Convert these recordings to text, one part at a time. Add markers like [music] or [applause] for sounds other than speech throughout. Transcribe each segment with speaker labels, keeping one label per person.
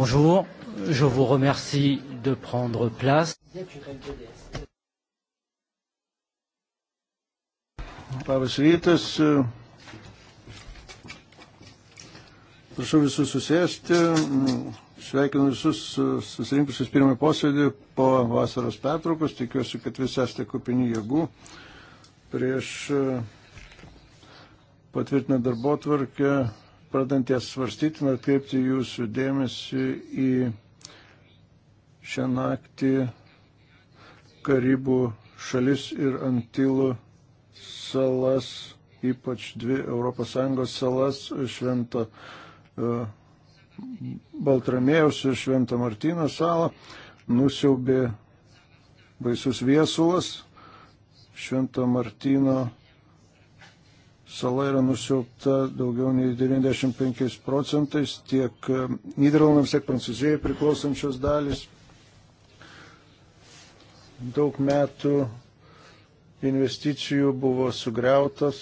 Speaker 1: Bonjour, je vous remercie de prendre
Speaker 2: place. Labas rytas. Prašau visus susėsti. Sveikinu visus susirinkusius pirmąjį posėdį po vasaros pertraukos. Tikiuosi, kad visi esate kupini jėgų. Prieš patvirtinę darbo tvarkę pradant jas svarstyti, noriu kreipti jūsų dėmesį į šią naktį Karibų šalis ir Antilų salas, ypač dvi ES salas, Švento e, Baltramėjaus ir Švento Martino salą, nusiaubė baisus viesulas, Švento Martino Sala yra nusiaupta daugiau nei 95 procentais, tiek e, Niderlandams, tiek Prancūzijai priklausančios dalys. Daug metų investicijų buvo sugriautas,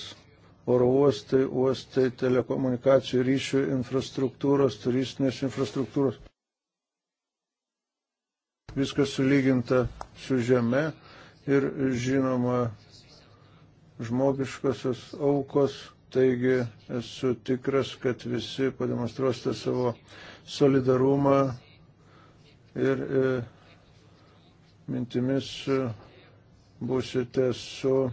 Speaker 2: oro uostai, uostai, telekomunikacijų ryšių infrastruktūros, turistinės infrastruktūros. Viskas sulyginta su žeme ir žinoma žmogiškosios aukos. Taigi esu tikras, kad visi pademonstruosite savo solidarumą ir e, mintimis e, būsite su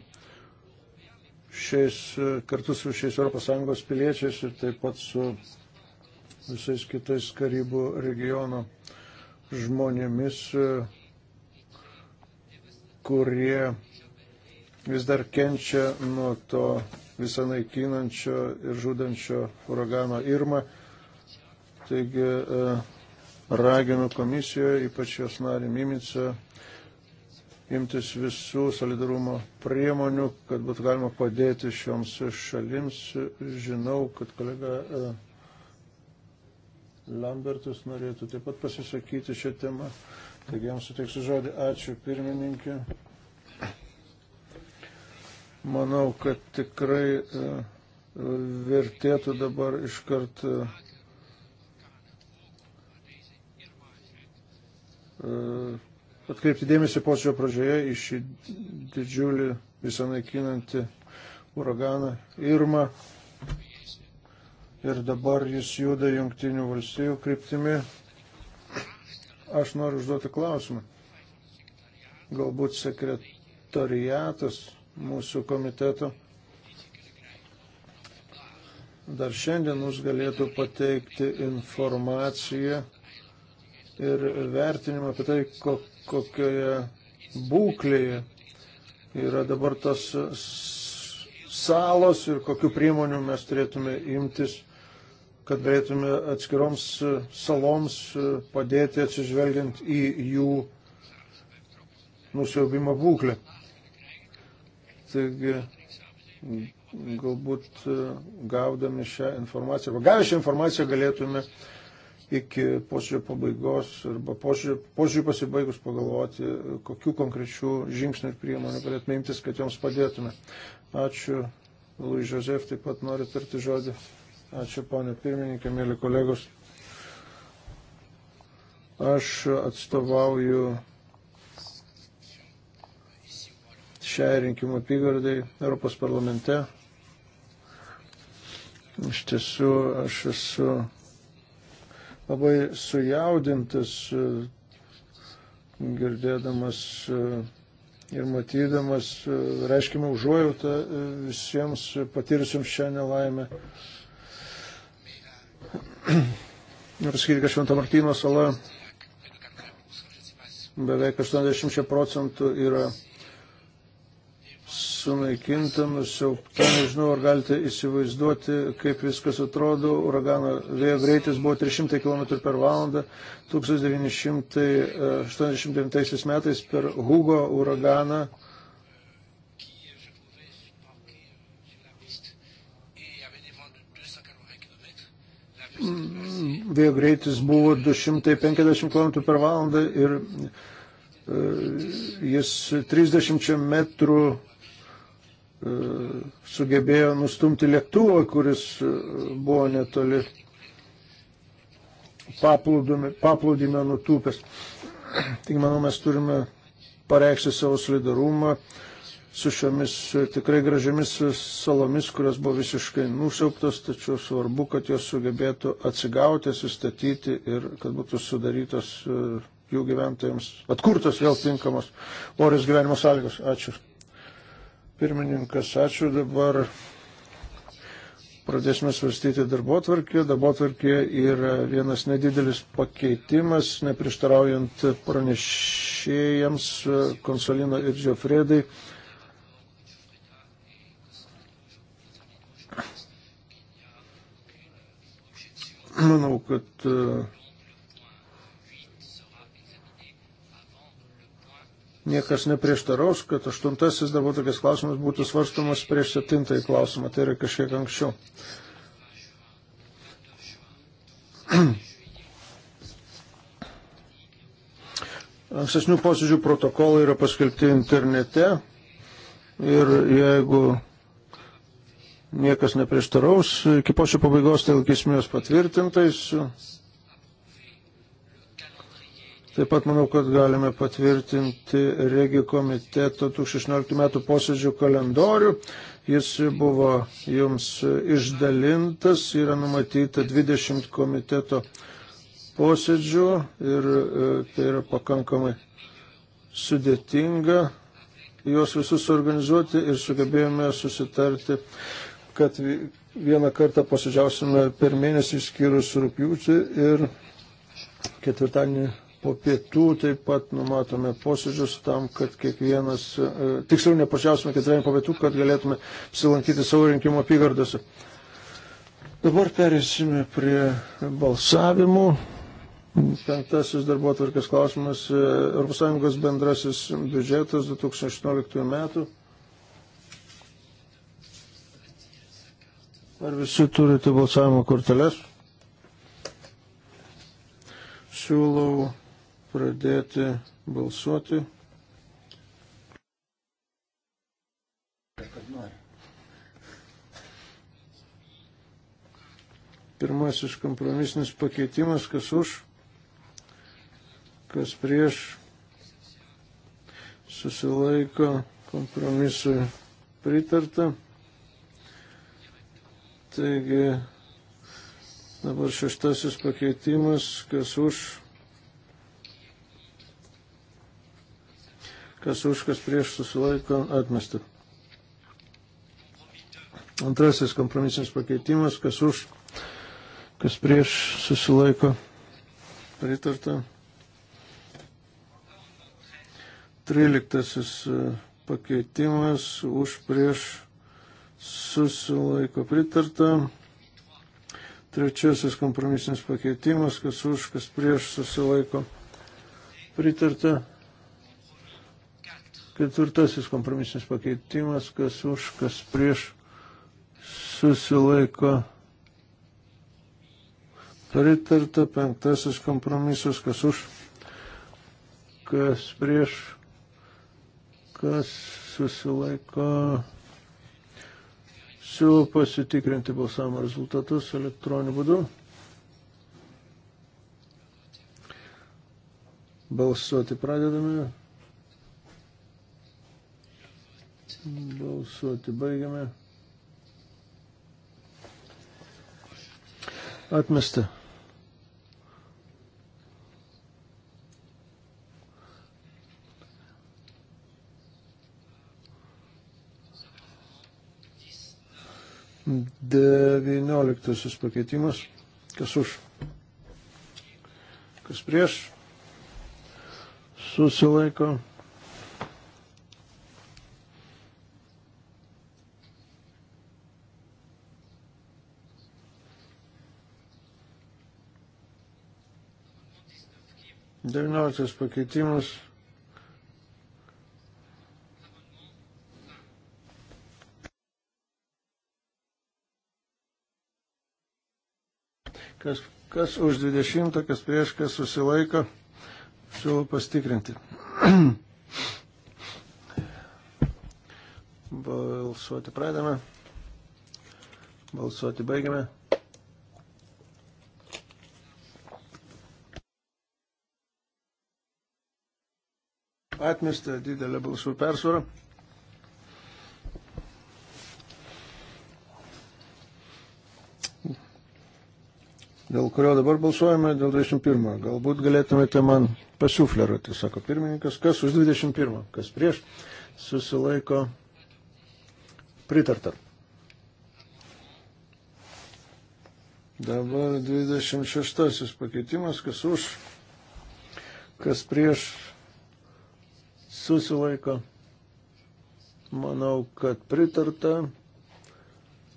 Speaker 2: šiais, e, kartu su šiais ES piliečiais ir taip pat su visais kitais Karibų regiono žmonėmis, e, kurie vis dar kenčia nuo to visą naikinančio ir žudančio uragano Irma. Taigi e, raginu komisijoje, ypač jos narį Mimicą, imtis visų solidarumo priemonių, kad būtų galima padėti šioms šalims. Žinau, kad kolega e, Lambertas norėtų taip pat pasisakyti šią temą. Taigi jam suteiksiu žodį. Ačiū pirmininkė. Manau, kad tikrai e, vertėtų dabar iškart e, atkreipti dėmesį posėdžio pradžioje į šį didžiulį visą naikinantį uraganą Irma. Ir dabar jis juda jungtinių valstybių kryptimi. Aš noriu užduoti klausimą. Galbūt sekretariatas mūsų komiteto dar šiandien mus galėtų pateikti informaciją ir vertinimą apie tai, kokioje būklėje yra dabar tos salos ir kokiu priemonių mes turėtume imtis, kad galėtume atskiroms saloms padėti atsižvelgiant į jų nusiaubimo būklę. Taigi, galbūt gaudami šią informaciją, arba gavę šią informaciją galėtume iki posėdžio pabaigos arba posėdžio pasibaigus pagalvoti, kokiu konkrečiu žingsniu ir priemonių galėtume imtis, kad joms padėtume. Ačiū, Lui Žozef, taip pat noriu tarti žodį. Ačiū, ponė pirmininkė, mėly kolegos. Aš atstovauju šiai rinkimų apygardai Europos parlamente. Iš tiesų, aš esu labai sujaudintas girdėdamas ir matydamas, reiškime užuojautą visiems patyrusiams šią nelaimę. Noriu sakyti, kad Šventą Martyno sala beveik 80 procentų yra sunaikinta, nusiaupta. Nežinau, ar galite įsivaizduoti, kaip viskas atrodo. Uragano vėjo greitis buvo 300 km per valandą. 1989 metais per Hugo uraganą vėjo greitis buvo 250 km per valandą ir e, jis 30 metrų sugebėjo nustumti lėktuvą, kuris e, buvo netoli paplūdimio nutūpęs. [clears throat] Tik manau, mes turime pareikšti savo solidarumą su šiomis e, tikrai gražiamis e, salomis, kurios buvo visiškai nusiauptos, tačiau svarbu, kad jos sugebėtų atsigauti, sustatyti ir kad būtų sudarytos jų gyventojams, atkurtos vėl tinkamos orios gyvenimo sąlygos. Ačiū. Pirmininkas, ačiū dabar. Pradėsime svarstyti darbo tvarkį. Darbo tvarkė yra vienas nedidelis pakeitimas, neprieštaraujant pranešėjams Konsolino ir Džiofredai. Manau, kad niekas neprieštaraus, kad aštuntasis dabar tokias klausimas būtų svarstomas prieš septintąjį klausimą, tai yra kažkiek anksčiau. [clears throat] Ankstesnių posėdžių protokolai yra paskelbti internete ir jeigu niekas neprieštaraus, iki pošio pabaigos tai laikysime juos patvirtintais. Taip pat manau, kad galime patvirtinti Regi komiteto 2016 metų posėdžių kalendorių. Jis buvo jums išdalintas, yra numatyta 20 komiteto posėdžių ir e, tai yra pakankamai sudėtinga juos visus organizuoti ir sugebėjome susitarti, kad vieną kartą posėdžiausime per mėnesį išskyrus rūpjūtį ir ketvirtadienį Po pietų taip pat numatome posėdžius tam, kad kiekvienas, e, tiksliau nepačiausime ketvirtadienį po pietų, kad galėtume apsilankyti savo rinkimo apygardose. Dabar perėsime prie balsavimų. Penktasis darbo atvarkės klausimas e, - ES bendrasis biudžetas 2018 metų. Ar visi turite balsavimo korteles? Siūlau pradėti balsuoti. Pirmasis kompromisinis pakeitimas, kas už, kas prieš, susilaiko kompromisui pritarta. Taigi dabar šeštasis pakeitimas, kas už, kas už, kas prieš susilaiko atmesta. Antrasis kompromisinis pakeitimas, kas už, kas prieš susilaiko pritarta. Tryliktasis e, pakeitimas už prieš susilaiko pritarta. Trečiasis kompromisinis pakeitimas, kas už, kas prieš susilaiko pritarta. Ketvirtasis kompromisinis pakeitimas, kas už, kas prieš susilaiko. Pritarta penktasis kompromisas, kas už, kas prieš, kas susilaiko. Siūlau pasitikrinti balsavimo rezultatus elektroniniu būdu. Balsuoti pradedame. Balsuoti baigiame. Atmesta. Devynioliktasis pakeitimas. Kas už? Kas prieš? Susilaiko. 19 pakeitimas. Kas, kas už 20, kas prieš, kas susilaiko, siūlau pastikrinti. Balsuoti pradame. Balsuoti baigiame. atmesta didelė balsų persvara. Dėl kurio dabar balsuojame, dėl 21. Galbūt galėtumėte man pasiufleruoti, sako pirmininkas. Kas už 21? Kas prieš? Susilaiko pritarta. Dabar 26 pakeitimas, kas už, kas prieš susilaiko. Manau, kad pritarta,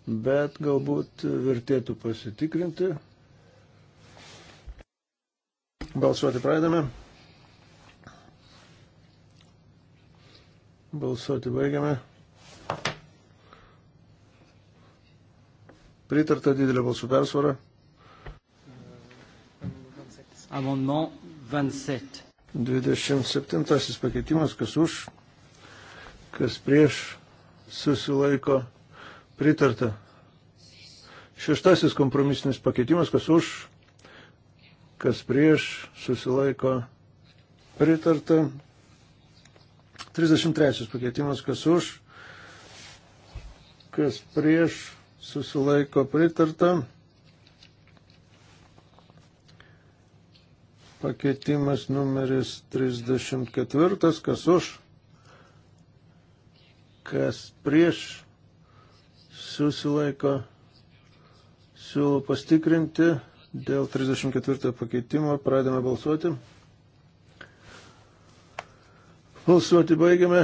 Speaker 2: bet galbūt vertėtų pasitikrinti. Balsuoti pradame. Balsuoti baigiame. Pritarta didelė balsų persvara. Amendement 27. 27 pakeitimas, kas už, kas prieš, susilaiko pritarta. Šeštasis kompromisinis pakeitimas, kas už, kas prieš, susilaiko pritarta. 33 pakeitimas, kas už, kas prieš, susilaiko pritarta. Pakeitimas numeris 34, kas už, kas prieš, susilaiko, siūlau pastikrinti dėl 34 pakeitimo, pradėme balsuoti. Balsuoti baigiame.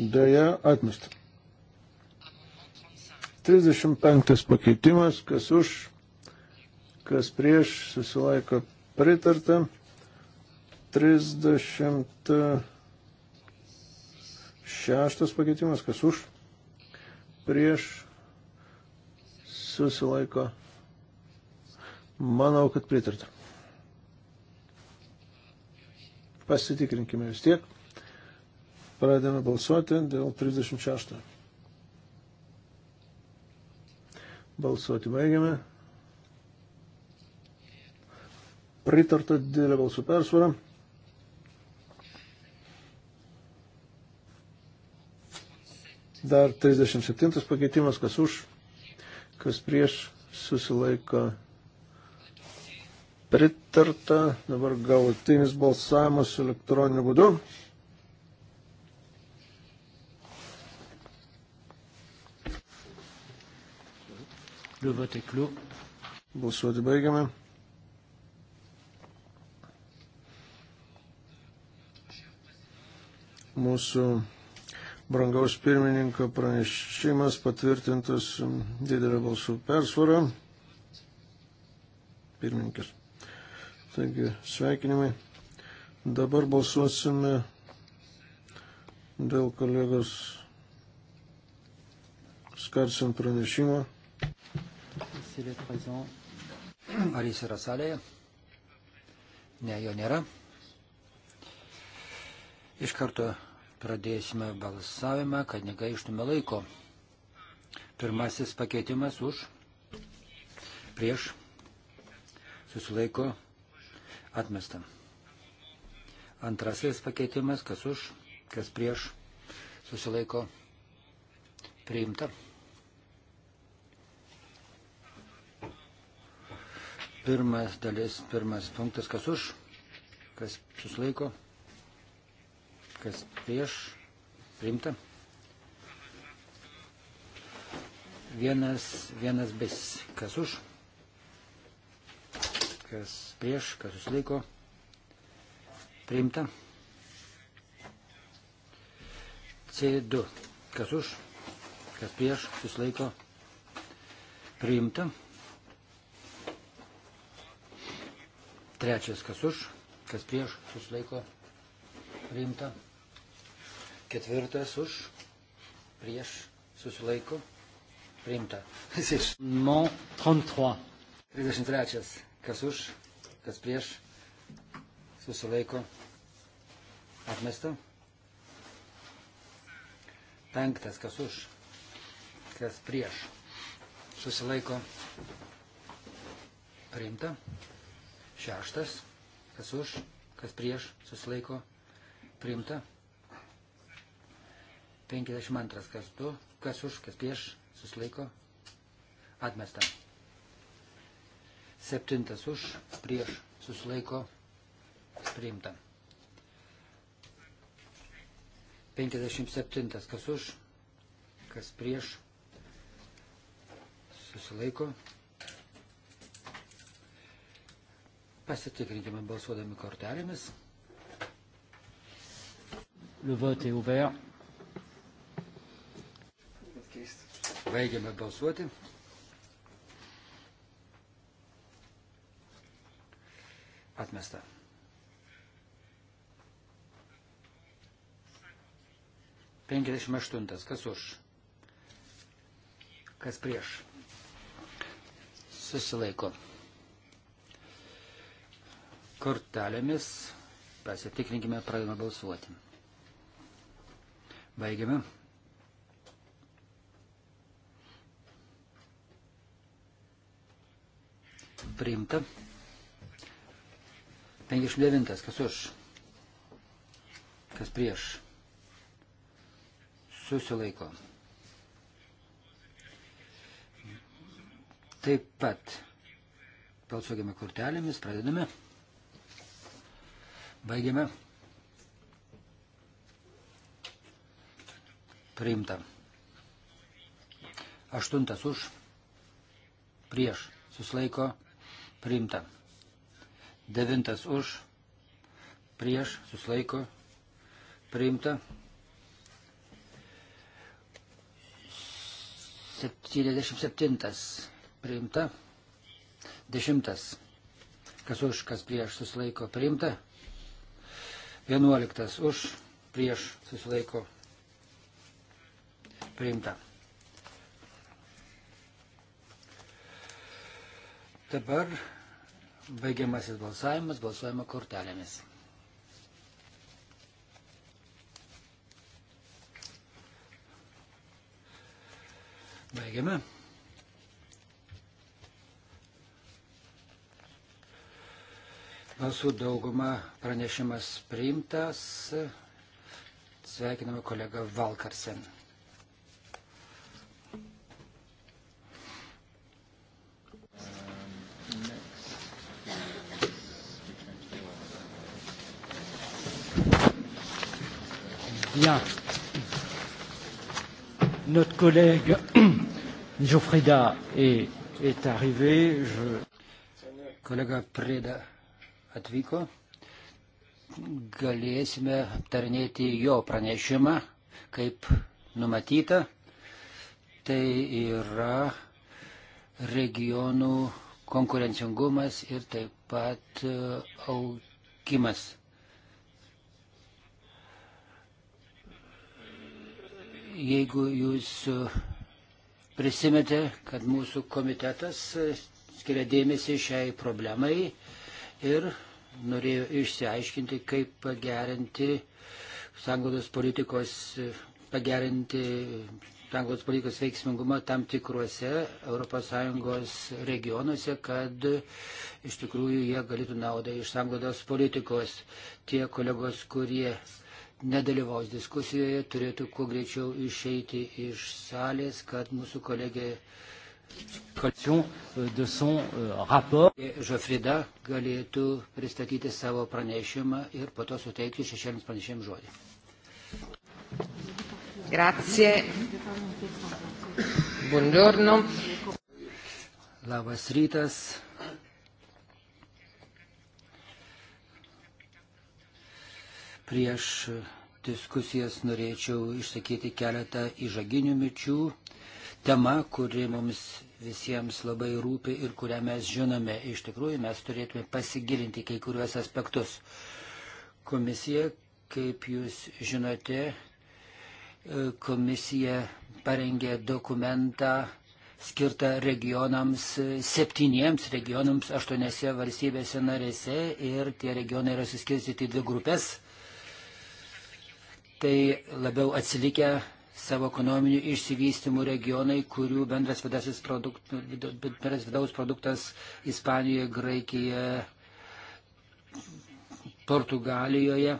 Speaker 2: Deja, atmestam. 35 pakeitimas, kas už, kas prieš, susilaiko pritarta. 36 pakeitimas, kas už, prieš, susilaiko. Manau, kad pritarta. Pasitikrinkime vis tiek. Pradėjome balsuoti dėl 36. Balsuoti baigiame. Pritarta didelė balsų persvara. Dar 37 pakeitimas, kas už, kas prieš, susilaiko pritarta. Dabar galutinis balsavimas elektroniniu būdu. Le vote est clos. Balsuoti baigiame. Mūsų brangaus pirmininko pranešimas patvirtintas didelio balsų persvarą. Pirmininkas. Taigi, sveikinimai. Dabar balsuosime dėl kolegos Skarsim pranešimo
Speaker 3: s'il est présent. Ar jis yra salėje? Ne, jo nėra. Iš karto pradėsime balsavimą, kad negaištume laiko. Pirmasis pakeitimas už, prieš, susilaiko, atmestam. Antrasis pakeitimas, kas už, kas prieš, susilaiko, priimta. Pirmas dalis, pirmas punktas, kas už, kas susilaiko, kas prieš, priimta. Vienas, vienas bes, kas už, kas prieš, kas susilaiko, priimta. C2, kas už, kas prieš, susilaiko, priimta. Trečias, kas už, kas prieš, susilaiko priimta. Ketvirtas už, prieš, susilaiko priimta. Mon 33. 33. Kas už, kas prieš, susilaiko atmesta. Penktas, kas už, kas prieš, susilaiko priimta. Šeštas, kas už, kas prieš, susilaiko, priimta. 52, kas 2, kas už, kas prieš, susilaiko, atmesta. Septintas už, prieš, susilaiko, priimta. 57, kas už, kas prieš, susilaiko, priimta Pasitikrinkime balsuodami kortelėmis.
Speaker 1: Le vote est ouvert.
Speaker 3: Baigiame balsuoti. Atmesta. Penkiasdešimt aštuntas. Kas už? Kas prieš? Susilaiko kortelėmis. Pasitikrinkime, pradedame balsuoti. Baigiame. Priimta. 59. Kas už? Kas prieš? Susilaiko. Taip pat balsuokime kortelėmis, pradedame. Baigiame. Priimta. Aštuntas už. Prieš. Suslaiko. Priimta. Devintas už. Prieš. Suslaiko. Priimta. 77 priimta, 10 kas už, kas prieš susilaiko priimta, 11 už, prieš susilaiko priimta. Dabar baigiamasis balsavimas, balsuojama kortelėmis. Baigiame. Balsų dauguma pranešimas priimtas. Sveikiname kolegą Valkarsen.
Speaker 1: Bien. Notre collègue Geoffrida est, est arrivé. Je...
Speaker 3: Collègue Preda atvyko, galėsime aptarnėti jo pranešimą, kaip numatyta. Tai yra regionų konkurencingumas ir taip pat e, augimas. Jeigu jūs e, prisimete, kad mūsų komitetas e, skiria dėmesį šiai problemai ir norėjo išsiaiškinti, kaip pagerinti sanglaudos politikos, pagerinti sanglaudos politikos veiksmingumą tam tikruose ES regionuose, kad iš tikrųjų jie galėtų naudą iš sanglaudos politikos. Tie kolegos, kurie nedalyvaus diskusijoje, turėtų kuo greičiau išeiti iš salės, kad mūsų kolegė
Speaker 1: Euh, de son euh,
Speaker 3: rapport. Žofrida galėtų pristatyti savo pranešimą ir po to suteikti šešėlins pranešėjim žodį. Grazie. Buongiorno. Labas rytas. Prieš diskusijas norėčiau išsakyti keletą įžaginių mičių tema, kuri mums visiems labai rūpi ir kurią mes žinome. Iš tikrųjų, mes turėtume pasigilinti kai kuriuos aspektus. Komisija, kaip jūs žinote, e, komisija parengė dokumentą skirtą regionams, e, septyniems regionams, aštuoniose valstybėse narėse ir tie regionai yra suskirstyti į dvi grupės. Tai labiau atsilikę savo ekonominiu išsivystymu regionai, kurių bendras, produkt, bendras vidaus produktas Ispanijoje, Graikijoje, Portugalijoje.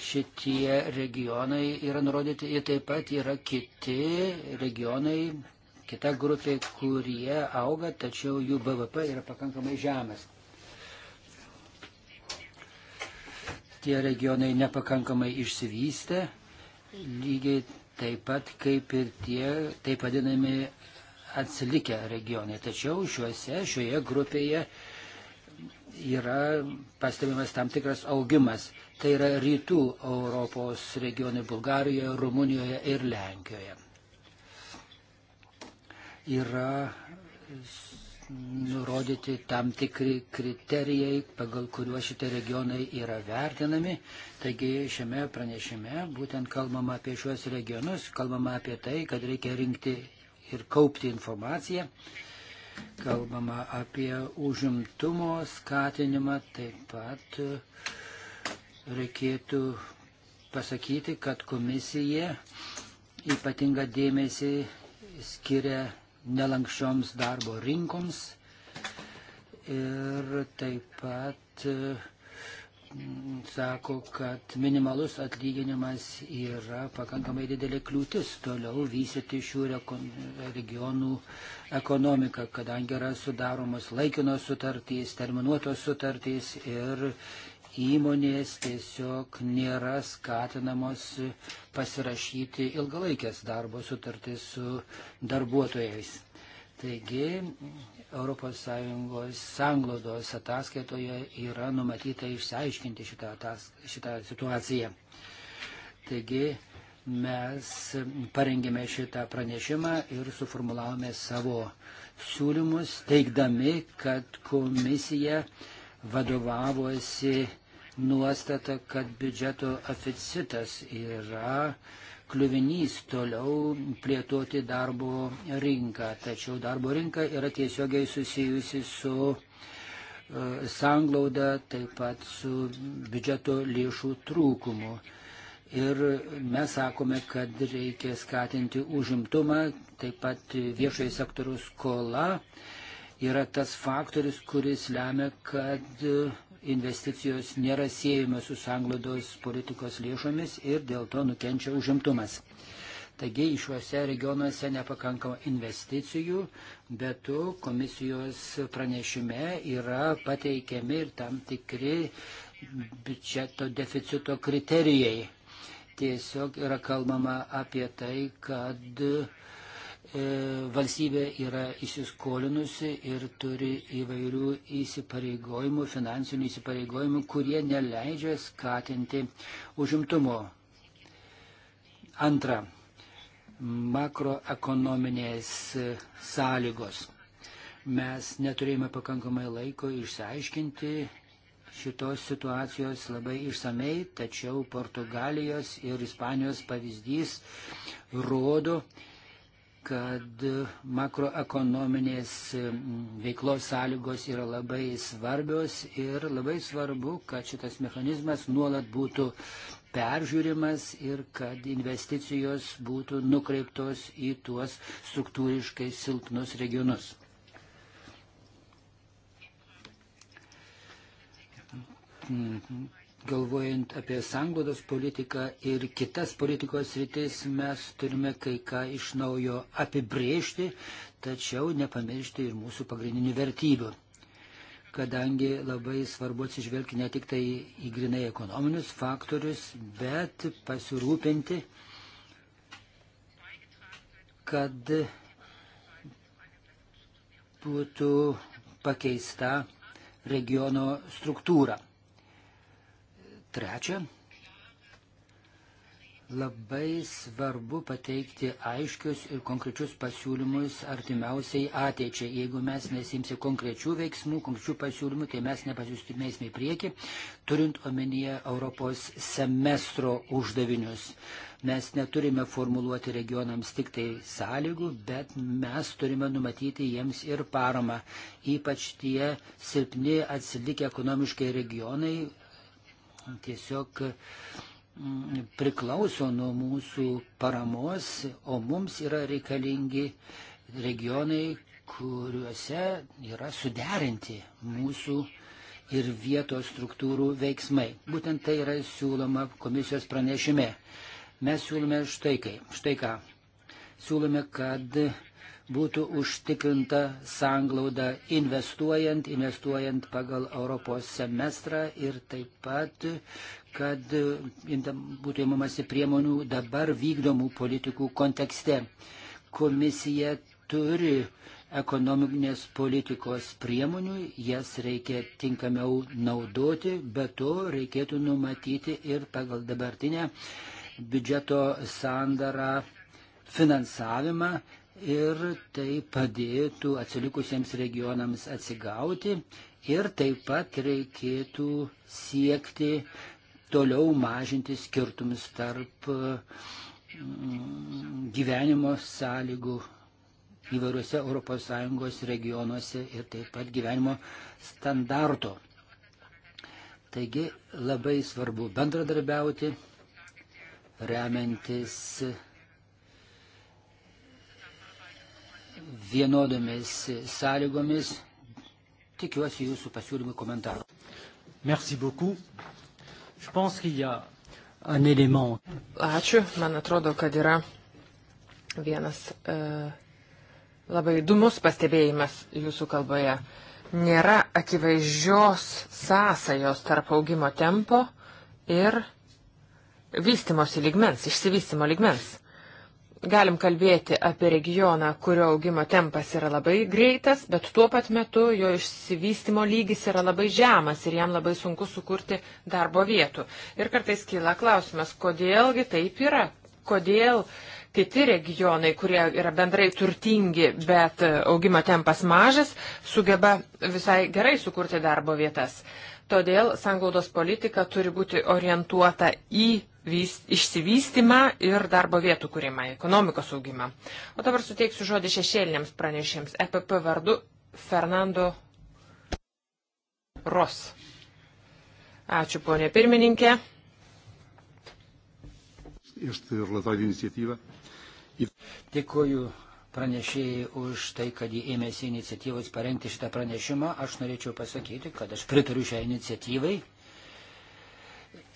Speaker 3: Šitie regionai yra nurodyti ir taip pat yra kiti regionai, kita grupė, kurie auga, tačiau jų BVP yra pakankamai žemas. Tie regionai nepakankamai išsivystė, lygiai taip pat kaip ir tie taip vadinami atsilikę regionai. Tačiau šiuose, šioje grupėje yra pastebimas tam tikras augimas. Tai yra rytų Europos regionai Bulgarijoje, Rumunijoje ir Lenkijoje. Yra nurodyti tam tikri kriterijai, pagal kuriuos šitie regionai yra vertinami. Taigi šiame pranešime būtent kalbama apie šiuos regionus, kalbama apie tai, kad reikia rinkti ir kaupti informaciją, kalbama apie užimtumo skatinimą, taip pat reikėtų pasakyti, kad komisija ypatingą dėmesį skiria nelankščioms darbo rinkoms ir taip pat e, sako, kad minimalus atlyginimas yra pakankamai didelė kliūtis toliau vystyti šių regionų ekonomiką, kadangi yra sudaromos laikinos sutartys, terminuotos sutartys ir įmonės tiesiog nėra skatinamos pasirašyti ilgalaikės darbo sutartys su darbuotojais. Taigi ES sanglodos ataskaitoje yra numatyta išsiaiškinti šitą, atas, šitą situaciją. Taigi mes parengėme šitą pranešimą ir suformulavome savo siūlymus, teikdami, kad komisija vadovavosi nuostata, kad biudžeto aficitas yra kliuvinys toliau plėtoti darbo rinką. Tačiau darbo rinka yra tiesiogiai susijusi su e, sanglauda, taip pat su biudžeto lėšų trūkumu. Ir mes sakome, kad reikia skatinti užimtumą, taip pat viešojo sektoriaus skola yra tas faktorius, kuris lemia, kad investicijos nėra siejama su sanglados politikos lėšomis ir dėl to nukenčia užimtumas. Taigi šiuose regionuose nepakankama investicijų, bet tu komisijos pranešime yra pateikiami ir tam tikri biudžeto deficito kriterijai. Tiesiog yra kalbama apie tai, kad uh, E, valstybė yra įsiskolinusi ir turi įvairių įsipareigojimų, finansinių įsipareigojimų, kurie neleidžia skatinti užimtumo. Antra, makroekonominės sąlygos. Mes neturėjome pakankamai laiko išsiaiškinti šitos situacijos labai išsamei, tačiau Portugalijos ir Ispanijos pavyzdys rodo, kad makroekonominės mm, veiklos sąlygos yra labai svarbios ir labai svarbu, kad šitas mechanizmas nuolat būtų peržiūrimas ir kad investicijos būtų nukreiptos į tuos struktūriškai silpnus regionus. Mm-hmm galvojant apie sanglodos politiką ir kitas politikos rytis, mes turime kai ką iš naujo apibriežti, tačiau nepamiršti ir mūsų pagrindinių vertybių. Kadangi labai svarbu atsižvelgti ne tik tai į grinai ekonominius faktorius, bet pasirūpinti, kad būtų pakeista regiono struktūra. Trečia, labai svarbu pateikti aiškius ir konkrečius pasiūlymus artimiausiai ateičiai. Jeigu mes nesimsi konkrečių veiksmų, konkrečių pasiūlymų, tai mes nepasistumėsime į priekį, turint omenyje Europos semestro uždavinius. Mes neturime formuluoti regionams tik tai sąlygų, bet mes turime numatyti jiems ir paramą. Ypač tie silpni atsilikę ekonomiškai regionai tiesiog mm, priklauso nuo mūsų paramos, o mums yra reikalingi regionai, kuriuose yra suderinti mūsų ir vietos struktūrų veiksmai. Būtent tai yra siūloma komisijos pranešime. Mes siūlome štai, kai, štai ką. Siūlome, kad būtų užtikrinta sanglauda investuojant, investuojant pagal Europos semestrą ir taip pat, kad būtų įmamasi priemonių dabar vykdomų politikų kontekste. Komisija turi ekonominės politikos priemonių, jas reikia tinkamiau naudoti, bet to reikėtų numatyti ir pagal dabartinę biudžeto sandarą finansavimą ir tai padėtų atsilikusiems regionams atsigauti ir taip pat reikėtų siekti toliau mažinti skirtumus tarp mm, gyvenimo sąlygų įvairiuose ES regionuose ir taip pat gyvenimo standarto. Taigi labai svarbu bendradarbiauti, remiantis vienodomis sąlygomis. Tikiuosi jūsų pasiūlymų komentarų. Merci beaucoup. Je pense qu'il y a
Speaker 1: un élément.
Speaker 4: Ačiū. Man atrodo, kad yra vienas e, labai įdomus pastebėjimas jūsų kalboje. Nėra akivaizdžios sąsajos tarp augimo tempo ir vystimosi ligmens, išsivystimo ligmens galim kalbėti apie regioną, kurio augimo tempas yra labai greitas, bet tuo pat metu jo išsivystimo lygis yra labai žemas ir jam labai sunku sukurti darbo vietų. Ir kartais kyla klausimas, kodėlgi taip yra, kodėl kiti regionai, kurie yra bendrai turtingi, bet e, augimo tempas mažas, sugeba visai gerai sukurti darbo vietas. Todėl sanglaudos politika turi būti orientuota į išsivystimą ir darbo vietų kūrimą, ekonomikos augimą. O dabar suteiksiu žodį šešėliniams pranešėms EPP vardu Fernando Ros. Ačiū, ponė pirmininkė.
Speaker 3: Dėkuoju pranešėjai už tai, kad jį ėmėsi iniciatyvos parengti šitą pranešimą. Aš norėčiau pasakyti, kad aš pritariu šią iniciatyvai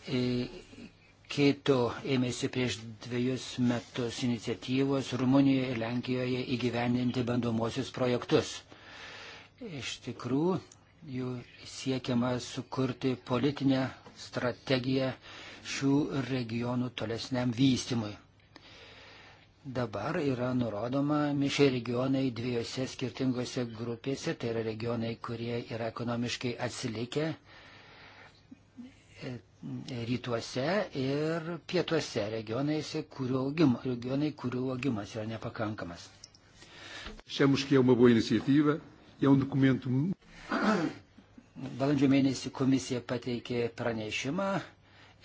Speaker 3: e, Keito ėmėsi prieš dviejus metus iniciatyvos Rumunijoje ir Lenkijoje įgyvendinti bandomosius projektus. Iš tikrųjų, jų siekiama sukurti politinę strategiją šių regionų tolesniam vystimui. Dabar yra nurodoma mišė regionai dviejose skirtingose grupėse, tai yra regionai, kurie yra ekonomiškai atsilikę rytuose ir pietuose regionuose, kurių augim, regionai, kurių augimas yra nepakankamas.
Speaker 2: Achamos que é uma boa iniciativa, é um documento.
Speaker 3: [clears throat] Balandžio mėnesį komisija pateikė pranešimą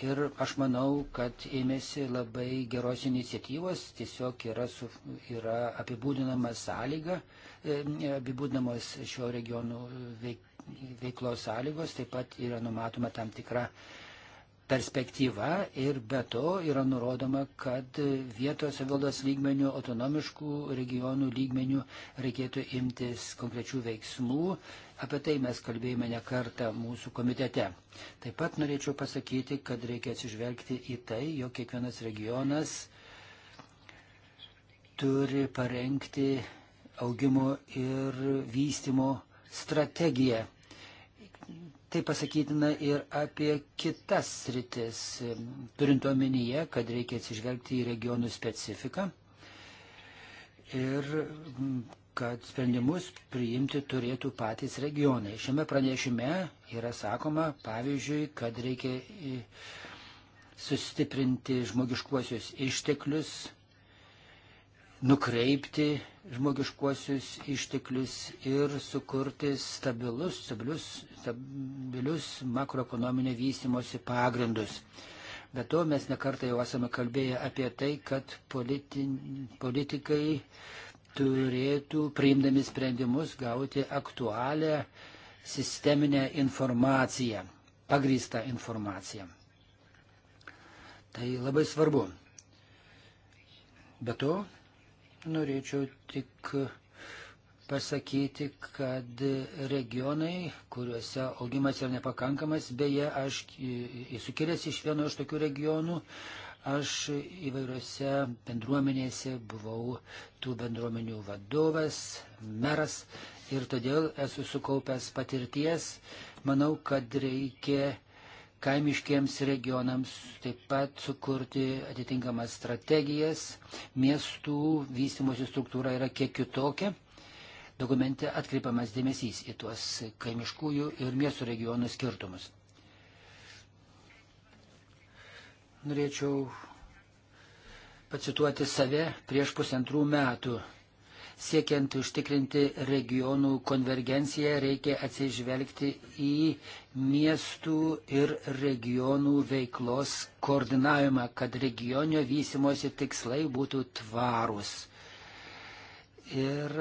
Speaker 3: ir aš manau, kad ėmėsi labai geros iniciatyvos, tiesiog yra, su, yra apibūdinama sąlyga, e, apibūdinamos šio regionų veiklos sąlygos, taip pat yra numatoma tam tikra uh, perspektyva ir be to yra nurodoma, kad vietos savivaldos lygmenių, autonomiškų regionų lygmenių reikėtų imtis konkrečių veiksmų. Apie tai mes kalbėjome ne kartą mūsų komitete. Taip pat norėčiau pasakyti, kad reikia atsižvelgti į tai, jog kiekvienas regionas turi parengti augimo ir vystimo strategiją. Tai pasakytina ir apie kitas sritis, turint omenyje, kad reikia atsižvelgti į regionų specifiką ir kad sprendimus priimti turėtų patys regionai. Šiame pranešime yra sakoma, pavyzdžiui, kad reikia sustiprinti žmogiškuosius išteklius nukreipti žmogiškuosius išteklius ir sukurti stabilus, stabilus, stabilius makroekonominio vystimosi pagrindus. Be to mes nekartą jau esame kalbėję apie tai, kad politin, politikai turėtų, priimdami sprendimus, gauti aktualią sisteminę informaciją, pagrįstą informaciją. Tai labai svarbu. Be to, Norėčiau tik pasakyti, kad regionai, kuriuose augimas yra nepakankamas, beje, aš esu kilęs iš vieno iš tokių regionų, aš įvairiose bendruomenėse buvau tų bendruomenių vadovas, meras ir todėl esu sukaupęs patirties. Manau, kad reikia kaimiškiems regionams, taip pat sukurti atitinkamas strategijas, miestų vystimosi struktūra yra kiek kitokia. Dokumente atkreipiamas dėmesys į tuos kaimiškųjų ir miestų regionų skirtumus. Norėčiau pacituoti save prieš pusantrų metų Siekiant užtikrinti regionų konvergenciją, reikia atsižvelgti į miestų ir regionų veiklos koordinavimą, kad regionio vystimosi tikslai būtų tvarūs. Ir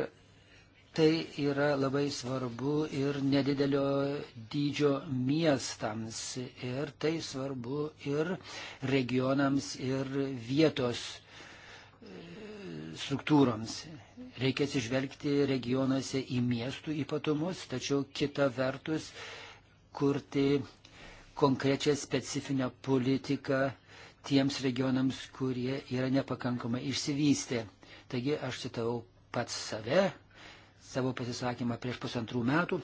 Speaker 3: tai yra labai svarbu ir nedidelio dydžio miestams. Ir tai svarbu ir regionams, ir vietos e, struktūroms Reikia atsižvelgti regionuose į miestų ypatumus, tačiau kita vertus kurti konkrečią specifinę politiką tiems regionams, kurie yra nepakankamai išsivystę. Taigi aš citau pats save, savo pasisakymą prieš pusantrų metų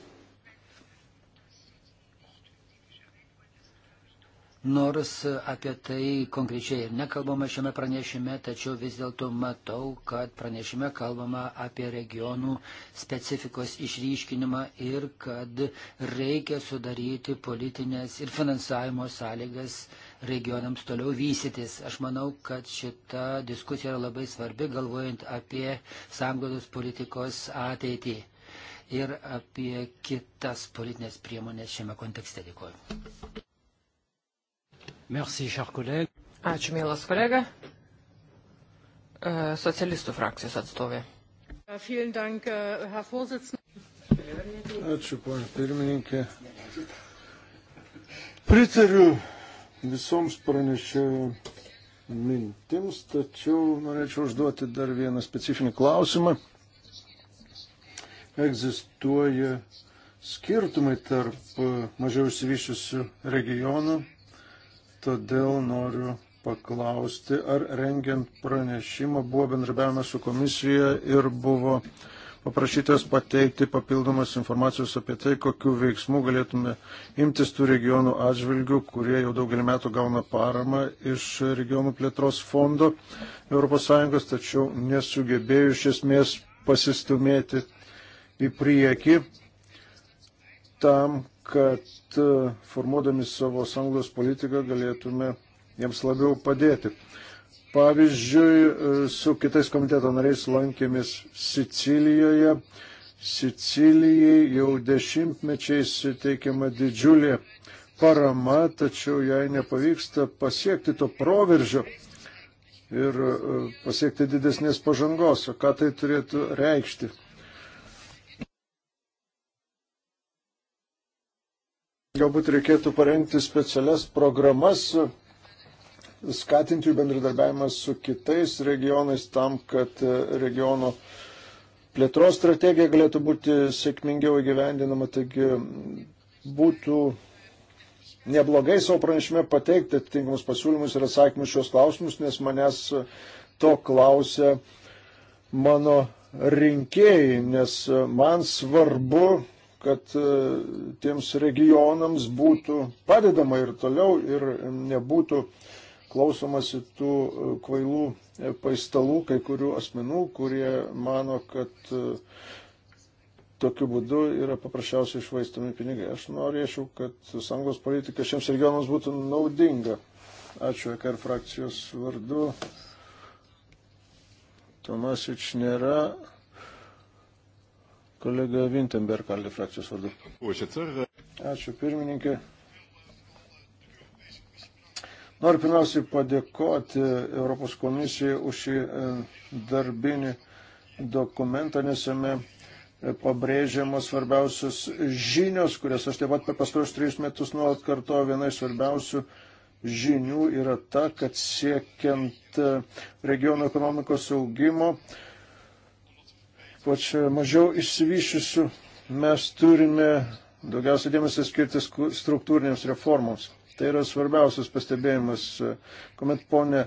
Speaker 3: Nors apie tai konkrečiai ir nekalbama šiame pranešime, tačiau vis dėlto matau, kad pranešime kalbama apie regionų specifikos išryškinimą ir kad reikia sudaryti politinės ir finansavimo sąlygas regionams toliau vystytis. Aš manau, kad šita diskusija yra labai svarbi, galvojant apie sanglodos politikos ateitį ir apie kitas politinės priemonės šiame kontekste. Dėkuoju. Merci, Ačiū, mielas kolega. E, socialistų frakcijos
Speaker 2: atstovė. E, Ačiū, ponė pirmininkė. Pritariu visoms pranešėjų mintims, tačiau norėčiau užduoti dar vieną specifinį klausimą. Egzistuoja skirtumai tarp mažiau išsivyščiusių regionų Todėl noriu paklausti, ar rengiant pranešimą buvo bendrabiavime su komisija ir buvo paprašytas pateikti papildomas informacijos apie tai, kokiu veiksmu galėtume imtis tų regionų atžvilgių, kurie jau daugelį metų gauna paramą iš regionų plėtros fondo ES, tačiau nesugebėjo iš esmės pasistumėti į priekį tam, kad e, formuodami savo sąjungos politiką galėtume jiems labiau padėti. Pavyzdžiui, e, su kitais komiteto nariais lankėmės Sicilijoje. Sicilijai jau dešimtmečiais teikiama didžiulė parama, tačiau jai nepavyksta pasiekti to proveržio ir e, pasiekti didesnės pažangos. O ką tai turėtų reikšti? Galbūt reikėtų parengti specialias programas, skatinti jų bendradarbiavimą su kitais regionais tam, kad e, regiono plėtros strategija galėtų būti sėkmingiau įgyvendinama. Taigi būtų neblogai savo pranešime pateikti atitinkamus pasiūlymus ir atsakymus šios klausimus, nes manęs to klausia mano rinkėjai, nes man svarbu kad e, tiems regionams būtų padedama ir toliau ir nebūtų klausomasi tų e, kvailų e, paistalų kai kurių asmenų, kurie mano, kad tokiu būdu yra paprasčiausiai išvaistami pinigai. Aš norėčiau, kad sąjungos politika šiems regionams būtų naudinga. Ačiū EKR frakcijos vardu. Tomasič nėra. Kolega Vintenberg, Aldi frakcijos vardu. Ačiū pirmininkė. Noriu pirmiausiai padėkoti Europos komisijai už šį e, darbinį dokumentą, nes jame e, pabrėžiamos svarbiausios žinios, kurias aš taip pat per pastarus trejus metus nuolat kartoju. Viena iš svarbiausių žinių yra ta, kad siekiant e, regiono ekonomikos augimo ypač mažiau išsivyšusių, mes turime daugiausia dėmesio skirti struktūrinėms reformoms. Tai yra svarbiausias pastebėjimas, kuomet ponė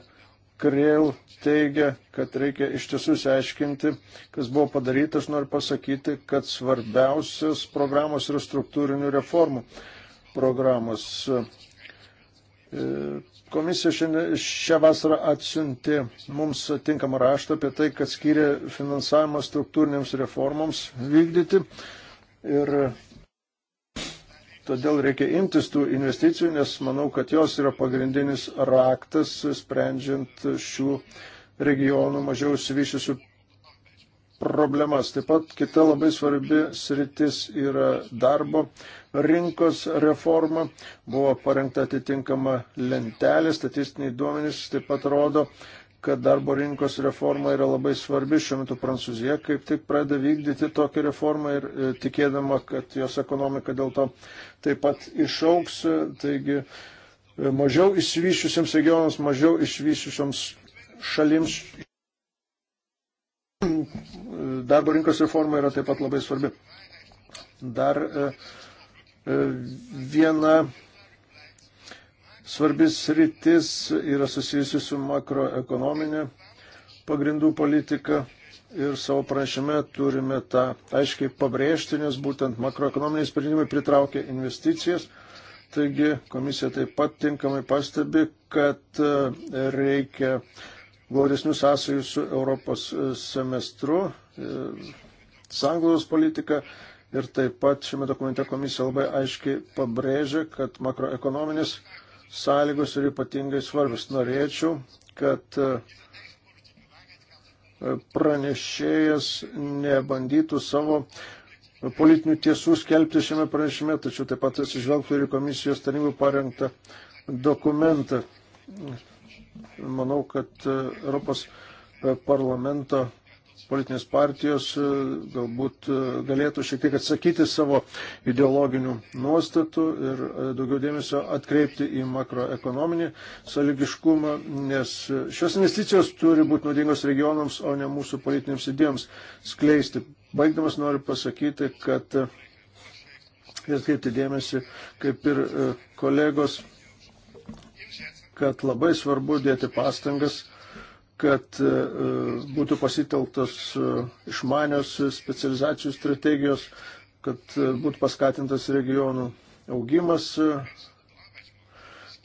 Speaker 2: Krėl teigia, kad reikia iš tiesų išsiaiškinti, kas buvo padaryta. Aš noriu pasakyti, kad svarbiausias programos yra struktūrinių reformų programos. E, Komisija šiandien, šią vasarą atsiuntė mums tinkamą raštą apie tai, kad skiria finansavimą struktūrinėms reformoms vykdyti. Ir todėl reikia imtis tų investicijų, nes manau, kad jos yra pagrindinis raktas sprendžiant šių regionų mažiau įsivyšiusių problemas. Taip pat kita labai svarbi sritis yra darbo rinkos reforma. Buvo parengta atitinkama lentelė, statistiniai duomenys taip pat rodo, kad darbo rinkos reforma yra labai svarbi. Šiuo metu Prancūzija kaip tik pradeda vykdyti tokią reformą ir e, tikėdama, kad jos ekonomika dėl to taip pat išauks. Taigi, e, mažiau išsivyščiusiems regionams, mažiau išsivyščiusiems šalims darbo rinkos reforma yra taip pat labai svarbi. Dar e, e, viena svarbis rytis yra susijusi su makroekonominė pagrindų politika ir savo pranešime turime tą aiškiai pabrėžti, nes būtent makroekonominiai sprendimai pritraukia investicijas. Taigi komisija taip pat tinkamai pastebi, kad e, reikia uh, glaudesnių sąsajų su Europos e, semestru, e, sanglaudos politika ir taip pat šiame dokumente komisija labai aiškiai pabrėžia, kad makroekonominės sąlygos yra ypatingai svarbios. Norėčiau, kad e, pranešėjas nebandytų savo politinių tiesų skelbti šiame pranešime, tačiau taip pat atsižvelgtų ir komisijos tarnybų parengtą dokumentą manau, kad e, Europos e, parlamento politinės partijos e, galbūt galėtų šiek tiek atsakyti savo ideologinių nuostatų ir daugiau dėmesio atkreipti į makroekonominį sąlygiškumą, nes šios investicijos turi būti naudingos regionams, o ne mūsų politinėms idėjams skleisti. Baigdamas noriu pasakyti, kad ir atkreipti dėmesį, kaip ir kolegos kad labai svarbu dėti pastangas, kad e, būtų pasitelktos e, išmanios specializacijų strategijos, kad e, būtų paskatintas regionų augimas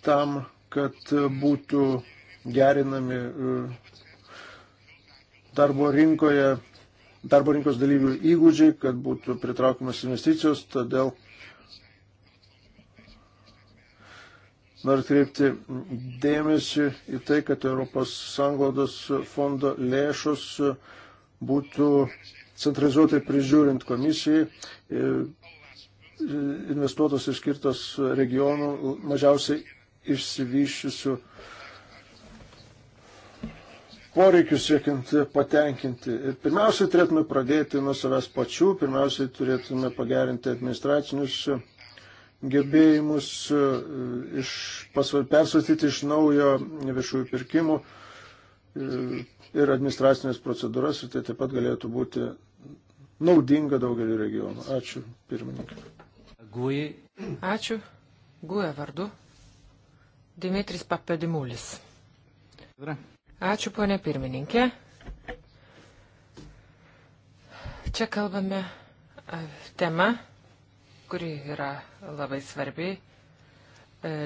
Speaker 2: tam, kad būtų gerinami darbo rinkoje, darbo rinkos dalyvių įgūdžiai, kad būtų pritraukiamas investicijos, todėl Noriu kreipti dėmesį į tai, kad Europos sanglaudos fondo lėšos būtų centralizuotai prižiūrint komisijai, e, investuotos ir skirtos regionų mažiausiai išsivyščiusių poreikius siekiant patenkinti. Ir pirmiausiai turėtume pradėti nuo savęs pačių, pirmiausiai turėtume pagerinti administracinius gebėjimus e, iš, persvarstyti iš naujo viešųjų pirkimų e, ir administracinės procedūras ir tai taip pat galėtų būti naudinga daugeliu regionų. Ačiū, pirmininkai.
Speaker 4: Gui. Ačiū. Guja vardu. Dimitris Papadimulis. Ačiū, ponė pirmininkė. Čia kalbame e, temą kuri yra labai svarbi e,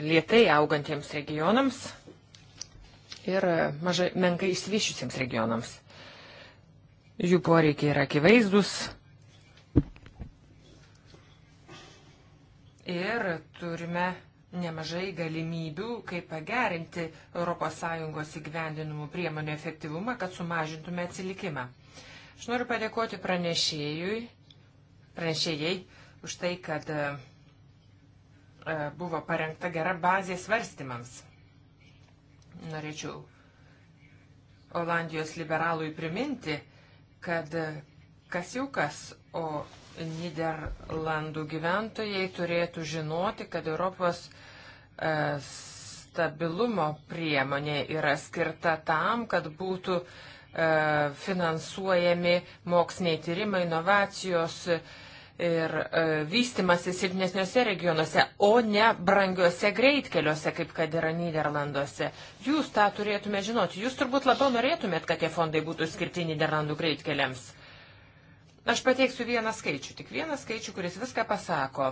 Speaker 4: lietai augantiems regionams ir e, mažai menkai išsivyščiusiems regionams. Jų poreikiai yra akivaizdus ir turime nemažai galimybių, kaip pagerinti ES įgyvendinimų priemonių efektyvumą, kad sumažintume atsilikimą. Aš noriu padėkoti pranešėjui, pranešėjai už tai, kad e, e, buvo parengta gera bazė svarstymams. Norėčiau Olandijos liberalui priminti, kad e, kas jau kas, o Niderlandų gyventojai turėtų žinoti, kad Europos stabilumo priemonė yra skirta tam, kad būtų finansuojami moksliniai tyrimai, inovacijos, inovacijos, ir e, vystimasi silpnesniuose regionuose, o ne brangiuose greitkeliuose, kaip kad yra Niderlanduose. Jūs tą turėtume žinoti. Jūs turbūt labiau norėtumėt, kad tie fondai būtų skirti Niderlandų greitkeliams. Aš pateiksiu vieną skaičių, tik vieną skaičių, kuris viską pasako.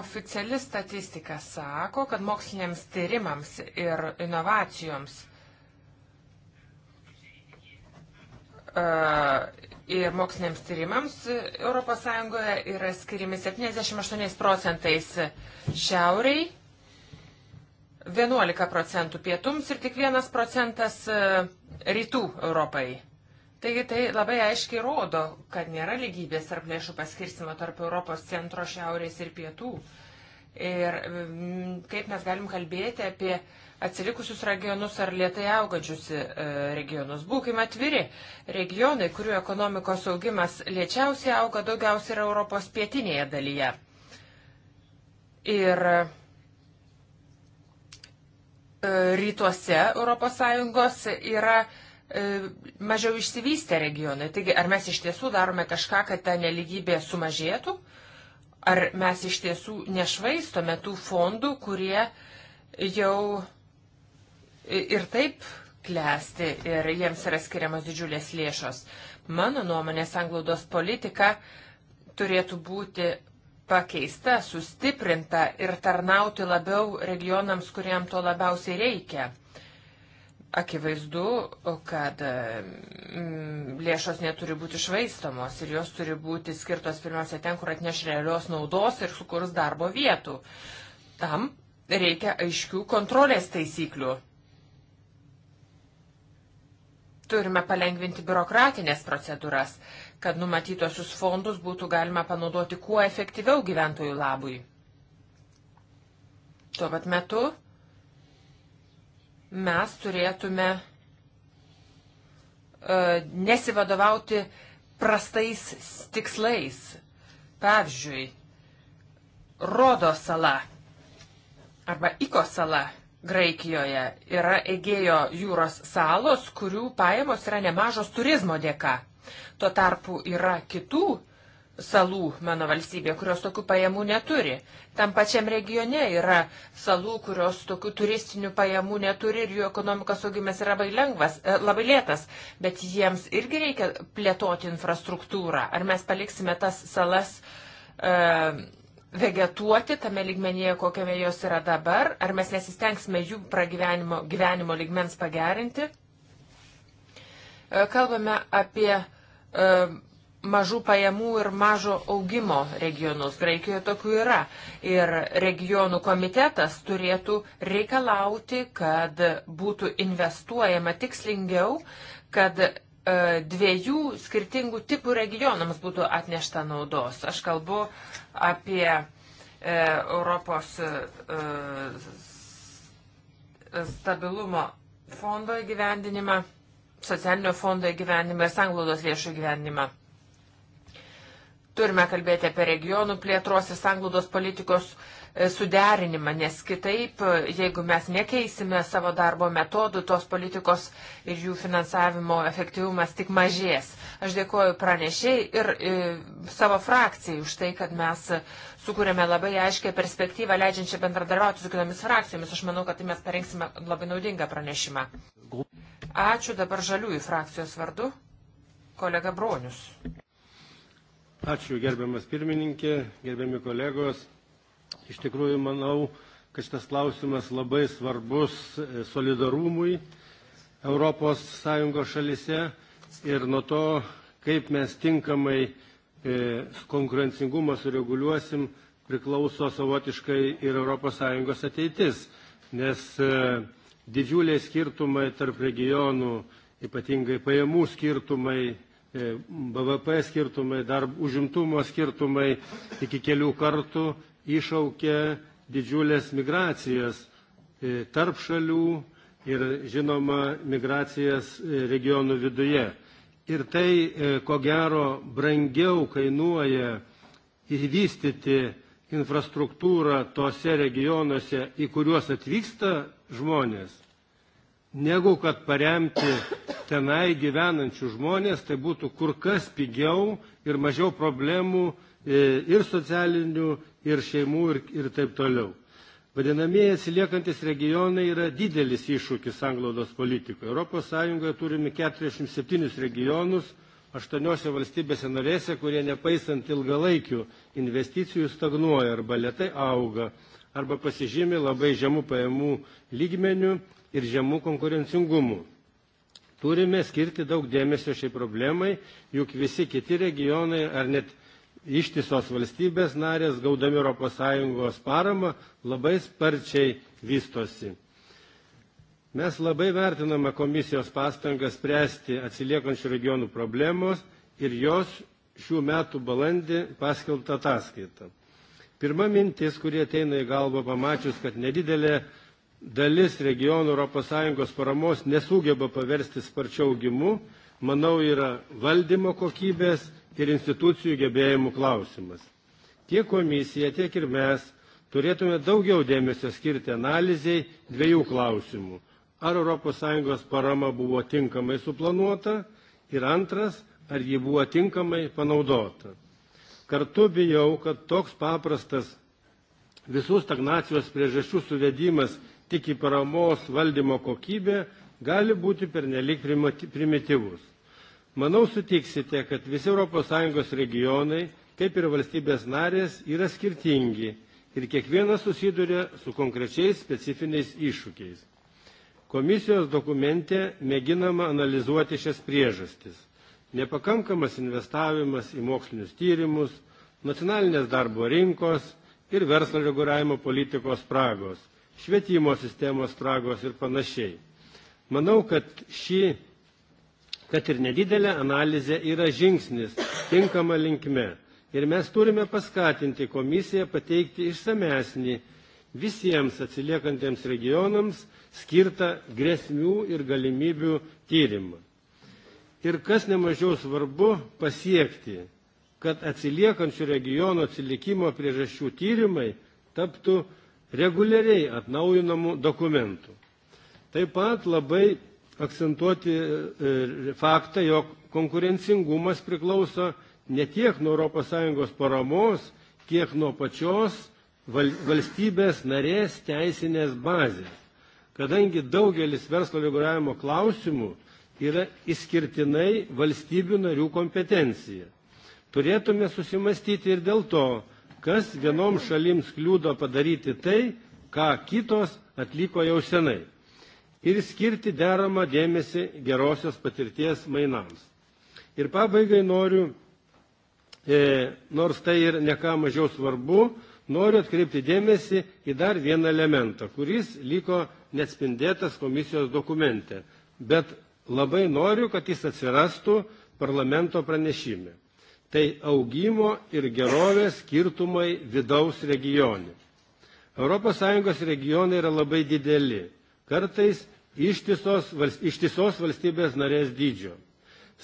Speaker 4: Oficiali statistika sako, kad moksliniams tyrimams ir inovacijoms ir moksliniams tyrimams ES yra skirimi 78 procentais šiauriai, 11 procentų pietums ir tik 1 procentas rytų Europai. Taigi tai labai aiškiai rodo, kad nėra lygybės tarp lėšų paskirstimo tarp Europos centro šiaurės ir pietų. Ir kaip mes galim kalbėti apie uh, atsilikusius regionus ar lietai augančius e, regionus. Būkime atviri, regionai, kurių ekonomikos augimas lėčiausiai auga, daugiausiai yra Europos pietinėje dalyje. Ir e, rytuose ES yra e, mažiau išsivystę regionai. Taigi, ar mes iš tiesų darome kažką, kad ta neligybė sumažėtų? Ar mes iš tiesų nešvaistome tų fondų, kurie jau ir taip klesti ir jiems yra skiriamas didžiulės lėšos. Mano nuomonė, sanglaudos politika turėtų būti pakeista, sustiprinta ir tarnauti labiau regionams, kuriam to labiausiai reikia. Akivaizdu, kad mm, lėšos neturi būti švaistomos ir jos turi būti skirtos pirmiausia ten, kur atneš realios naudos ir sukurs darbo vietų. Tam reikia aiškių kontrolės taisyklių Turime palengvinti biurokratinės procedūras, kad numatytosius fondus būtų galima panaudoti kuo efektyviau gyventojų labui. Tuo pat metu mes turėtume e, nesivadovauti prastais tikslais. Pavyzdžiui, Rodo sala arba Iko sala Graikijoje yra Egėjo jūros salos, kurių pajamos yra nemažos turizmo dėka. Tuo tarpu yra kitų salų mano valstybė, kurios tokių pajamų neturi. Tam pačiam regione yra salų, kurios tokių turistinių pajamų neturi ir jų ekonomikos augimas yra labai lengvas, e, labai lėtas, bet jiems irgi reikia plėtoti infrastruktūrą. Ar mes paliksime tas salas e, vegetuoti tame lygmenyje, kokiame jos yra dabar, ar mes nesistengsime jų pragyvenimo gyvenimo lygmens pagerinti. E, kalbame apie e, mažų pajamų ir mažo augimo regionus. Graikijoje tokių yra. Ir regionų komitetas turėtų reikalauti, kad būtų investuojama tikslingiau, kad E, dviejų skirtingų tipų regionams būtų atnešta naudos. Aš kalbu apie e, Europos e, stabilumo fondo įgyvendinimą, socialinio fondo įgyvendinimą ir sanglaudos lėšų įgyvendinimą. Turime kalbėti apie regionų plėtros ir sanglaudos politikos e, E, suderinimą, nes kitaip, e, jeigu mes nekeisime savo darbo metodų, tos politikos ir jų finansavimo efektyvumas tik mažės. Aš dėkoju pranešiai ir, ir e, savo frakcijai už tai, kad mes sukūrėme labai aiškę perspektyvą, leidžiančią bendradarbiauti su kitomis frakcijomis. Aš manau, kad tai mes parengsime labai naudingą pranešimą. Ačiū dabar žaliųjų frakcijos vardu. Kolega Bronius.
Speaker 5: Ačiū gerbiamas pirmininkė, gerbiami kolegos. Iš tikrųjų, manau, kad šitas klausimas labai svarbus e, solidarumui ES šalise ir nuo to, kaip mes tinkamai e, konkurencingumą sureguliuosim, priklauso savotiškai ir ES ateitis, nes e, didžiuliai skirtumai tarp regionų, ypatingai pajamų skirtumai, BVP skirtumai, darb užimtumo skirtumai iki kelių kartų išaukė didžiulės migracijas e, tarp šalių ir, žinoma, migracijas e, regionų viduje. Ir tai, e, ko gero, brangiau kainuoja įvystyti infrastruktūrą tose regionuose, į kuriuos atvyksta žmonės, negu kad paremti tenai gyvenančių žmonės, tai būtų kur kas pigiau ir mažiau problemų ir socialinių, ir šeimų ir, ir taip toliau. Vadinamieji atsiliekantis regionai yra didelis iššūkis sanglaudos politikoje. ES turime 47 regionus, aštuoniose valstybėse narėse, kurie nepaisant ilgalaikių investicijų stagnuoja arba lietai auga, arba pasižymi labai žemų pajamų lygmenių ir žemų konkurencingumų. Turime skirti daug dėmesio šiai problemai, juk visi kiti regionai ar net ištisos valstybės narės, gaudami ES paramą, labai sparčiai vystosi. Mes labai vertiname komisijos pastangas spręsti atsiliekančių regionų problemos ir jos šių metų balandį paskelbtą ataskaitą. Pirma mintis, kurie ateina į galvą pamačius, kad nedidelė dalis regionų ES paramos nesugeba paversti sparčiau augimu, manau, yra valdymo kokybės ir institucijų gebėjimų klausimas. Tiek komisija, tiek ir mes turėtume daugiau dėmesio skirti analizai dviejų klausimų. Ar ES parama buvo tinkamai suplanuota ir antras, ar ji buvo tinkamai panaudota. Kartu bijau, kad toks paprastas visų stagnacijos priežasčių suvedimas tik į paramos valdymo kokybę gali būti pernelik primityvus. Manau sutiksite, kad visi ES regionai, kaip ir valstybės narės, yra skirtingi ir kiekvienas susiduria su konkrečiais specifiniais iššūkiais. Komisijos dokumente mėginama analizuoti šias priežastis. Nepakankamas investavimas į mokslinius tyrimus, nacionalinės darbo rinkos ir verslo reguliavimo politikos spragos, švietimo sistemos spragos ir panašiai. Manau, kad šį kad ir nedidelė analizė yra žingsnis tinkama linkme. Ir mes turime paskatinti komisiją pateikti išsamesnį visiems atsiliekantiems regionams skirtą grėsmių ir galimybių tyrimą. Ir kas nemažiau svarbu pasiekti, kad atsiliekančių regionų atsilikimo priežasčių tyrimai taptų reguliariai atnaujinamų dokumentų. Taip pat labai akcentuoti e, e, faktą, jog konkurencingumas priklauso ne tiek nuo ES paramos, kiek nuo pačios valstybės narės teisinės bazės. Kadangi daugelis verslo reguliavimo klausimų yra išskirtinai valstybių narių kompetencija. Turėtume susimastyti ir dėl to, kas vienom šalims kliūdo padaryti tai, ką kitos atliko jau senai ir skirti deramą dėmesį gerosios patirties mainams. Ir pabaigai noriu, e, nors tai ir neką mažiau svarbu, noriu atkreipti dėmesį į dar vieną elementą, kuris liko neatspindėtas komisijos dokumente, bet labai noriu, kad jis atsirastų parlamento pranešime. Tai augimo ir gerovės skirtumai vidaus regione. ES regionai yra labai dideli kartais ištisos, ištisos valstybės narės dydžio.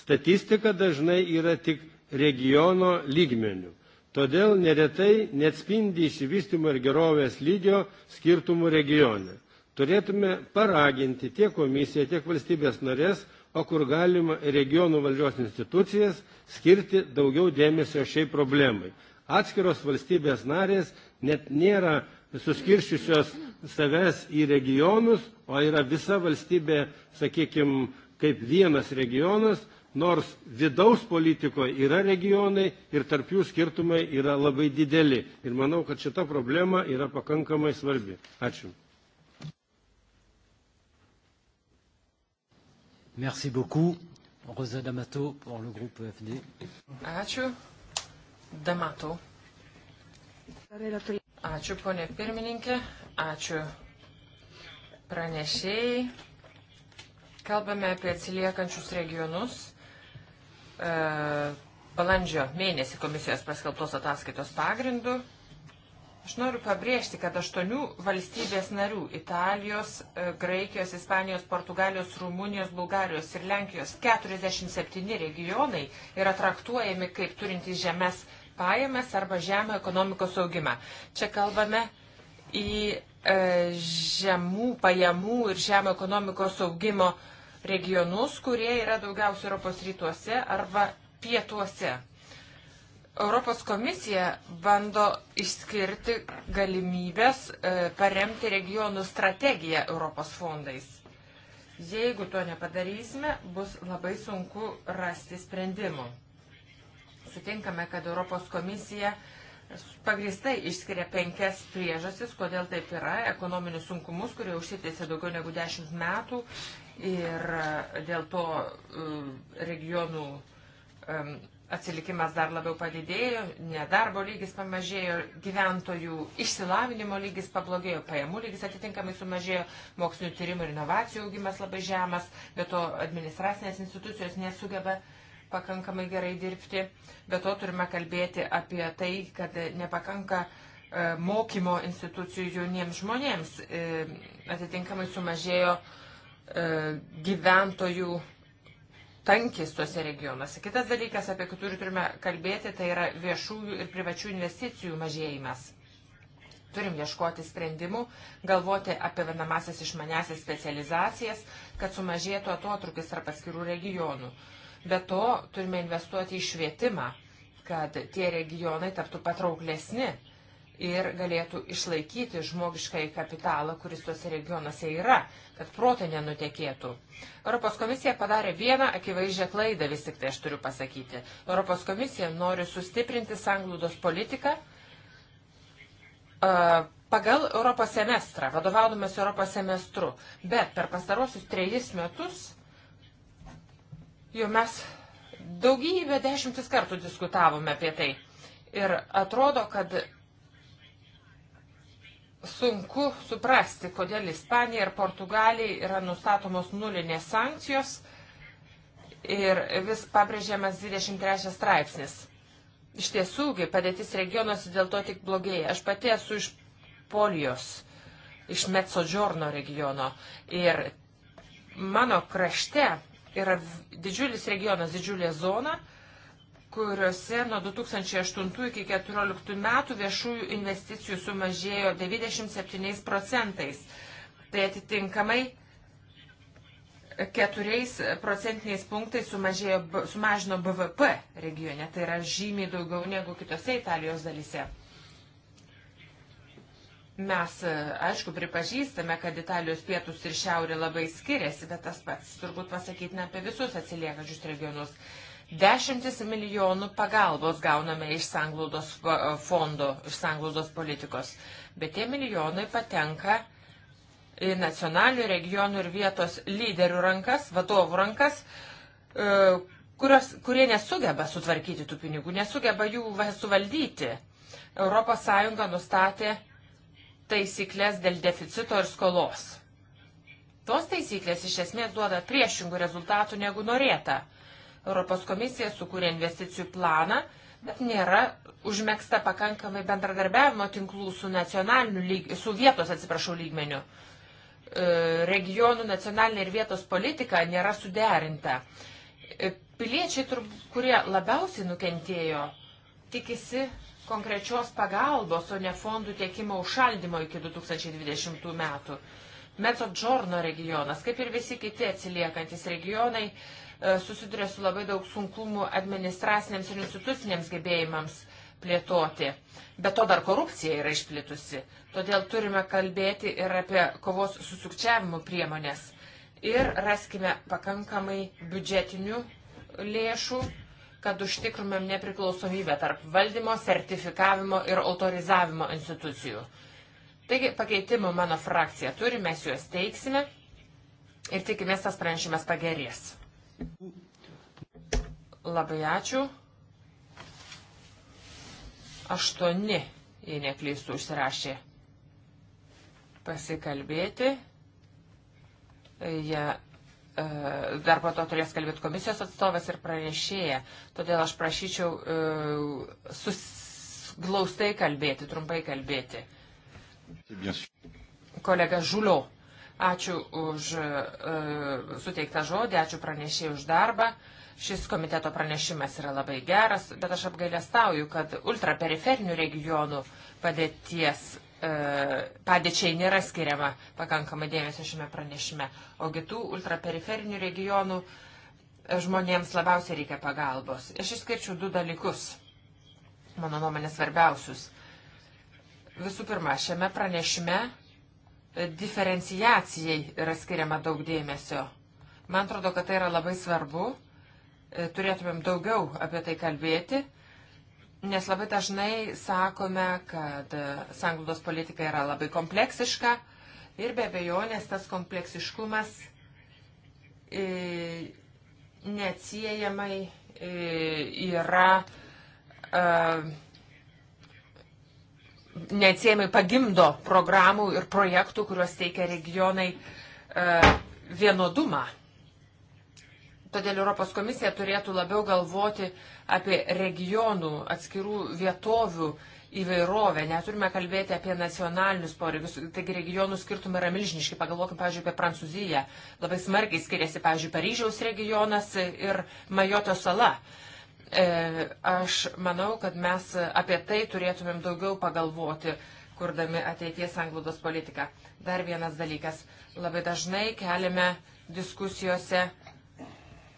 Speaker 5: Statistika dažnai yra tik regiono lygmenių, todėl neretai neatspindi išsivystimo ir gerovės lygio skirtumų regione. Turėtume paraginti tiek komisiją, tiek valstybės narės, o kur galima regionų valdžios institucijas skirti daugiau dėmesio šiai problemai. Atskiros valstybės narės net nėra suskirščiusios savęs į regionus, o yra visa valstybė, sakykime, kaip vienas regionas, nors vidaus politikoje yra regionai ir tarp jų skirtumai yra labai dideli. Ir manau, kad šita problema yra pakankamai svarbi. Ačiū.
Speaker 1: Merci beaucoup. Rosa D'Amato pour le groupe FD.
Speaker 4: Ačiū. D'Amato. Ačiū, ponė pirmininkė. Ačiū pranešėjai. Kalbame apie atsiliekančius regionus. E, balandžio mėnesį komisijos paskelbtos ataskaitos pagrindų. Aš noriu pabrėžti, kad aštuonių valstybės narių - Italijos, e, Graikijos, Ispanijos, Portugalijos, Rumunijos, Bulgarijos ir Lenkijos - 47 regionai yra traktuojami kaip turintys žemės pajamas arba žemą ekonomikos augimą. Čia kalbame į e, žemų pajamų ir žemą ekonomikos augimo regionus, kurie yra daugiausia Europos rytuose arba pietuose. Europos komisija bando išskirti galimybės e, paremti regionų strategiją Europos fondais. Jeigu to nepadarysime, bus labai sunku rasti sprendimų sutinkame, kad Europos komisija pagristai išskiria penkias priežastis, kodėl taip yra, ekonominius sunkumus, kurie užsitėsi daugiau negu dešimt metų ir dėl to e, regionų atsilikimas dar labiau padidėjo, nedarbo lygis pamažėjo, gyventojų išsilavinimo lygis pablogėjo, pajamų lygis atitinkamai sumažėjo, mokslinio tyrimų ir inovacijų augimas labai žemas, bet to administracinės institucijos nesugeba uh, pakankamai gerai dirbti, bet to turime kalbėti apie tai, kad nepakanka e, mokymo institucijų jauniems žmonėms. E, atitinkamai sumažėjo e, gyventojų tankis tuose regionuose. Kitas dalykas, apie kurį turime kalbėti, tai yra viešųjų ir privačių investicijų mažėjimas. Turim ieškoti sprendimų, galvoti apie vienamasias išmanesias specializacijas, kad sumažėtų atotrukis tarp atskirų regionų. Uh, Be to, turime investuoti į švietimą, kad tie regionai taptų patrauklesni ir galėtų išlaikyti žmogiškai kapitalą, kuris tuose regionuose yra, kad protai nenutekėtų. Europos komisija padarė vieną akivaizdžią klaidą, vis tik tai aš turiu pasakyti. Europos komisija nori sustiprinti sanglūdos politiką uh, pagal Europos semestrą, vadovaudamas Europos semestru. Bet per pastarosius trejus metus jo mes daugybę dešimtis kartų diskutavome apie tai. Ir atrodo, kad sunku suprasti, kodėl Ispanija ir Portugalija yra nustatomos nulinės sankcijos ir vis pabrėžiamas 23 straipsnis. Iš tiesųgi padėtis regionuose dėl to tik blogėja. Aš pati esu iš Polijos, iš Metsodžorno regiono ir mano krašte Yra didžiulis regionas, didžiulė zona, kuriuose nuo 2008 iki 2014 metų viešųjų investicijų sumažėjo 97 procentais. Tai atitinkamai 4 procentiniais punktais sumažino BVP regione, tai yra žymiai daugiau negu kitose Italijos dalyse. Mes, e, aišku, pripažįstame, kad Italijos pietus ir šiaurė labai skiriasi, bet tas pats turbūt pasakytina apie visus atsiliekančius regionus. Dešimtis milijonų pagalbos gauname iš sanglaudos e, fondo, iš sanglaudos politikos, bet tie milijonai patenka į nacionalių regionų ir vietos lyderių rankas, vadovų rankas, e, kurios, kurie nesugeba sutvarkyti tų pinigų, nesugeba jų suvaldyti. ES nustatė taisyklės dėl deficito ir skolos. Tos taisyklės iš esmės duoda priešingų rezultatų negu norėta. Europos komisija sukūrė investicijų planą, bet nėra užmėgsta pakankamai bendradarbiavimo tinklų su, lyg, su vietos atsiprašau, lygmeniu. E, regionų nacionalinė ir vietos politika nėra suderinta. E, piliečiai, kurie labiausiai nukentėjo, tikisi konkrečios pagalbos, o ne fondų tiekimo užšaldimo iki 2020 metų. Mezzodžorno regionas, kaip ir visi kiti atsiliekantis regionai, e, susiduria su labai daug sunkumų administraciniams ir instituciniams gebėjimams plėtoti. Be to dar korupcija yra išplitusi. Todėl turime kalbėti ir apie kovos su sukčiavimu priemonės. Ir raskime pakankamai biudžetinių lėšų kad užtikrumėm nepriklausomybę tarp valdymo, sertifikavimo ir autorizavimo institucijų. Taigi pakeitimų mano frakcija turi, mes juos teiksime ir tikimės tas pranešimas pagerės. Labai ačiū. Aštuoni, jei neklystų, užsirašė pasikalbėti. Jie ja, E, dar po to turės kalbėti komisijos atstovas ir pranešėja. Todėl aš prašyčiau e, glaustai kalbėti, trumpai kalbėti. Kolega Žulio, ačiū už e, suteiktą žodį, ačiū pranešėjai už darbą. Šis komiteto pranešimas yra labai geras, bet aš apgailestauju, kad ultraperiferinių regionų padėties E, padėčiai nėra skiriama pakankamai dėmesio šiame pranešime, o kitų ultraperiferinių regionų e, žmonėms labiausiai reikia pagalbos. Aš išskirčiau du dalykus, mano nuomonė svarbiausius. Visų pirma, šiame pranešime e, diferenciacijai yra skiriama daug dėmesio. Man atrodo, kad tai yra labai svarbu. Turėtumėm daugiau apie tai kalbėti Nes labai dažnai sakome, kad e, sanglaudos politika yra labai kompleksiška ir be abejonės tas kompleksiškumas e, neatsiejamai e, yra neatsiejamai pagimdo programų ir projektų, kuriuos teikia regionai vienodumą. Todėl Europos komisija turėtų labiau galvoti apie regionų, atskirų vietovių įvairovę. Neturime kalbėti apie nacionalinius poreikius. Taigi regionų skirtumai yra milžiniški. Pagalvokime, pavyzdžiui, apie Prancūziją. Labai smarkiai skiriasi, pavyzdžiui, Paryžiaus regionas ir Majoto sala. E, aš manau, kad mes apie tai turėtumėm daugiau pagalvoti kurdami ateities anglodos politiką. Dar vienas dalykas. Labai dažnai keliame diskusijose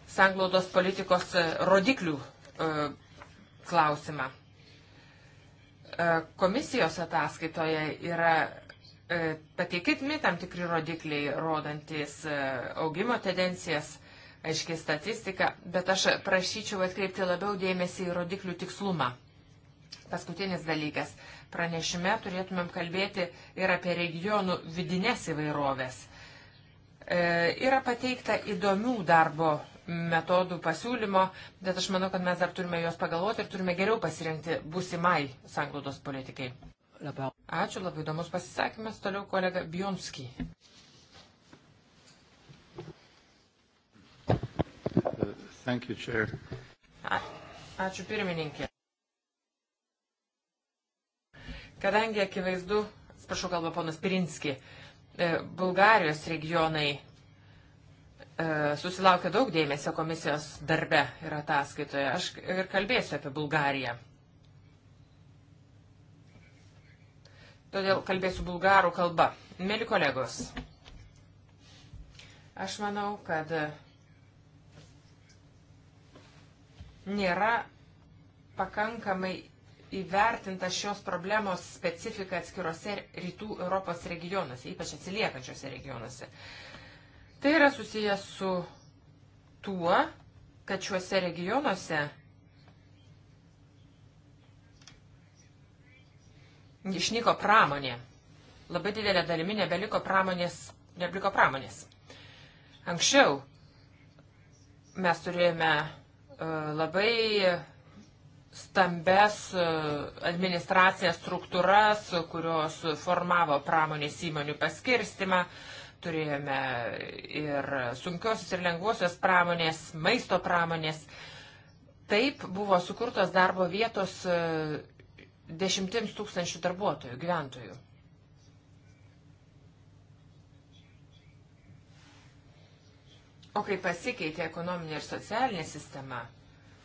Speaker 4: sanglaudos politikos e, rodiklių e, klausimą. E, komisijos ataskaitoje yra pateikitmi tam tikri rodikliai, rodantis augimo tendencijas, aiškiai statistika, bet aš prašyčiau atkreipti labiau dėmesį į rodiklių tikslumą. Paskutinis dalykas. Pranešime turėtumėm kalbėti ir apie regionų vidinės įvairovės. E, yra pateikta įdomių darbo metodų pasiūlymo, bet aš manau, kad mes dar turime juos pagalvoti ir turime geriau pasirinkti būsimai sanglaudos politikai. Ačiū, labai įdomus pasisakymas. Toliau kolega Bionski. Ačiū pirmininkė. Kadangi akivaizdu, prašau kalba ponas Pirinski, e, Bulgarijos regionai E, susilaukia daug dėmesio komisijos darbe ir ataskaitoje. Aš ir kalbėsiu apie Bulgariją. Todėl kalbėsiu bulgarų kalba. Mėly kolegos, aš manau, kad nėra pakankamai įvertinta šios problemos specifika atskiruose rytų Europos regionuose, ypač atsiliekančiose regionuose. Uh, Tai yra susijęs su tuo, kad šiuose regionuose išnyko pramonė. Labai didelė dalimi nebeliko pramonės. Nebeliko pramonės. Anksčiau mes turėjome e, labai stambes e, administracinės struktūras, kurios formavo pramonės įmonių paskirstimą, uh, Turėjome ir sunkiosios ir lengvosios pramonės, maisto pramonės. Taip buvo sukurtos darbo vietos e, dešimtims tūkstančių darbuotojų, gyventojų. O kai pasikeitė ekonominė ir socialinė sistema,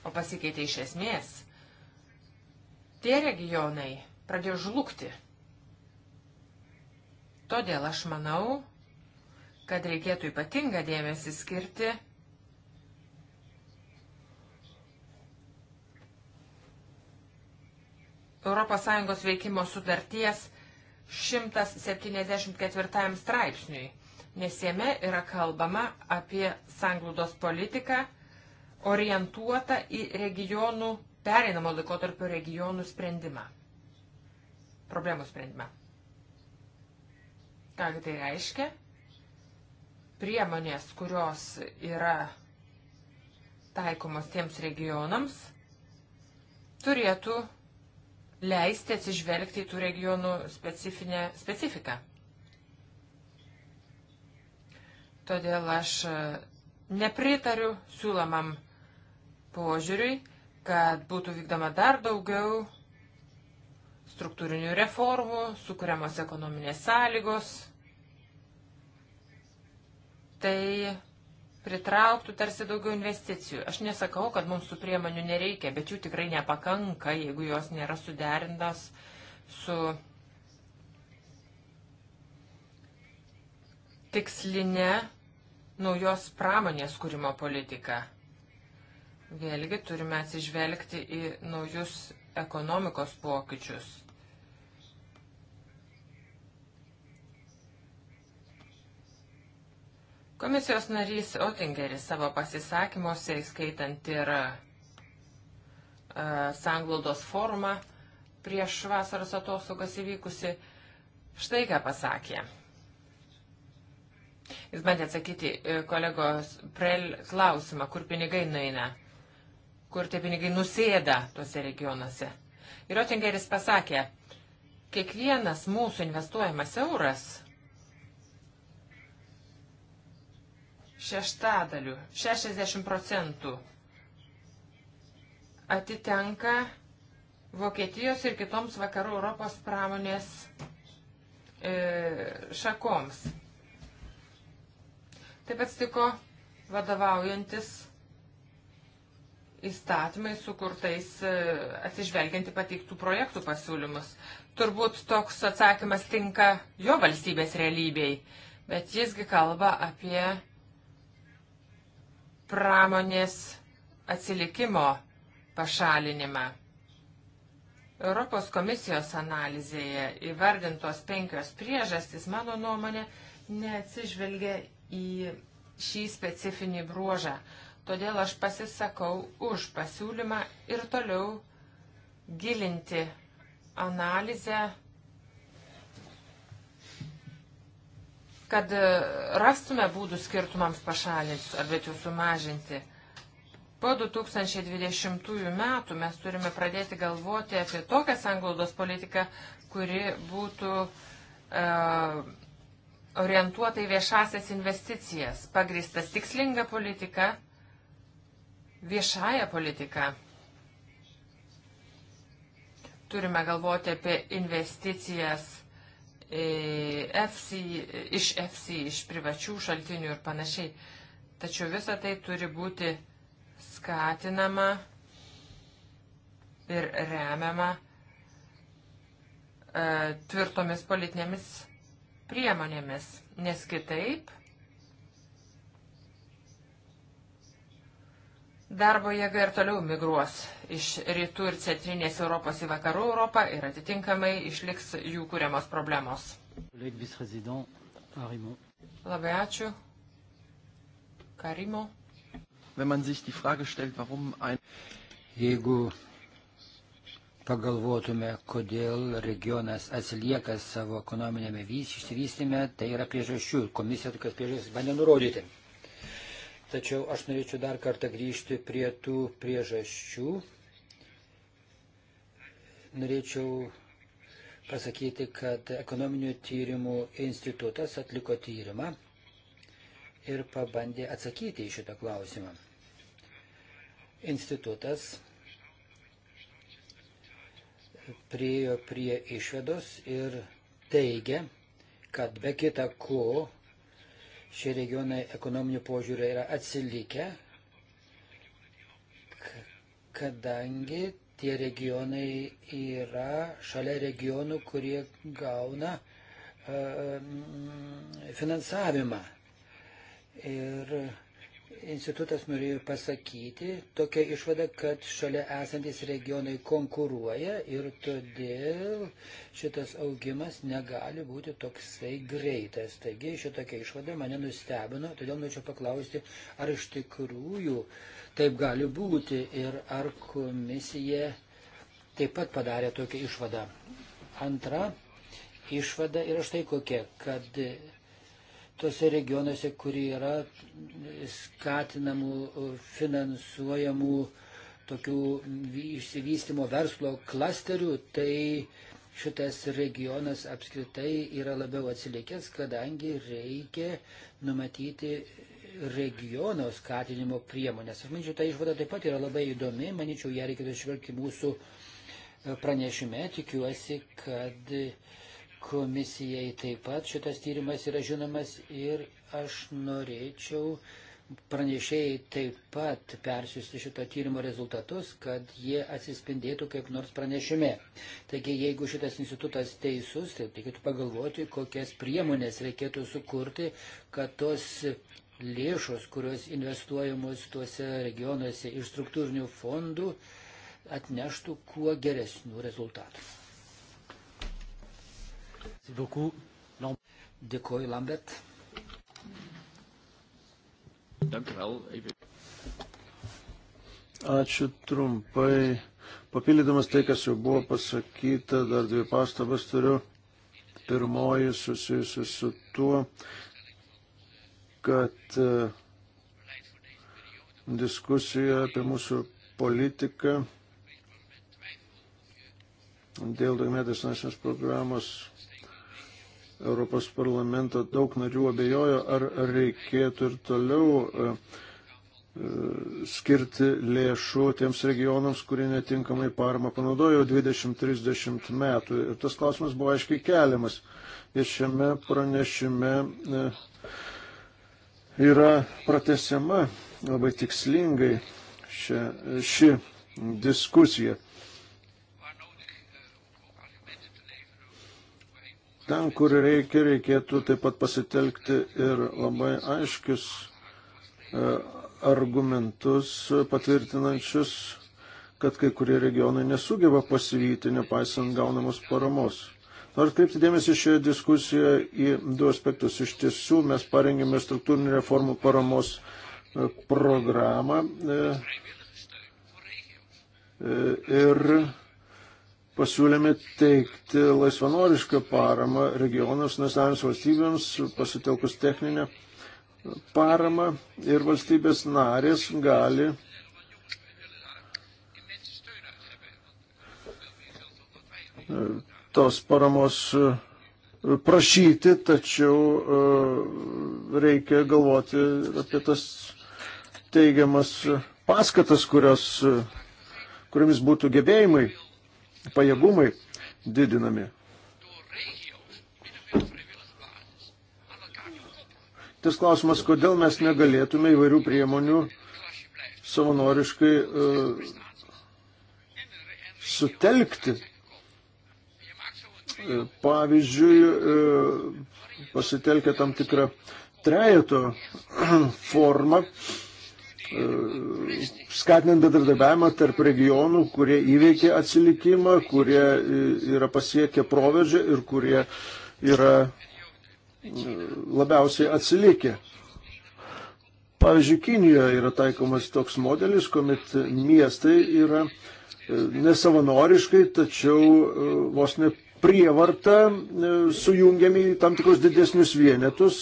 Speaker 4: o pasikeitė iš esmės, tie regionai pradėjo žlugti. Todėl aš manau, kad reikėtų ypatingą dėmesį skirti ES veikimo sutarties 174 straipsniui, nes jame yra kalbama apie sanglūdos politiką orientuotą į regionų, pereinamo laikotarpio regionų sprendimą. Problemų sprendimą. Ką tai reiškia? priemonės, kurios yra taikomos tiems regionams, turėtų leisti atsižvelgti į tų regionų specifinę specifiką. Todėl aš e, nepritariu siūlomam požiūriui, kad būtų vykdoma dar daugiau struktūrinių reformų, sukūriamos ekonominės sąlygos tai pritrauktų tarsi daugiau investicijų. Aš nesakau, kad mums tų priemonių nereikia, bet jų tikrai nepakanka, jeigu jos nėra suderintas su tikslinė naujos pramonės kūrimo politika. Vėlgi turime atsižvelgti į naujus ekonomikos pokyčius. Komisijos narys Otingeris savo pasisakymuose, skaitant ir uh, sanglaudos forumą prieš vasaros atostogas įvykusi, štai ką pasakė. Jis bandė atsakyti e, kolegos Prel klausimą, kur pinigai nueina, kur tie pinigai nusėda tuose regionuose. Ir Otingeris pasakė, kiekvienas mūsų investuojamas euras šeštadalių, 60 procentų atitenka Vokietijos ir kitoms vakarų Europos pramonės e, šakoms. Taip atsitiko vadovaujantis įstatymai sukurtais e, atsižvelgianti pateiktų projektų pasiūlymus. Turbūt toks atsakymas tinka jo valstybės realybei, bet jisgi kalba apie pramonės atsilikimo pašalinimą. Europos komisijos analizėje įvardintos penkios priežastys, mano nuomonė, neatsižvelgia į šį specifinį bruožą. Todėl aš pasisakau už pasiūlymą ir toliau gilinti analizę kad e, rastume būdų skirtumams pašalinti, ar bet jau sumažinti. Po 2020 metų mes turime pradėti galvoti apie tokią sanglaudos politiką, kuri būtų uh, orientuota į viešasias investicijas, pagristas tikslinga politika, viešąją politiką. Turime galvoti apie investicijas E, FC, iš FC, iš privačių šaltinių ir panašiai. Tačiau visa tai turi būti skatinama ir remiama e, tvirtomis politinėmis priemonėmis, nes kitaip darbo jėga ir toliau migruos iš rytų ir centrinės Europos į vakarų Europą ir atitinkamai išliks jų kūriamos problemos. Labai ačiū. Karimo.
Speaker 3: Jeigu pagalvotume, kodėl regionas atsilieka savo ekonominėme išsivystymė, tai yra priežasčių. Komisija tokias priežastis bandė nurodyti. Tačiau aš norėčiau dar kartą grįžti prie tų priežasčių. Norėčiau pasakyti, kad ekonominių tyrimų institutas atliko tyrimą ir pabandė atsakyti į šitą klausimą. Institutas priejo prie išvedos ir teigia, kad be kita ko Šie regionai ekonominių požiūrį yra atsilikę, kadangi tie regionai yra šalia regionų, kurie gauna uh, finansavimą. Ir uh, institutas norėjo pasakyti tokia išvada, kad šalia esantis regionai konkuruoja ir todėl šitas augimas negali būti toksai greitas. Taigi šitokia išvada mane nustebino, todėl norėčiau paklausti, ar iš tikrųjų taip gali būti ir ar komisija taip pat padarė tokią išvadą. Antra išvada yra štai kokia, kad tose regionuose, kur yra skatinamų, finansuojamų tokių išsivystimo verslo klasterių, tai šitas regionas apskritai yra labiau atsilikęs, kadangi reikia numatyti regiono skatinimo priemonės. Aš manyčiau, ta išvada taip pat yra labai įdomi, manyčiau, ją reikėtų išvelgti mūsų pranešime. Tikiuosi, kad uh, Komisijai taip pat šitas tyrimas yra žinomas ir aš norėčiau pranešėjai taip pat persiųsti šito tyrimo rezultatus, kad jie atsispindėtų kaip nors pranešime. Taigi, jeigu šitas institutas teisus, tai reikėtų pagalvoti, kokias priemonės reikėtų sukurti, kad tos lėšos, kurios investuojamos tuose regionuose iš struktūrinių fondų, atneštų kuo geresnių rezultatų. Dėkuoju, Lambert.
Speaker 2: Ačiū trumpai. Papildydamas tai, kas jau buvo pasakyta, dar dvi pastabas turiu. Pirmoji susijusi su tuo, kad e, diskusija apie mūsų politiką dėl daugmetės nacinės programos Europos parlamento daug narių abejojo, ar reikėtų ir toliau e, e, skirti lėšų tiems regionams, kurie netinkamai parmą panaudojo 20-30 metų. Ir tas klausimas buvo aiškiai keliamas. Ir šiame pranešime e, yra pratesiama labai tikslingai šia, ši diskusija. Ten, kur reikia, reikėtų taip pat pasitelkti ir labai aiškius e, argumentus patvirtinančius, kad kai kurie regionai nesugeba pasivyti, nepaisant gaunamos paramos. Noriu atkreipti dėmesį šioje diskusijoje į du aspektus. Iš tiesų mes parengėme struktūrinį reformų paramos e, programą e, ir pasiūlėme teikti laisvanorišką paramą regionams, nacionalinėms valstybėms, pasitelkus techninę paramą ir valstybės narės gali tos paramos e, prašyti, tačiau e, reikia galvoti apie tas teigiamas paskatas, kurios, e, kuriamis būtų gebėjimai pajėgumai didinami. Tas klausimas, kodėl mes negalėtume įvairių priemonių savanoriškai uh, sutelkti. E, pavyzdžiui, uh, pasitelkę tam tikrą trejato [clears throat] formą, uh, E, skatinant bedradarbiavimą tarp regionų, kurie įveikė atsilikimą, kurie e, yra pasiekę proveržį ir kurie yra e, labiausiai atsilikę. Pavyzdžiui, Kinijoje yra taikomas toks modelis, kuomet miestai yra nesavanoriškai, tačiau vos ne prievarta sujungiami į tam tikrus didesnius vienetus,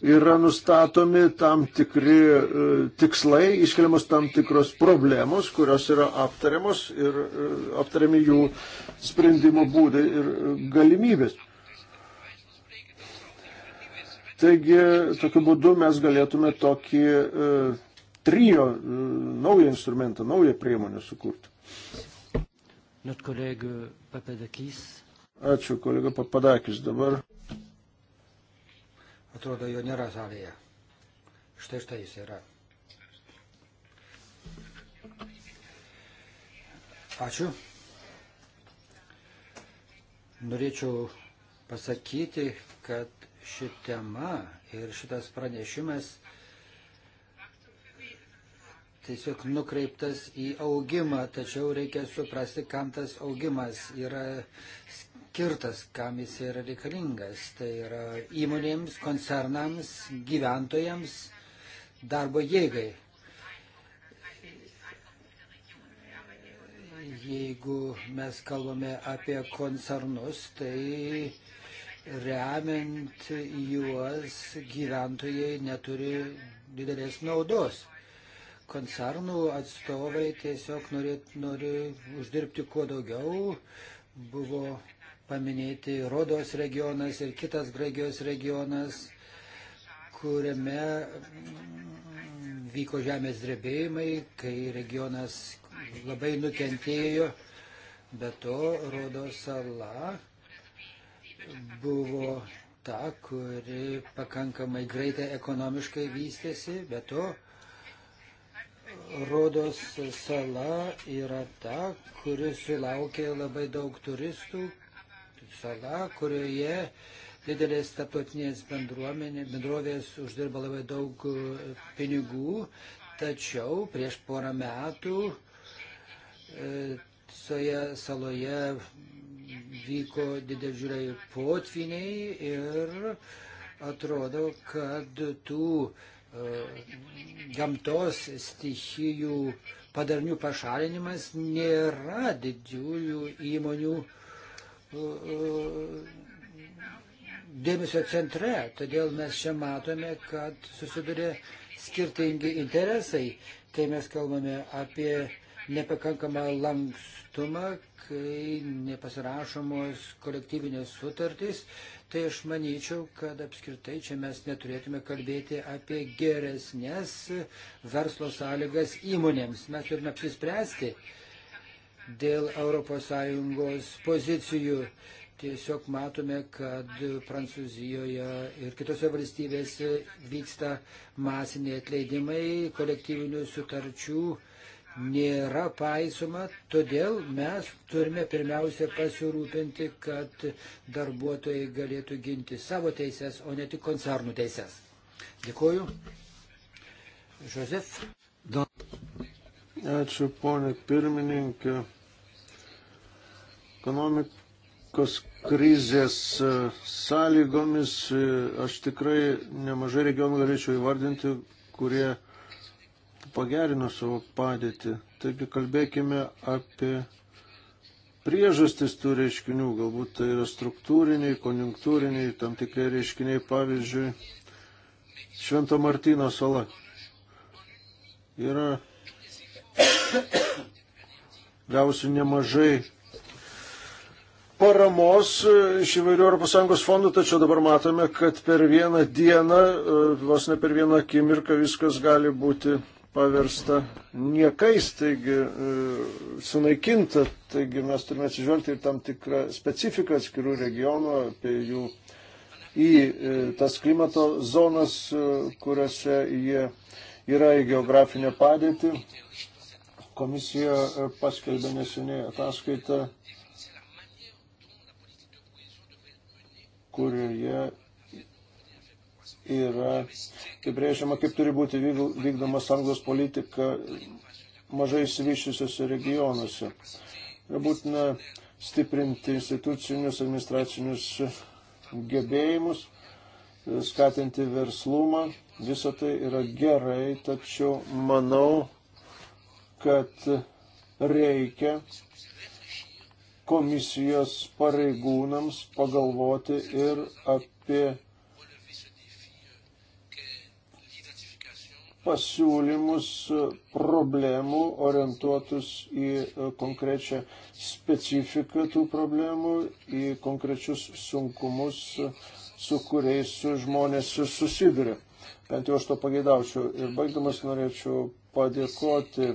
Speaker 2: yra nustatomi tam tikri e, tikslai, iškeliamos tam tikros problemos, kurios yra aptariamos ir e, aptariami jų sprendimo būdai ir e, galimybės. Taigi, tokiu būdu mes galėtume tokį trijo naują instrumentą, naują priemonę sukurti. Ačiū, kolega Papadakis. Dabar
Speaker 3: Atrodo, jo nėra salėje. Štai štai jis yra. Ačiū. Norėčiau pasakyti, kad ši tema ir šitas pranešimas tiesiog nukreiptas į augimą, tačiau reikia suprasti, kam tas augimas yra skirtas, kam jis yra reikalingas. Tai yra įmonėms, koncernams, gyventojams, darbo jėgai. Jeigu mes kalbame apie koncernus, tai remiant juos gyventojai neturi didelės naudos koncernų atstovai tiesiog nori, nori uždirbti kuo daugiau. Buvo paminėti Rodos regionas ir kitas Graikijos regionas, kuriame mm, vyko žemės drebėjimai, kai regionas labai nukentėjo. Be to, Rodos sala buvo ta, kuri pakankamai greitai ekonomiškai vystėsi, bet to Rodos sala yra ta, kuri sulaukė labai daug turistų, sala, kurioje didelės tarptautinės bendrovės uždirba labai daug e, pinigų, tačiau prieš porą metų soje e, saloje vyko dideliai potviniai ir atrodo, kad tų e, gamtos stichijų padarnių pašalinimas nėra didžiųjų įmonių uh, dėmesio centre. Todėl mes čia matome, kad susiduria skirtingi interesai. Tai mes kalbame apie nepakankamą lankstumą, kai nepasirašomos kolektyvinės sutartys. Tai aš manyčiau, kad apskritai čia mes neturėtume kalbėti apie geresnės verslo sąlygas įmonėms. Mes turime apsispręsti, dėl ES pozicijų. Tiesiog matome, kad Prancūzijoje ir kitose valstybėse vyksta masiniai atleidimai, kolektyvinių sutarčių nėra paisoma, todėl mes turime pirmiausia pasirūpinti, kad darbuotojai galėtų ginti savo teises, o ne tik koncernų teises. Dėkuoju. Josef.
Speaker 2: Ačiū, ponė pirmininkė. Ekonomikos krizės e, sąlygomis e, aš tikrai nemažai regionų galėčiau įvardinti, kurie pagerino savo padėtį. Taigi kalbėkime apie priežastis tų reiškinių. Galbūt tai yra struktūriniai, konjunktūriniai, tam tikrai reiškiniai, pavyzdžiui, Švento Martino sala. Yra [coughs] gausiu nemažai paramos e, iš įvairių ES fondų, tačiau dabar matome, kad per vieną dieną, e, vos ne per vieną akimirką viskas gali būti paversta niekais, taigi e, sunaikinta. Taigi mes turime atsižvelgti ir tam tikrą specifiką atskirų regionų, apie jų į tas klimato zonas, kuriuose jie yra į geografinę padėtį. Komisija paskelbė neseniai ataskaitą kurioje yra apibrėžiama, kaip turi būti vykdoma sąjungos politika mažai įsivyščiusiuose regionuose. Yra būtina stiprinti institucinius, administracinius gebėjimus, skatinti verslumą. Visą tai yra gerai, tačiau manau, kad reikia komisijos pareigūnams pagalvoti ir apie pasiūlymus problemų orientuotus į konkrečią specifiką tų problemų, į konkrečius sunkumus, su kuriais žmonės susiduria. Bent jau aš to pageidaučiau. Ir baigdamas norėčiau padėkoti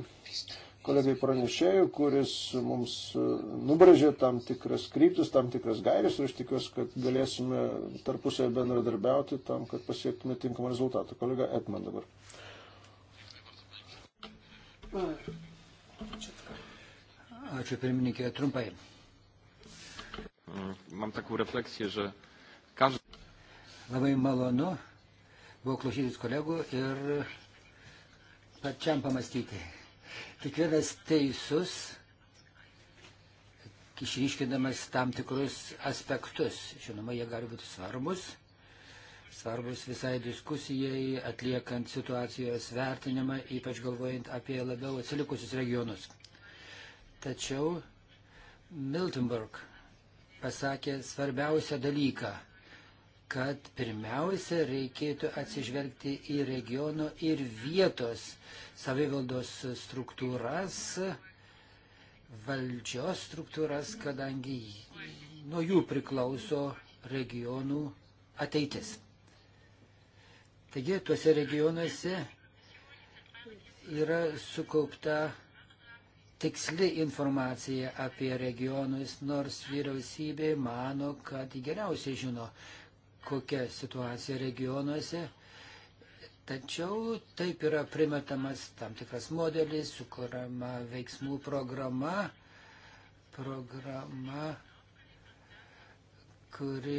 Speaker 2: kolegai pranešėjui, kuris mums e, nubražė tam tikras kryptis, tam tikras gairis ir aš tikiuosi, kad galėsime tarpusėje bendradarbiauti tam, kad pasiektume tinkamą rezultatą. Kolega Etman dabar. Ačiū pirmininkė, trumpai.
Speaker 4: Mam taką refleksiją, že kažkas.
Speaker 3: Labai malonu buvo klausytis kolegų ir pačiam pamastyti kiekvienas teisus, išryškinamas tam tikrus aspektus. Žinoma, jie gali būti svarbus, svarbus visai diskusijai, atliekant situacijos vertinimą, ypač galvojant apie labiau atsilikusius regionus. Tačiau Miltenburg pasakė svarbiausią dalyką kad pirmiausia reikėtų atsižvelgti į regiono ir vietos savivaldos struktūras, valdžios struktūras, kadangi nuo jų priklauso regionų ateitis. Taigi tuose regionuose yra sukaupta tiksli informacija apie regionus, nors vyriausybė mano, kad geriausiai žino, kokia situacija regionuose. Tačiau taip yra primetamas tam tikras modelis, sukūrama veiksmų programa, programa, kuri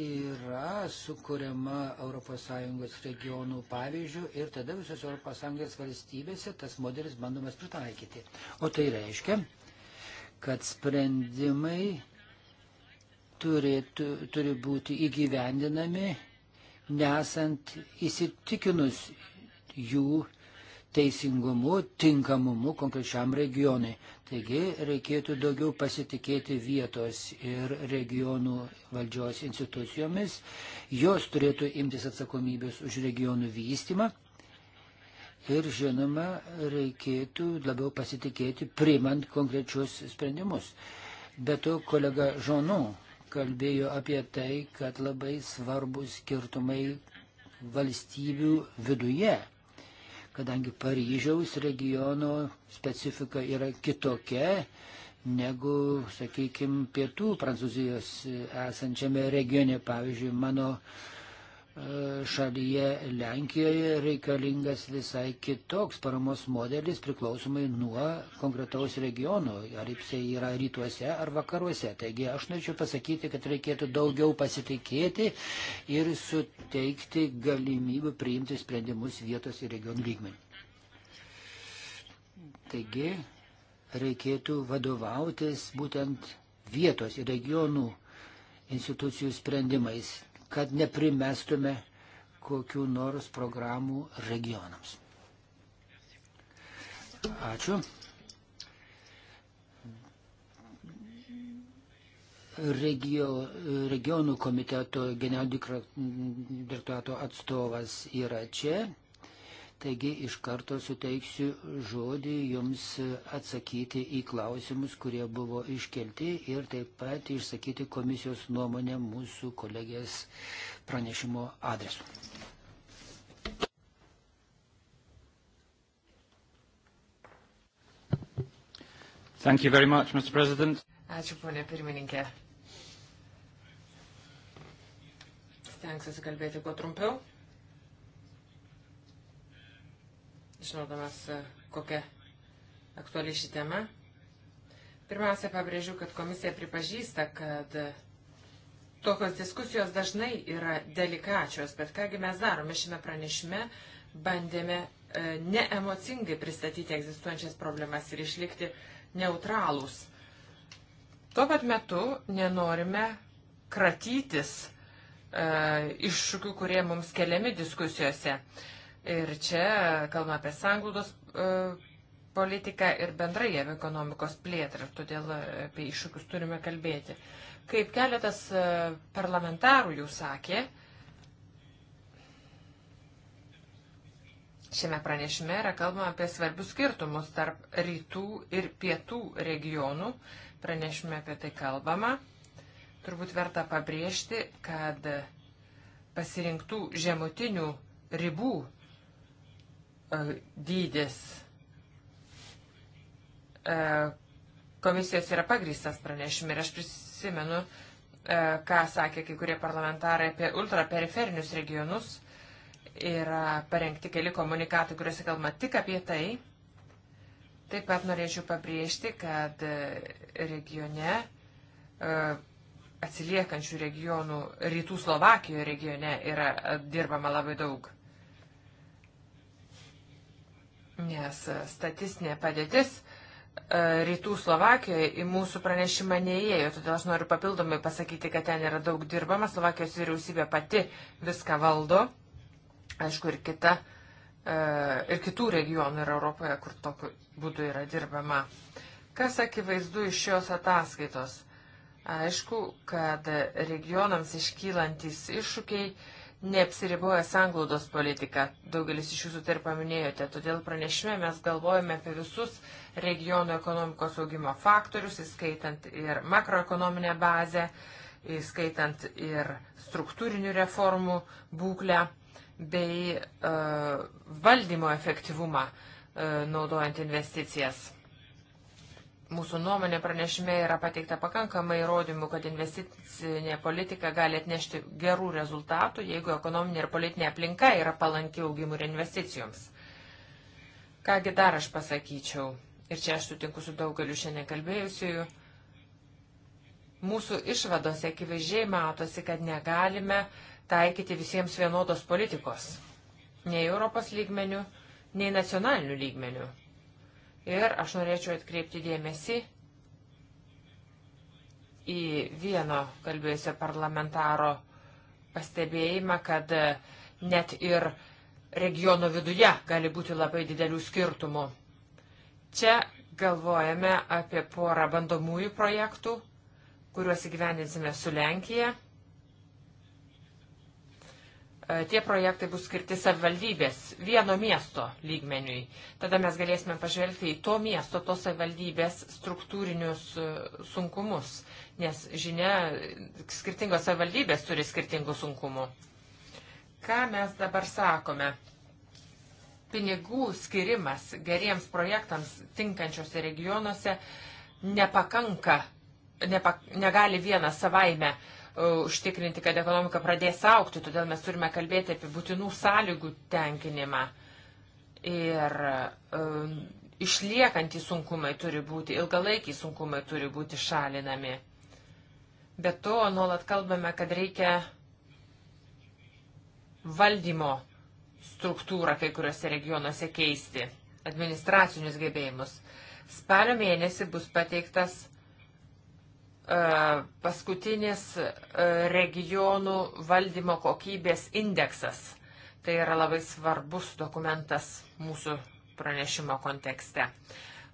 Speaker 3: yra sukūriama ES regionų pavyzdžių ir tada visos ES valstybėse tas modelis bandomas pritaikyti. O tai reiškia, kad sprendimai turi, tu, turi būti įgyvendinami, nesant įsitikinus jų teisingumu, tinkamumu konkrečiam regionui. Taigi reikėtų daugiau pasitikėti vietos ir regionų valdžios institucijomis. Jos turėtų imtis atsakomybės už regionų vystymą. Ir žinoma, reikėtų labiau pasitikėti, primant konkrečius sprendimus. Bet to kolega Žonu kalbėjo apie tai, kad labai svarbus skirtumai valstybių viduje, kadangi Paryžiaus regiono specifika yra kitokia negu, sakykime, pietų Prancūzijos esančiame regione. Pavyzdžiui, mano uh, šalyje Lenkijoje reikalingas visai kitoks paramos modelis priklausomai nuo konkretaus regiono, ar jisai yra rytuose ar vakaruose. Taigi aš norėčiau pasakyti, kad reikėtų daugiau pasitikėti ir suteikti galimybę priimti sprendimus vietos ir regionų lygmenį. Taigi reikėtų vadovautis būtent vietos ir regionų institucijų sprendimais kad neprimestume kokių nors programų regionams. Ačiū. Regio, regionų komiteto generalinio direktorato atstovas yra čia. Taigi iš karto suteiksiu žodį jums atsakyti į klausimus, kurie buvo iškelti ir taip pat išsakyti komisijos nuomonę mūsų kolegės pranešimo adresu. Much,
Speaker 4: Ačiū, ponė pirmininkė. Stengsiuosi kalbėti kuo trumpiau. žinodamas, e, kokia aktuali ši tema. Pirmiausia, pabrėžiu, kad komisija pripažįsta, kad e, tokios diskusijos dažnai yra delikačios, bet kągi mes darome šiame pranešime, bandėme e, neemocingai pristatyti egzistuojančias problemas ir išlikti neutralūs. Tuo pat metu nenorime kratytis e, iššūkių, kurie mums keliami diskusijose. E, Ir čia kalbame apie sanglaudos e, politiką ir bendrai ekonomikos plėtrą, ir todėl e, apie iššūkius turime kalbėti. Kaip keletas e, parlamentarų jau sakė, šiame pranešime yra kalbama apie svarbius skirtumus tarp rytų ir pietų regionų. Pranešime apie tai kalbama. Turbūt verta pabrėžti, kad pasirinktų žemutinių ribų E, dydis e, komisijos yra pagrįstas pranešimai ir aš prisimenu, e, ką sakė kai kurie parlamentarai apie ultraperiferinius regionus. Yra parengti keli komunikatai, kuriuose kalbama tik apie tai. Taip pat norėčiau pabrėžti, kad regione atsiliekančių regionų, rytų Slovakijoje regione yra dirbama labai daug nes e, statistinė padėtis e, rytų Slovakijoje į mūsų pranešimą neįėjo, todėl aš noriu papildomai pasakyti, kad ten yra daug dirbama, Slovakijos vyriausybė pati viską valdo, aišku, ir, kita, e, ir kitų regionų yra Europoje, kur tokiu būdu yra dirbama. Kas akivaizdu iš šios ataskaitos? Aišku, kad regionams iškylantis iššūkiai neapsiriboja sanglaudos politika. Daugelis iš jūsų tai ir paminėjote. Todėl pranešime mes galvojame apie visus regionų ekonomikos augimo faktorius, įskaitant ir makroekonominę bazę, įskaitant ir struktūrinių reformų būklę bei uh, valdymo efektyvumą uh, naudojant investicijas mūsų nuomonė pranešime yra pateikta pakankamai įrodymų, kad investicinė politika gali atnešti gerų rezultatų, jeigu ekonominė ir politinė aplinka yra palanki augimų ir investicijoms. Kągi dar aš pasakyčiau, ir čia aš sutinku su daugeliu šiandien kalbėjusiųjų, mūsų išvadose akivaizdžiai matosi, kad negalime taikyti visiems vienodos politikos, nei Europos lygmenių, nei nacionalinių lygmenių Ir aš norėčiau atkreipti dėmesį į vieno kalbėjusio parlamentaro pastebėjimą, kad net ir regiono viduje gali būti labai didelių skirtumų. Čia galvojame apie porą bandomųjų projektų, kuriuos įgyvendinsime su Lenkija E, tie projektai bus skirti savivaldybės vieno miesto lygmeniui. Tada mes galėsime pažvelgti į to miesto, to savivaldybės struktūrinius e, sunkumus, nes žinia, skirtingos savivaldybės turi skirtingų sunkumų. Ką mes dabar sakome? Pinigų skirimas geriems projektams tinkančiose regionuose nepakanka, nepak, negali vieną savaime uh, užtikrinti, kad ekonomika pradės aukti, todėl mes turime kalbėti apie būtinų sąlygų tenkinimą. Ir um, išliekantys sunkumai turi būti, ilgalaikiai sunkumai turi būti šalinami. Be to, nuolat kalbame, kad reikia valdymo struktūrą kai kuriuose regionuose keisti, administracinius gebėjimus. Spalio mėnesį bus pateiktas E, paskutinis e, regionų valdymo kokybės indeksas. Tai yra labai svarbus dokumentas mūsų pranešimo kontekste.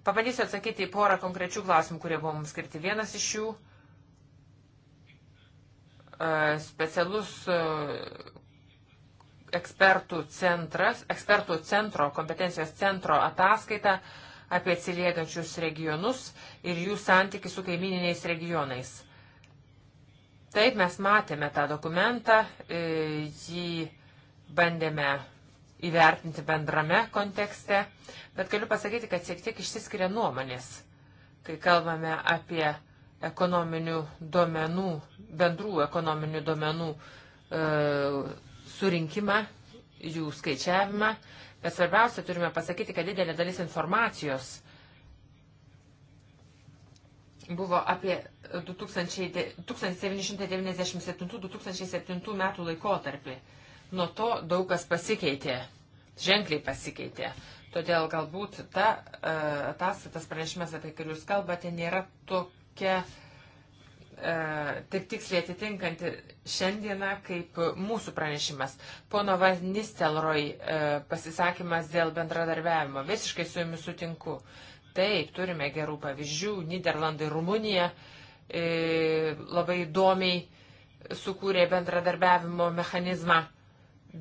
Speaker 4: Pabandysiu atsakyti į porą konkrečių klausimų, kurie buvo mums skirti. Vienas iš jų e, specialus ekspertų, centras, ekspertų centro, kompetencijos centro ataskaita apie atsiliekančius regionus ir jų santykių su kaimininiais regionais. Taip, mes matėme tą dokumentą, e, jį bandėme įvertinti bendrame kontekste, bet galiu pasakyti, kad šiek tiek išsiskiria nuomonės, kai kalbame apie ekonominių duomenų, bendrų ekonominių duomenų e, surinkimą, jų skaičiavimą. Bet svarbiausia, turime pasakyti, kad didelė dalis informacijos buvo apie 1997-2007 metų laikotarpį. Nuo to daug kas pasikeitė, ženkliai pasikeitė. Todėl galbūt ta ataskaitas e, pranešimas, apie kurį jūs kalbate, nėra tokia uh, E, tik tiksliai atitinkanti šiandieną kaip mūsų pranešimas. Pono Vanistelroj e, pasisakymas dėl bendradarbiavimo. Visiškai su jumis sutinku. Taip, turime gerų pavyzdžių. Niderlandai, Rumunija e, labai įdomiai sukūrė bendradarbiavimo mechanizmą,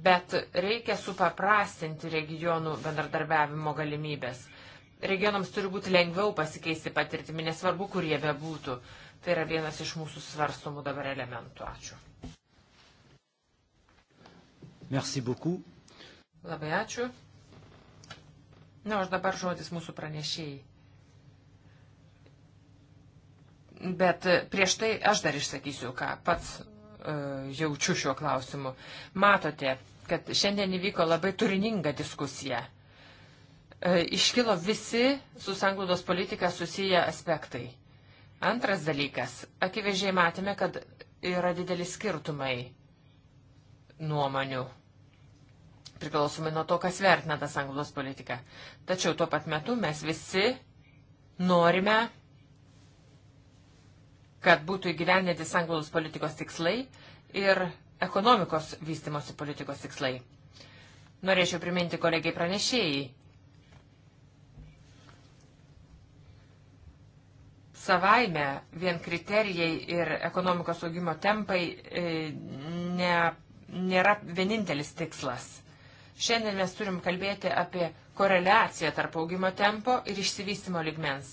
Speaker 4: bet reikia supaprastinti regionų bendradarbiavimo galimybės. Regionams turi būti lengviau pasikeisti patirtimi, nesvarbu, kur jie bebūtų. būtų Tai yra vienas iš mūsų svarstomų dabar elementų. Ačiū.
Speaker 1: Merci beaucoup.
Speaker 4: Labai ačiū. Na, aš dabar žodis mūsų pranešėjai. Bet prieš tai aš dar išsakysiu, ką pats uh, jaučiu šiuo klausimu. Matote, kad šiandien įvyko labai turininga diskusija. Uh, iškilo visi su sanglaudos politika susiję aspektai. Antras dalykas. Akivaizdžiai matėme, kad yra dideli skirtumai nuomonių priklausomai nuo to, kas vertina tą sanglos politiką. Tačiau tuo pat metu mes visi norime, kad būtų įgyvendinti sanglos politikos tikslai ir ekonomikos vystimosi politikos tikslai. Norėčiau priminti kolegiai pranešėjai, savaime vien kriterijai ir ekonomikos augimo tempai e, ne, nėra vienintelis tikslas. Šiandien mes turim kalbėti apie koreliaciją tarp augimo tempo ir išsivystimo ligmens.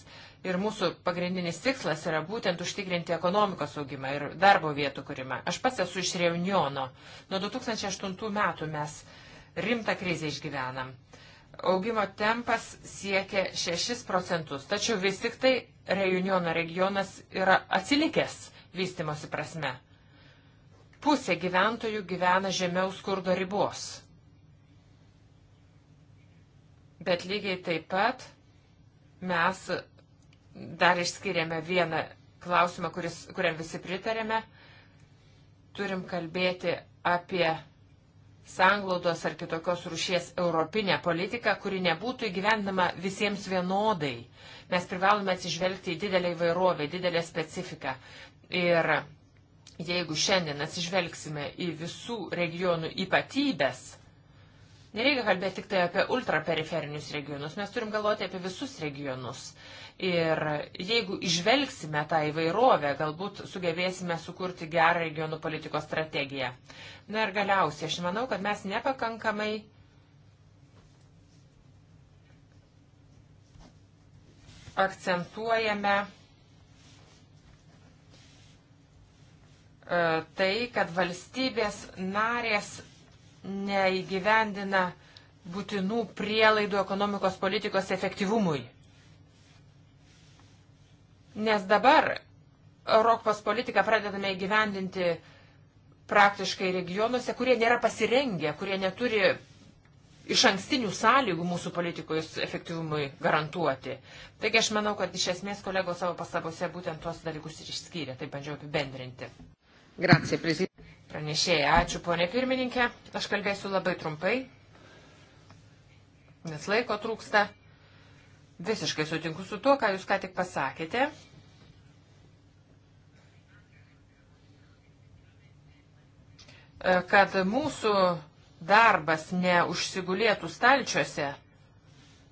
Speaker 4: Ir mūsų pagrindinis tikslas yra būtent užtikrinti ekonomikos augimą ir darbo vietų kūrimą. Aš pats esu iš Reunjono. Nuo 2008 metų mes rimtą krizę išgyvenam augimo tempas siekia 6 procentus, tačiau vis tik tai Reuniono regionas yra atsilikęs vystimosi prasme. Pusė gyventojų gyvena žemiau skurdo ribos. Bet lygiai taip pat mes dar išskiriame vieną klausimą, kuris, kuriam visi pritarėme. Turim kalbėti apie sanglaudos ar kitokios rušies europinę politiką, kuri nebūtų įgyvendama visiems vienodai. Mes privalome atsižvelgti į didelę įvairovę, didelę specifiką. Ir jeigu šiandien atsižvelgsime į visų regionų ypatybės, Nereikia kalbėti tik tai apie ultraperiferinius regionus, mes turim galvoti apie visus regionus. Ir jeigu išvelgsime tą įvairovę, galbūt sugebėsime sukurti gerą regionų politikos strategiją. Na ir galiausiai, aš manau, kad mes nepakankamai akcentuojame e, tai, kad valstybės narės neįgyvendina būtinų prielaidų ekonomikos politikos efektyvumui. Nes dabar Europos politiką pradedame įgyvendinti praktiškai regionuose, kurie nėra pasirengę, kurie neturi iš ankstinių sąlygų mūsų politikos efektyvumui garantuoti. Taigi aš manau, kad iš esmės kolegos savo pastabose būtent tuos dalykus ir išskyrė, tai bandžiau apibendrinti. Grazie, prezident. Pranešėja, ačiū ponė pirmininkė. Aš kalbėsiu labai trumpai, nes laiko trūksta. Visiškai sutinku su tuo, ką jūs ką tik pasakėte. E, kad mūsų darbas neužsigulėtų stalčiuose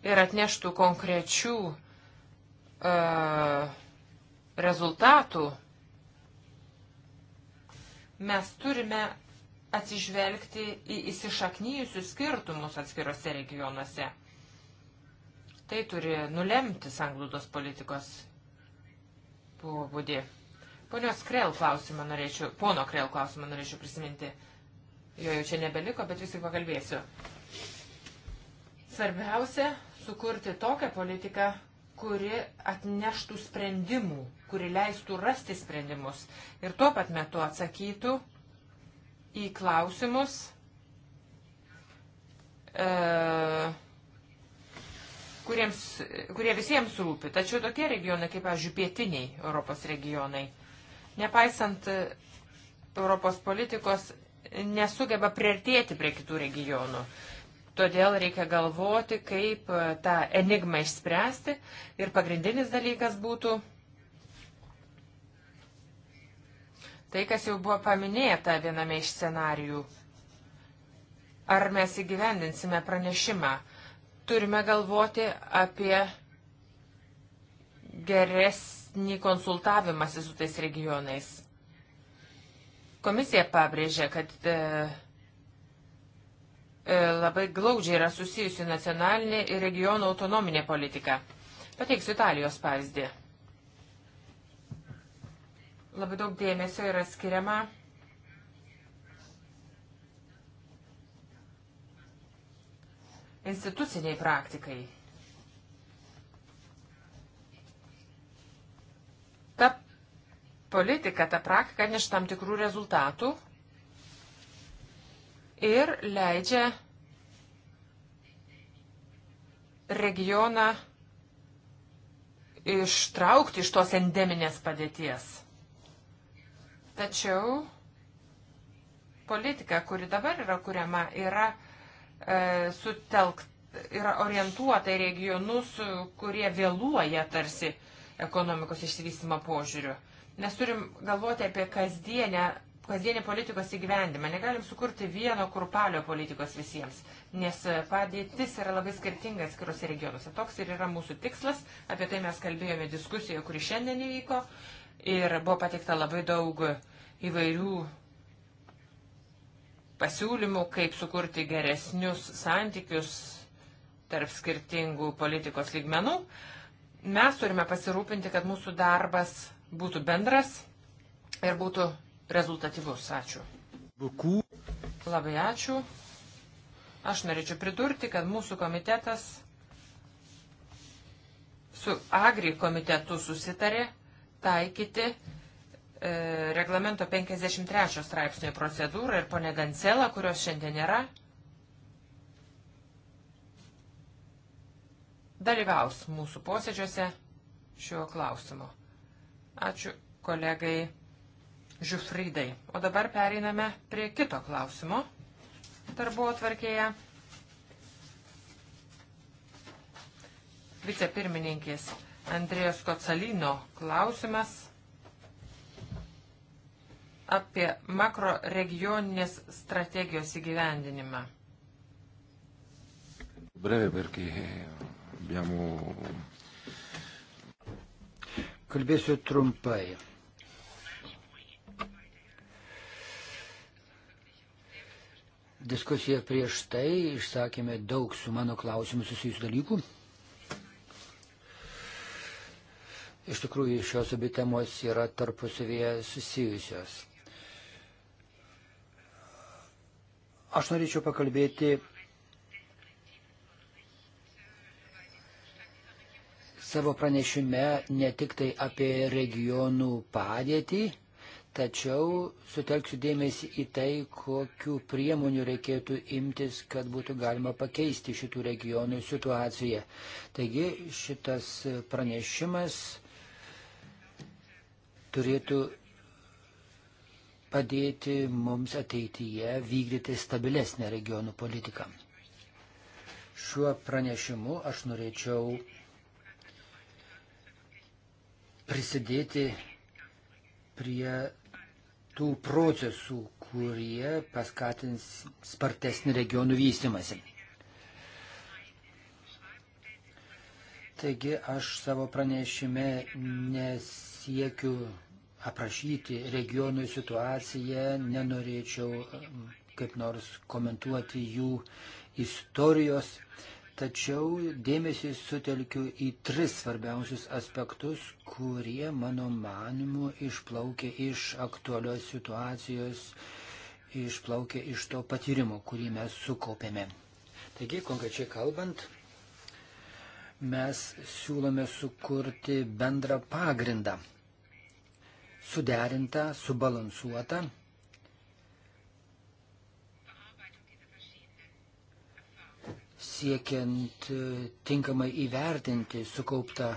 Speaker 4: ir atneštų konkrečių uh, rezultatų Mes turime atsižvelgti į įsišaknyjusius skirtumus atskirose regionuose. Tai turi nulemti sanglūdos politikos pobūdį. Ponios Krell klausimą norėčiau, pono Krell klausimą norėčiau prisiminti. Jo jau čia nebeliko, bet vis tik pakalbėsiu. Svarbiausia - sukurti tokią politiką, kuri atneštų sprendimų, kuri leistų rasti sprendimus ir tuo pat metu atsakytų į klausimus, e, kuriems, kurie visiems rūpi. Tačiau tokie regionai, kaip, pavyzdžiui, pietiniai Europos regionai, nepaisant Europos politikos, nesugeba priartėti prie kitų regionų. E, Todėl reikia galvoti, kaip e, tą enigmą išspręsti. Ir pagrindinis dalykas būtų tai, kas jau buvo paminėta viename iš scenarijų. Ar mes įgyvendinsime pranešimą? Turime galvoti apie geresnį konsultavimąsi su tais regionais. Komisija pabrėžė, kad e, E, labai glaudžiai yra susijusi nacionalinė ir regiono autonominė politika. Pateiksiu Italijos pavyzdį. Labai daug dėmesio yra skiriama instituciniai praktikai. Ta politika, ta praktika neš tam tikrų rezultatų ir leidžia regioną ištraukti iš tos endeminės padėties. Tačiau politika, kuri dabar yra kuriama, yra e, sutelkta, yra orientuota į regionus, kurie vėluoja tarsi ekonomikos išsivystimo požiūriu. Nes turim galvoti apie kasdienę kasdienį politikos įgyvendimą. Negalim sukurti vieno kurpalio politikos visiems, nes padėtis yra labai skirtinga atskiruose regionuose. Toks ir yra mūsų tikslas, apie tai mes kalbėjome diskusijoje, kuri šiandien įvyko ir buvo pateikta labai daug įvairių pasiūlymų, kaip sukurti geresnius santykius tarp skirtingų politikos lygmenų. Mes turime pasirūpinti, kad mūsų darbas būtų bendras ir būtų rezultatyvus. Ačiū. Bukų. Labai ačiū. Aš norėčiau pridurti, kad mūsų komitetas su Agri komitetu susitarė taikyti e, reglamento 53 straipsnio procedūrą ir ponė Gancela, kurios šiandien nėra, dalyvaus mūsų posėdžiuose šiuo klausimu. Ačiū kolegai Žiufridai. O dabar pereiname prie kito klausimo darbo atvarkėje. Vicepirmininkės Andrėjos Kocelino klausimas apie makro regioninės strategijos įgyvendinimą.
Speaker 5: Breve, perché abbiamo... Kalbėsiu
Speaker 3: trumpai diskusiją prieš tai išsakėme daug su mano klausimu susijusių dalykų. Iš tikrųjų, šios abi temos yra tarpusavėje susijusios. Aš norėčiau pakalbėti savo pranešime ne tik tai apie regionų padėtį, Tačiau sutelksiu dėmesį į tai, kokiu priemonių reikėtų imtis, kad būtų galima pakeisti šitų regionų situaciją. Taigi šitas pranešimas turėtų padėti mums ateityje vykdyti stabilesnę regionų politiką. Šiuo pranešimu aš norėčiau prisidėti prie tų procesų, kurie paskatins spartesnį regionų vystimąsi. Taigi aš savo pranešime nesiekiu aprašyti regionų situaciją, nenorėčiau um, kaip nors komentuoti jų istorijos. Tačiau dėmesį sutelkiu į tris svarbiausius aspektus, kurie mano manimu išplaukia iš aktualios situacijos, išplaukia iš to patyrimo, kurį mes sukaupėme. Taigi, konkrečiai kalbant, mes siūlome sukurti bendrą pagrindą, suderintą, subalansuotą siekiant e, tinkamai įvertinti sukauptą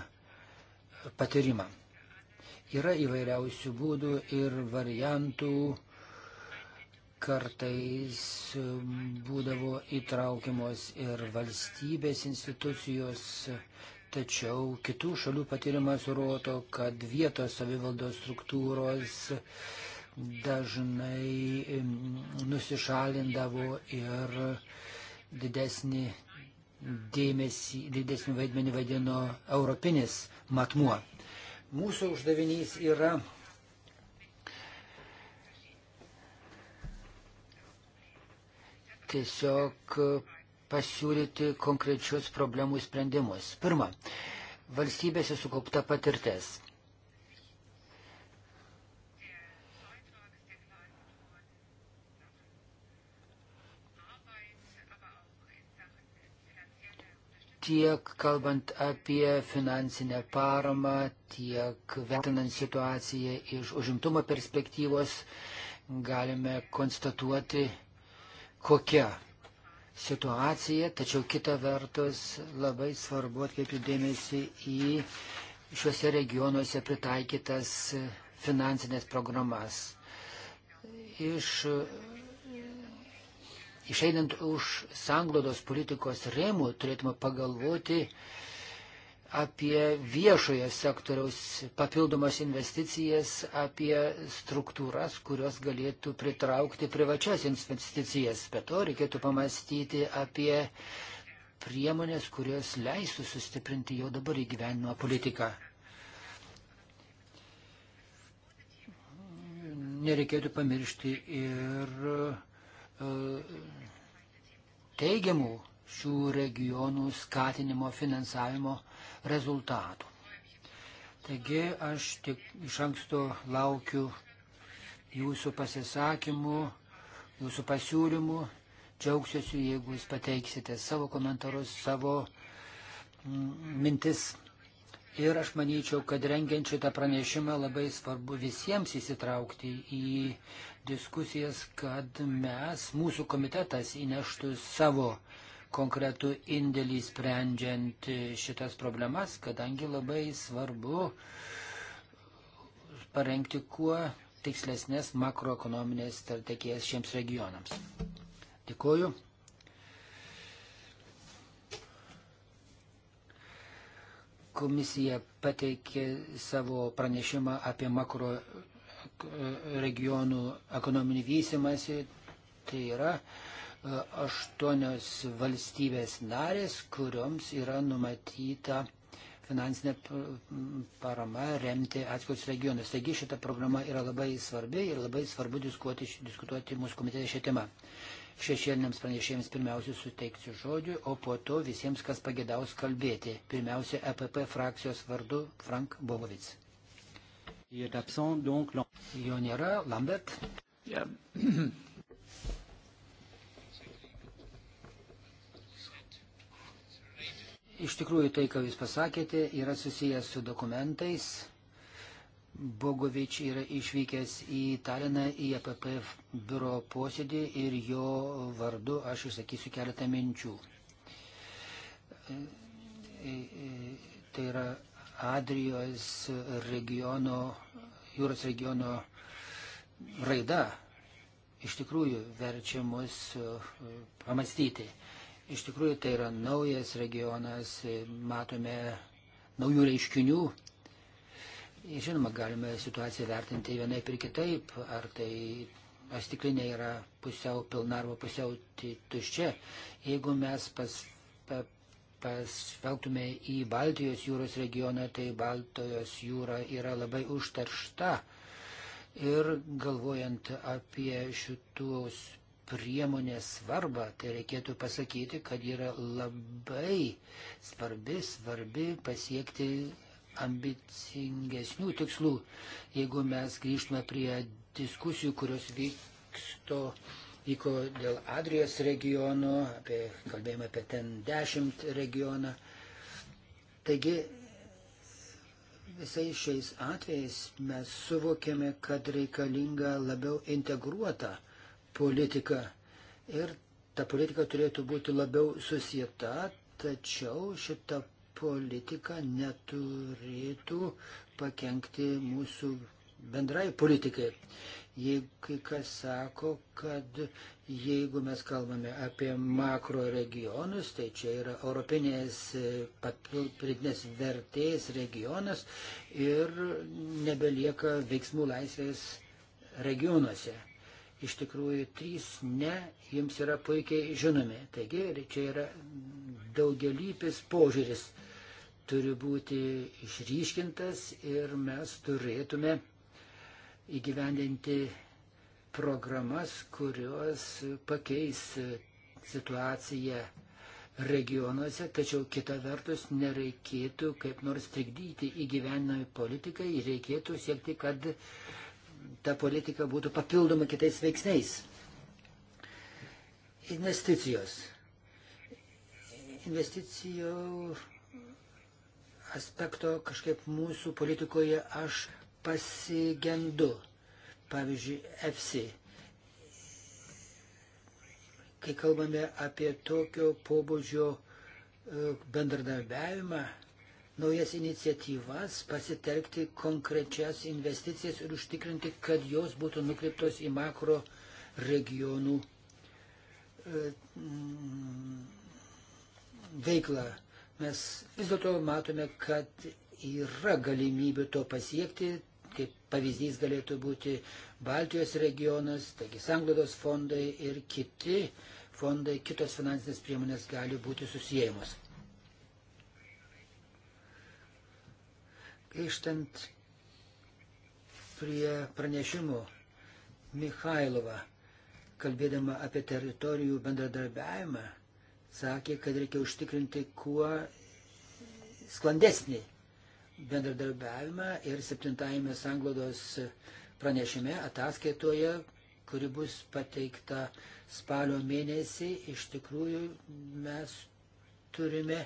Speaker 3: patyrimą. Yra įvairiausių būdų ir variantų. Kartais e, būdavo įtraukiamos ir valstybės institucijos, tačiau kitų šalių patyrimas rodo, kad vietos savivaldos struktūros dažnai nusišalindavo ir uh, didesnį dėmesį, didesnį vaidmenį vadino europinis matmuo. Mūsų uždavinys yra tiesiog pasiūlyti konkrečius problemų sprendimus. Pirma, valstybėse sukaupta patirtis. tiek kalbant apie finansinę paramą, tiek vertinant situaciją iš užimtumo perspektyvos, galime konstatuoti, kokia situacija, tačiau kita vertus labai svarbu atkreipti dėmesį į šiuose regionuose pritaikytas finansinės programas. Iš išeinant už sanglodos politikos rėmų, turėtume pagalvoti apie viešojo sektoriaus papildomas investicijas, apie struktūras, kurios galėtų pritraukti privačias investicijas. Bet to reikėtų pamastyti apie priemonės, kurios leistų sustiprinti jau dabar įgyvenimą politiką. Nereikėtų pamiršti ir E, teigiamų šių regionų skatinimo finansavimo rezultatų. Taigi aš tik iš anksto laukiu jūsų pasisakymų, jūsų pasiūlymų. Džiaugsiuosi, jeigu jūs pateiksite savo komentarus, savo mintis Ir aš manyčiau, kad rengiant šitą pranešimą labai svarbu visiems įsitraukti į diskusijas, kad mes, mūsų komitetas, įneštų savo konkretų indėlį sprendžiant šitas problemas, kadangi labai svarbu parengti kuo tikslesnės makroekonominės strategijas šiems regionams. Dėkuoju. Komisija pateikė savo pranešimą apie makro regionų ekonominį vystimąsi. Tai yra e, aštuonios valstybės narės, kurioms yra numatyta finansinė parama remti atskirus regionus. Taigi šita programa yra labai svarbi ir labai svarbu diskutuoti, diskutuoti mūsų komitete šią temą šešėliniams pranešėjams pirmiausiai suteiksiu žodžių, o po to visiems, kas pagėdaus kalbėti. Pirmiausia, EPP frakcijos vardu Frank Bovovic. Jo nėra, Lambert. Yeah. Iš tikrųjų tai, ką Jūs pasakėte, yra susijęs su dokumentais, Bogovič yra išvykęs į Taliną, į APP biuro posėdį ir jo vardu aš išsakysiu keletą minčių. E, e, tai yra Adrijos regiono, jūros regiono raida iš tikrųjų verčia mus e, pamastyti. Iš tikrųjų tai yra naujas regionas, matome naujų reiškinių Žinoma, galime situaciją vertinti vienaip ir kitaip, ar tai ar stiklinė yra pusiau pilna arba pusiau tuščia. Jeigu mes pas, pa, pasvelgtume į Baltijos jūros regioną, tai Baltijos jūra yra labai užteršta. Ir galvojant apie šitos priemonės svarbą, tai reikėtų pasakyti, kad yra labai svarbi, svarbi pasiekti ambicingesnių tikslų, jeigu mes grįžtume prie diskusijų, kurios vyksto, vyko dėl Adrijos regiono, apie, kalbėjome apie ten dešimt regioną. Taigi visais šiais atvejais mes suvokėme, kad reikalinga labiau integruota politika ir ta politika turėtų būti labiau susijęta, tačiau šita politika neturėtų pakengti mūsų bendrai politikai. Jeigu kai kas sako, kad jeigu mes kalbame apie makro regionus, tai čia yra europinės pridinės vertės regionas ir nebelieka veiksmų laisvės regionuose. Iš tikrųjų, trys ne jums yra puikiai žinomi. Taigi, čia yra daugelypis požiūris turi būti išryškintas ir mes turėtume įgyvendinti programas, kurios pakeis situaciją regionuose, tačiau kita vertus nereikėtų kaip nors trikdyti įgyvendinami politikai, reikėtų siekti, kad ta politika būtų papildoma kitais veiksniais. Investicijos. Investicijų aspekto kažkaip mūsų politikoje aš pasigendu. Pavyzdžiui, EFSI. Kai kalbame apie tokio pobūdžio e, bendradarbiavimą, naujas iniciatyvas, pasitelkti konkrečias investicijas ir užtikrinti, kad jos būtų nukreiptos į makro regionų e, veiklą. Mes vis dėlto matome, kad yra galimybių to pasiekti. Kaip pavyzdys galėtų būti Baltijos regionas, taigi Sanglados fondai ir kiti fondai, kitos finansinės priemonės gali būti susijėjimas. Grįžtant prie pranešimų, Mikhailova, kalbėdama apie teritorijų bendradarbiavimą, sakė, kad reikia užtikrinti kuo sklandesnį bendradarbiavimą ir septintajame sanglodos pranešime ataskaitoje, kuri bus pateikta spalio mėnesį, iš tikrųjų mes turime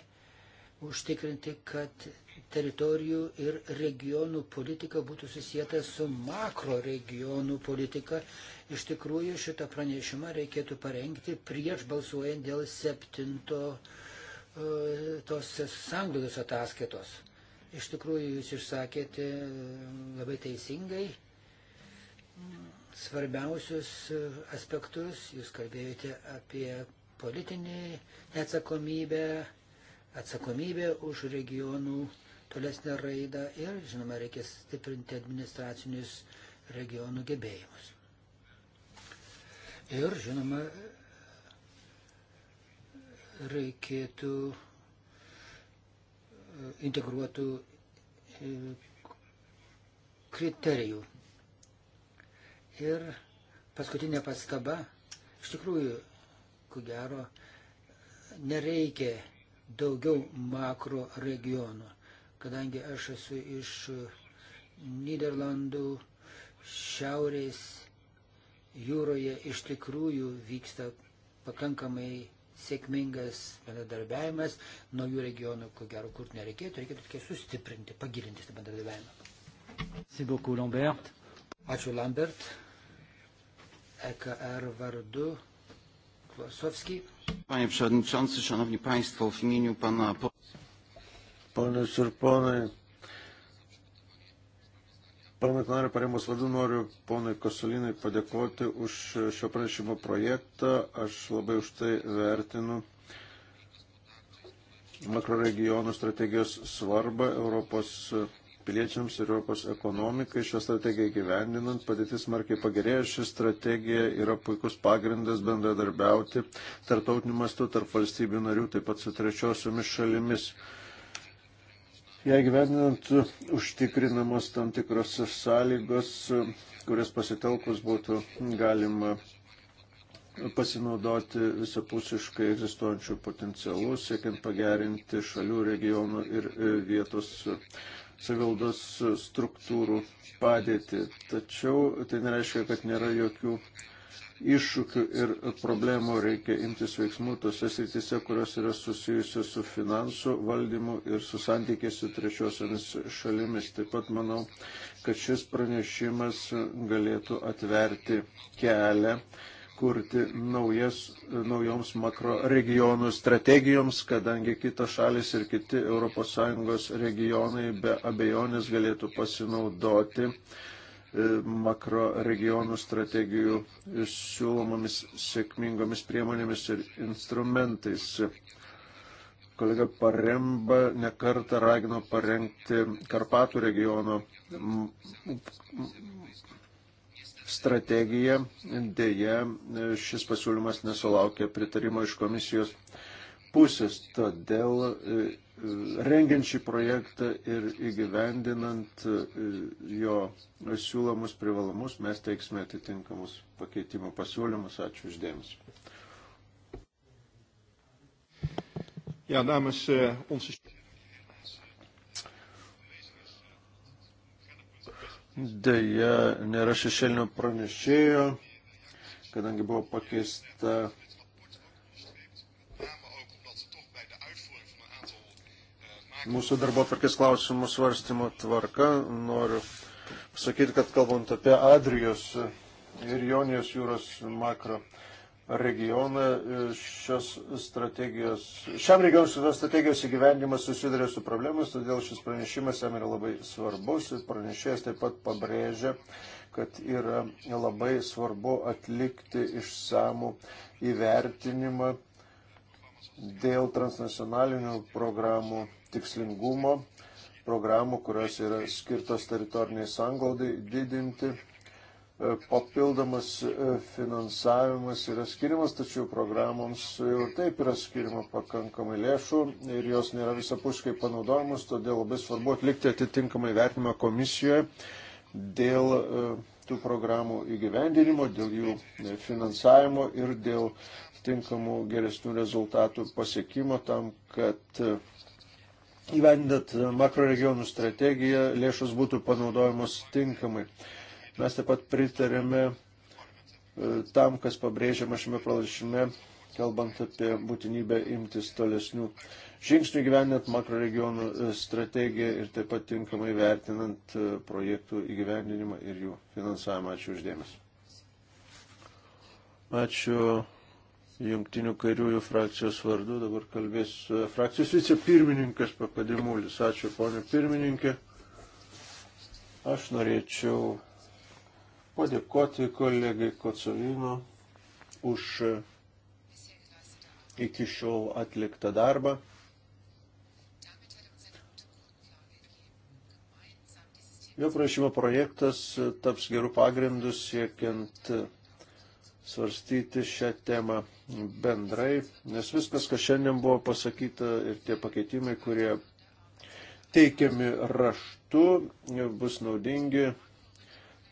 Speaker 3: užtikrinti, kad teritorijų ir regionų politika būtų susijęta su makro regionų politika Iš tikrųjų, šitą pranešimą reikėtų parengti prieš balsuojant dėl septinto e, tos sanglaudos ataskaitos. Iš tikrųjų, jūs išsakėte e, labai teisingai mm, svarbiausius e, aspektus. Jūs kalbėjote apie politinį atsakomybę, atsakomybę už regionų tolesnę raidą ir, žinoma, reikės stiprinti administracinius regionų gebėjimus. Ir, žinoma, reikėtų e, integruotų e, kriterijų. Ir paskutinė pastaba, iš tikrųjų, ku gero, nereikia daugiau makro regionų, kadangi aš esu iš Niderlandų, šiaurės jūroje iš tikrųjų vyksta pakankamai sėkmingas bendradarbiavimas, naujų regionų, ko gero, kur nereikėtų, reikėtų tik sustiprinti, pagilinti tą bendradarbiavimą. Ačiū Lambert. EKR vardu Klosowski.
Speaker 2: Panie Przewodniczący, Szanowni Państwo, w imieniu Pana... Panie Surpony, Parlamento nario paremos vardu noriu ponui Kosolinai padėkoti už šio pranešimo projektą. Aš labai už tai vertinu makroregionų strategijos svarbą Europos piliečiams ir Europos ekonomikai. Šią strategiją gyvendinant padėtis markiai pagerėjo. Ši strategija yra puikus pagrindas bendradarbiauti tarptautiniu mastu tarp valstybių narių, taip pat su trečiosiomis šalimis. Jei gyvenant užtikrinamos tam tikros sąlygos, kurias pasitelkus būtų galima pasinaudoti visapusiškai egzistuojančių potencialų, siekiant pagerinti šalių, regionų ir e, vietos savildos struktūrų padėtį. Tačiau tai nereiškia, kad nėra jokių iššūkių ir problemų, reikia imtis veiksmų tose srityse, kurios yra susijusios su finansų valdymu ir su santykiais su trečiosiamis šalimis. Taip pat manau, kad šis pranešimas galėtų atverti kelią kurti naujas, naujoms makro regionų strategijoms, kadangi kitos šalis ir kiti ES regionai be abejonės galėtų pasinaudoti uh, makro regionų strategijų siūlomomis sėkmingomis priemonėmis ir instrumentais. Kolega Paremba nekartą ragino parengti Karpatų regiono strategiją. Deja, šis pasiūlymas nesulaukė pritarimo iš komisijos pusės, todėl rengiant šį projektą ir įgyvendinant e, jo siūlomus privalumus, mes teiksime atitinkamus pakeitimo pasiūlymus. Ačiū uždėmesi.
Speaker 5: Ja, namens uh, e, onze.
Speaker 2: Deja, nėra šešėlinio pranešėjo, kadangi buvo pakeista mūsų darbo tvarkės klausimų svarstymo tvarka. Noriu pasakyti, kad kalbant apie Adrijos ir Jonijos jūros makro regioną, šios strategijos, šiam regionui šios strategijos įgyvendimas susiduria su problemus, todėl šis pranešimas jam yra labai svarbus ir pranešėjas taip pat pabrėžia, kad yra labai svarbu atlikti išsamų įvertinimą dėl transnacionalinių programų tikslingumo programų, kurios yra skirtos teritoriniai sanglaudai didinti. E, papildomas e, finansavimas yra skirimas, tačiau programoms jau taip yra skirima pakankamai lėšų ir jos nėra visapuškai panaudojamos, todėl labai svarbu atlikti atitinkamai vertimą komisijoje dėl e, tų programų įgyvendinimo, dėl jų finansavimo ir dėl tinkamų geresnių rezultatų pasiekimo tam, kad įvendinant makroregionų strategiją, lėšos būtų panaudojamos tinkamai. Mes taip pat pritarėme e, tam, kas pabrėžiama šiame pralašyme, kalbant apie būtinybę imtis tolesnių žingsnių gyvenant makroregionų e, strategiją ir taip pat tinkamai vertinant e, projektų įgyvendinimą ir jų finansavimą. Ačiū uždėmesi. Ačiū jungtinių kairiųjų frakcijos vardu. Dabar kalbės e, frakcijos vicepirmininkas Papadimulis. Ačiū, ponė pirmininkė. Aš norėčiau padėkoti kolegai Kocovino už e, iki šiol atliktą darbą. Jo prašymo projektas e, taps gerų pagrindų siekiant svarstyti šią temą bendrai, nes viskas, kas šiandien buvo pasakyta ir tie pakeitimai, kurie teikiami raštu, bus naudingi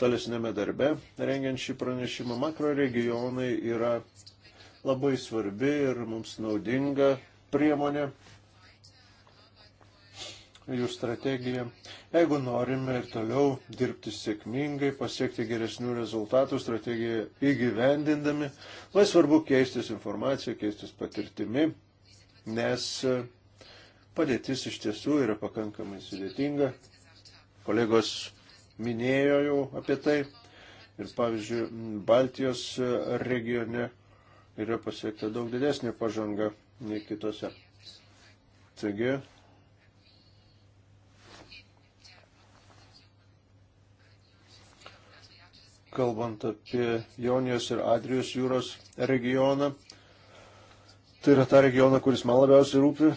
Speaker 2: tolesnėme darbe, rengiant šį pranešimą. Makro regionai yra labai svarbi ir mums naudinga priemonė jų strategiją. Jeigu norime ir toliau dirbti sėkmingai, pasiekti geresnių rezultatų strategiją įgyvendindami, labai svarbu keistis informaciją, keistis patirtimi, nes e, padėtis iš tiesų yra pakankamai sudėtinga. Kolegos minėjo jau apie tai. Ir pavyzdžiui, Baltijos e, regione yra pasiekta daug didesnė pažanga nei kitose. Taigi, kalbant apie Jonijos ir Adrijos jūros regioną. Tai yra ta regiona, kuris man labiausiai rūpi.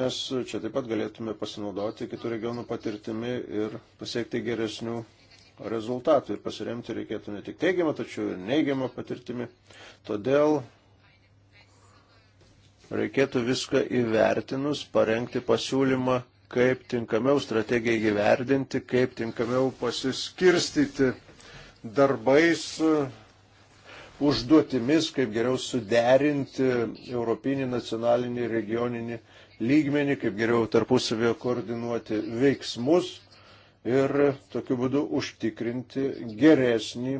Speaker 2: Mes čia taip pat galėtume pasinaudoti kitų regionų patirtimi ir pasiekti geresnių rezultatų. Ir pasiremti reikėtų ne tik teigiamą, tačiau ir neigiamą patirtimi. Todėl reikėtų viską įvertinus, parengti pasiūlymą kaip tinkamiau strategiją įgyverdinti, kaip tinkamiau pasiskirstyti darbais, užduotimis, kaip geriau suderinti europinį, nacionalinį, regioninį lygmenį, kaip geriau tarpusavėje koordinuoti veiksmus ir tokiu būdu užtikrinti geresnį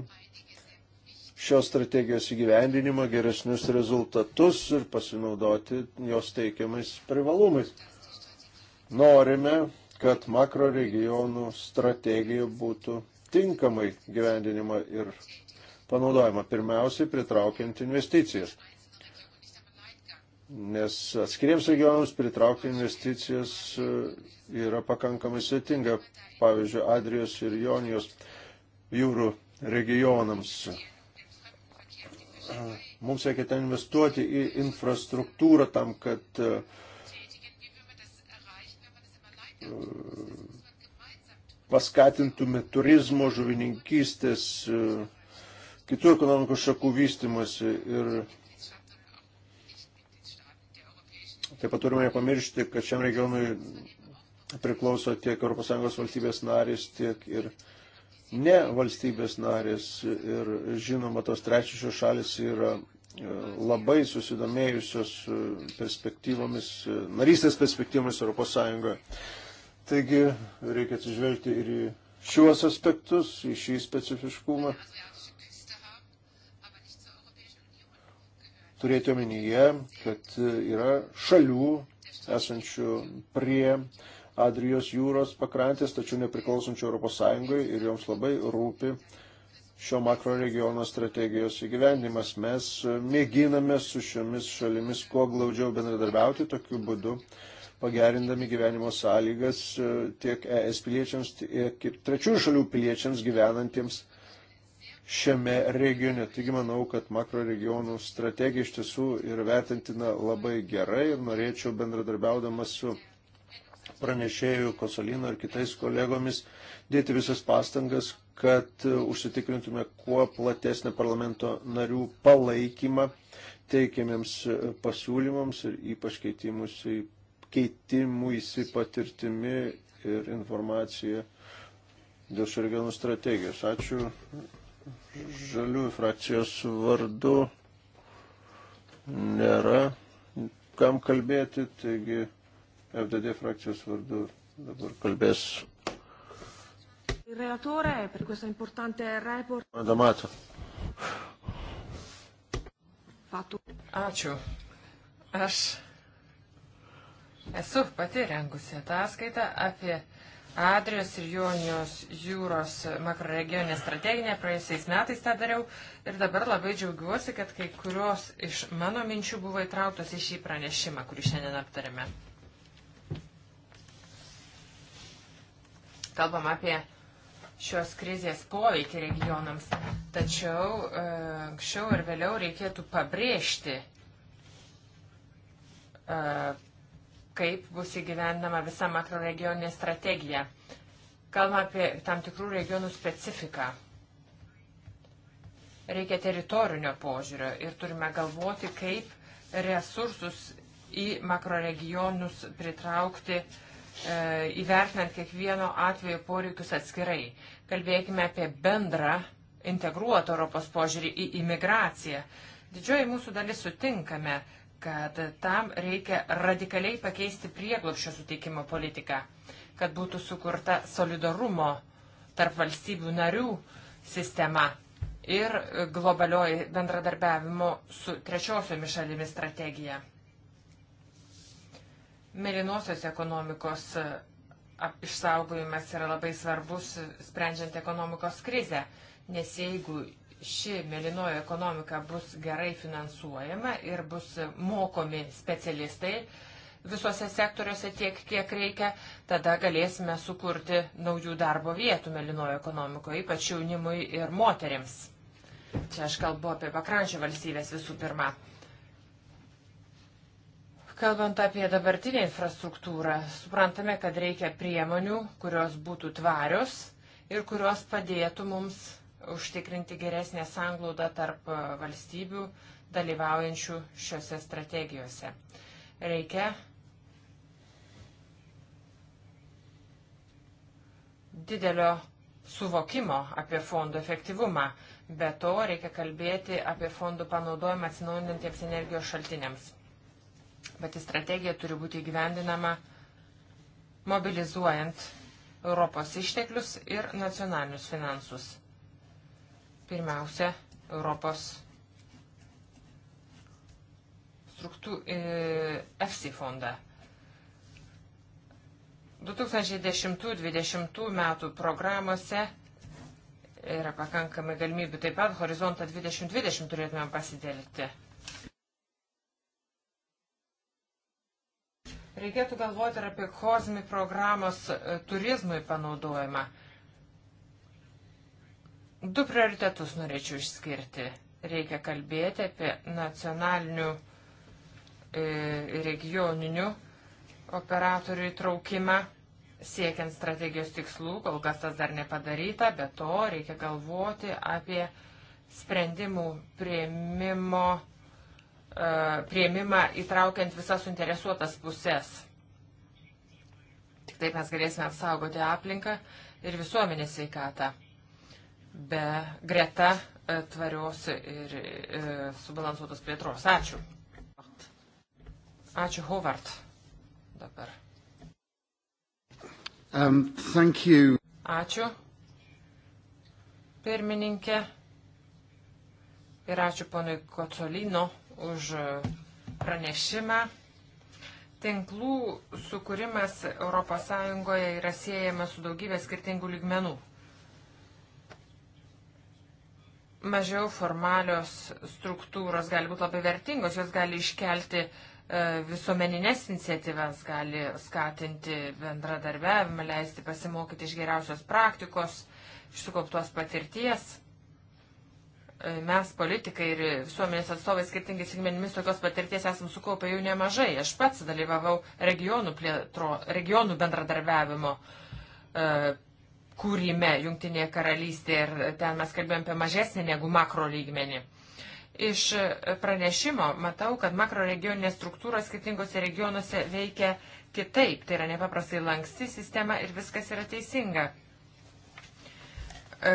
Speaker 2: šios strategijos įgyvendinimą, geresnius rezultatus ir pasinaudoti jos teikiamais privalumais. Norime, kad makro regionų strategija būtų tinkamai gyvendinimą ir panaudojimą, pirmiausiai pritraukiant investicijas. Nes atskiriems regionams pritraukti investicijas e, yra pakankamai sėtinga, pavyzdžiui, Adrijos ir Jonijos jūrų regionams. Mums reikia ten investuoti į infrastruktūrą tam, kad e, paskatintume turizmo, žuvininkystės, e, kitų ekonomikos šakų vystimasi. Ir taip pat turime nepamiršti, kad šiam regionui priklauso tiek ES valstybės narės, tiek ir ne valstybės narės. Ir žinoma, tos trečiosios šalis yra e, labai susidomėjusios e, perspektyvomis, narystės perspektyvomis ES. Taigi reikia atsižvelgti ir į šiuos aspektus, į šį specifiškumą. Turėti omenyje, kad yra šalių esančių prie Adrijos jūros pakrantės, tačiau nepriklausančių ES ir joms labai rūpi šio makro regiono strategijos įgyvendimas. Mes mėginame su šiomis šalimis kuo glaudžiau bendradarbiauti, tokiu būdu pagerindami gyvenimo sąlygas e, tiek ES piliečiams, tiek ir trečiųjų šalių piliečiams gyvenantiems šiame regione. Taigi manau, kad makro regionų strategija iš tiesų yra vertintina labai gerai ir norėčiau bendradarbiaudamas su pranešėjų Kosolino ir kitais kolegomis dėti visas pastangas, kad e, užsitikrintume kuo platesnį parlamento narių palaikymą teikiamiems e, pasiūlymams ir ypač keitimus į keitimų įsipatirtimi ir informacija dėl šio regionų strategijos. Ačiū žaliųjų frakcijos vardu. Nėra kam kalbėti, taigi FDD frakcijos vardu dabar kalbės.
Speaker 4: Relatore, per questo importante report. Madamato. Ačiū. Aš Esu pati rengusi ataskaitą apie Adrijos ir Jonijos jūros makroregionė strateginė, praėjusiais metais tą dariau ir dabar labai džiaugiuosi, kad kai kurios iš mano minčių buvo įtrauktos į šį pranešimą, kurį šiandien aptarėme. Kalbam apie šios krizės poveikį regionams, tačiau e, anksčiau ir vėliau reikėtų pabrėžti e, kaip bus įgyvendama visa makroregioninė strategija. Kalbam apie tam tikrų regionų specifiką. Reikia teritorinio požiūrio ir turime galvoti, kaip resursus į makroregionus pritraukti, e, įvertinant kiekvieno atveju poreikius atskirai. Kalbėkime apie bendrą integruotą Europos požiūrį į imigraciją. Didžioji mūsų dalis sutinkame, kad tam reikia radikaliai pakeisti prieglopščio suteikimo politiką, kad būtų sukurta solidarumo tarp valstybių narių sistema ir globalioji bendradarbiavimo su trečiosiomis šalimis strategija. Mėlynosios ekonomikos išsaugojimas yra labai svarbus, sprendžiant ekonomikos krizę, nes jeigu ši mėlynoji ekonomika bus gerai finansuojama ir bus mokomi specialistai visose sektoriuose tiek, kiek reikia, tada galėsime sukurti naujų darbo vietų mėlynojo ekonomikoje, ypač jaunimui ir moteriams. Čia aš kalbu apie pakrančių valstybės visų pirma. Kalbant apie dabartinę infrastruktūrą, suprantame, kad reikia priemonių, kurios būtų tvarios ir kurios padėtų mums užtikrinti geresnę sanglaudą tarp valstybių dalyvaujančių šiuose strategijose. Reikia didelio suvokimo apie fondų efektyvumą. Be to reikia kalbėti apie fondų panaudojimą atsinaujinantiems energijos šaltiniams. Pati strategija turi būti įgyvendinama mobilizuojant Europos išteklius ir nacionalinius finansus pirmiausia Europos struktū, EFSI fondą. 2010-2020 metų programuose yra pakankamai galimybių. Taip pat horizontą 2020 turėtumėm pasidėlyti. Reikėtų galvoti ir apie kozmi programos e, turizmui panaudojimą. Du prioritetus norėčiau išskirti. Reikia kalbėti apie nacionalinių ir e, regioninių operatorių įtraukimą siekiant strategijos tikslų, kol kas tas dar nepadaryta, bet to reikia galvoti apie sprendimų prieimimo, e, prieimimą įtraukiant visas suinteresuotas pusės. Tik taip mes galėsime apsaugoti aplinką ir visuomenės veikatą be greta e, tvarios ir e, subalansuotos plėtros. Ačiū. Ačiū, Howard. Dabar.
Speaker 3: Um, thank you.
Speaker 4: Ačiū, pirmininkė. Ir ačiū ponui Kocolino už e, pranešimą. Tinklų sukūrimas ES yra siejama su daugybė skirtingų lygmenų. mažiau formalios struktūros gali būti labai vertingos, jos gali iškelti e, visuomeninės iniciatyvas, gali skatinti bendradarbiavimą, leisti pasimokyti iš geriausios praktikos, iš sukauptos patirties. E, mes, politikai ir visuomenės atstovai skirtingais lygmenimis tokios patirties esam sukaupę jau nemažai. Aš pats dalyvavau regionų, plėtro, regionų bendradarbiavimo e, kūrime Junktinėje karalystėje ir ten mes kalbėjom apie mažesnį negu makro lygmenį. Iš pranešimo matau, kad makro regioninės struktūros skirtingose regionuose veikia kitaip. Tai yra nepaprastai lanksti sistema ir viskas yra teisinga. E,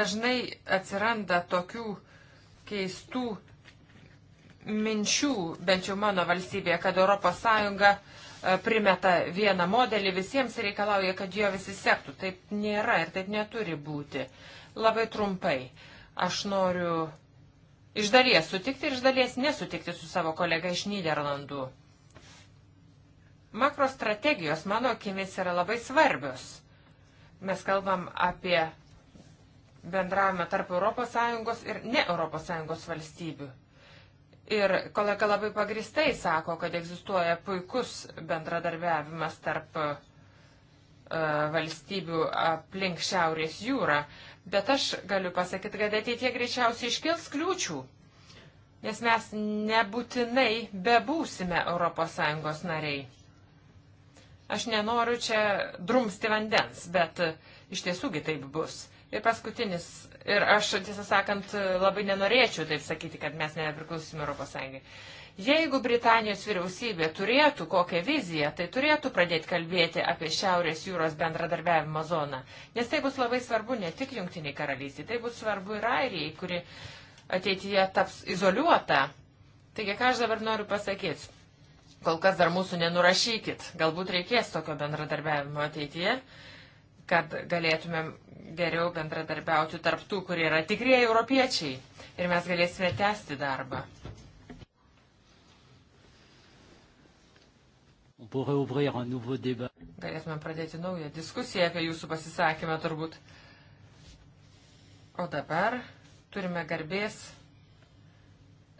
Speaker 4: dažnai atsiranda tokių keistų minčių, bent jau mano valstybėje, kad ES primeta vieną modelį visiems ir reikalauja, kad jo visi sektų. Taip nėra ir taip neturi būti. Labai trumpai. Aš noriu iš dalies sutikti ir iš dalies nesutikti su savo kolega iš Niderlandų. Makrostrategijos, mano akimis, yra labai svarbios. Mes kalbam apie bendravimą tarp ES ir ne ES valstybių. Ir kolega labai pagristai sako, kad egzistuoja puikus bendradarbiavimas tarp uh, valstybių aplink Šiaurės jūrą, bet aš galiu pasakyti, kad ateitie greičiausiai iškils kliūčių, nes mes nebūtinai bebūsime ES nariai. Aš nenoriu čia drumsti vandens, bet iš tiesųgi taip bus. Ir paskutinis Ir aš, tiesą sakant, labai nenorėčiau taip sakyti, kad mes nepriklausysime Europos Sąjungai. Jeigu Britanijos vyriausybė turėtų kokią viziją, tai turėtų pradėti kalbėti apie Šiaurės jūros bendradarbiavimo zoną. Nes tai bus labai svarbu ne tik Junktiniai karalystiai, tai bus svarbu ir Airijai, kuri ateityje taps izoliuota. Taigi, ką aš dabar noriu pasakyti? Kol kas dar mūsų nenurašykit. Galbūt reikės tokio bendradarbiavimo ateityje, kad galėtumėm geriau bendradarbiauti tarptų, kurie yra tikrieji europiečiai. Ir mes galėsime tęsti darbą. Galėtume pradėti naują diskusiją apie jūsų pasisakymą turbūt. O dabar turime garbės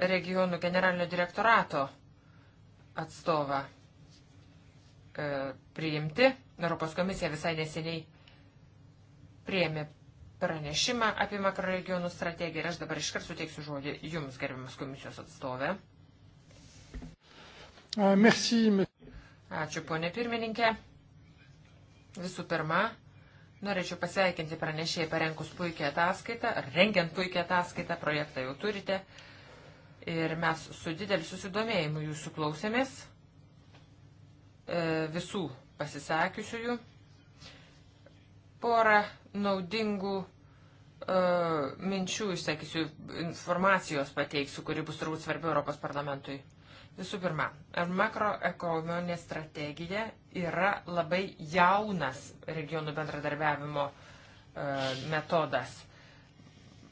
Speaker 4: regionų generalinio direktorato atstovą e, priimti. Europos komisija visai neseniai prieėmė pranešimą apie makroregionų strategiją ir aš dabar iškart suteiksiu žodį Jums, gerbiamas komisijos atstovė.
Speaker 2: Ah, merci.
Speaker 4: Ačiū, ponė pirmininkė. Visų pirma, norėčiau pasveikinti pranešėjai parenkus puikią ataskaitą, rengiant puikią ataskaitą, projektą jau turite. Ir mes su dideliu susidomėjimu jūsų klausėmės, e, visų pasisakiusiųjų porą naudingų uh, minčių išsakysiu, informacijos pateiksiu, kuri bus turbūt svarbi Europos parlamentui. Visų pirma, ar makroekonominė strategija yra labai jaunas regionų bendradarbiavimo uh, metodas.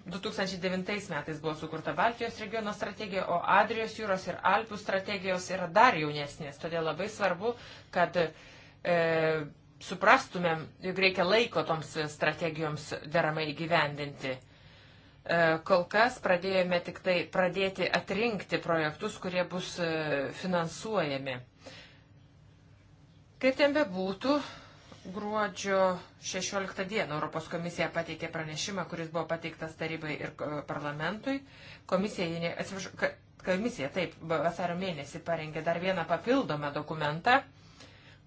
Speaker 4: 2009 metais buvo sukurta Baltijos regiono strategija, o Adrijos jūros ir Alpių strategijos yra dar jaunesnės. Todėl labai svarbu, kad e, uh, suprastumėm, jog reikia laiko toms strategijoms deramai gyvendinti. E, kol kas pradėjome tik tai pradėti atrinkti projektus, kurie bus e, finansuojami. Kaip ten bebūtų, gruodžio 16 dieną Europos komisija pateikė pranešimą, kuris buvo pateiktas tarybai ir e, parlamentui. Komisija, atsiprašau, komisija taip, vasario mėnesį parengė dar vieną papildomą dokumentą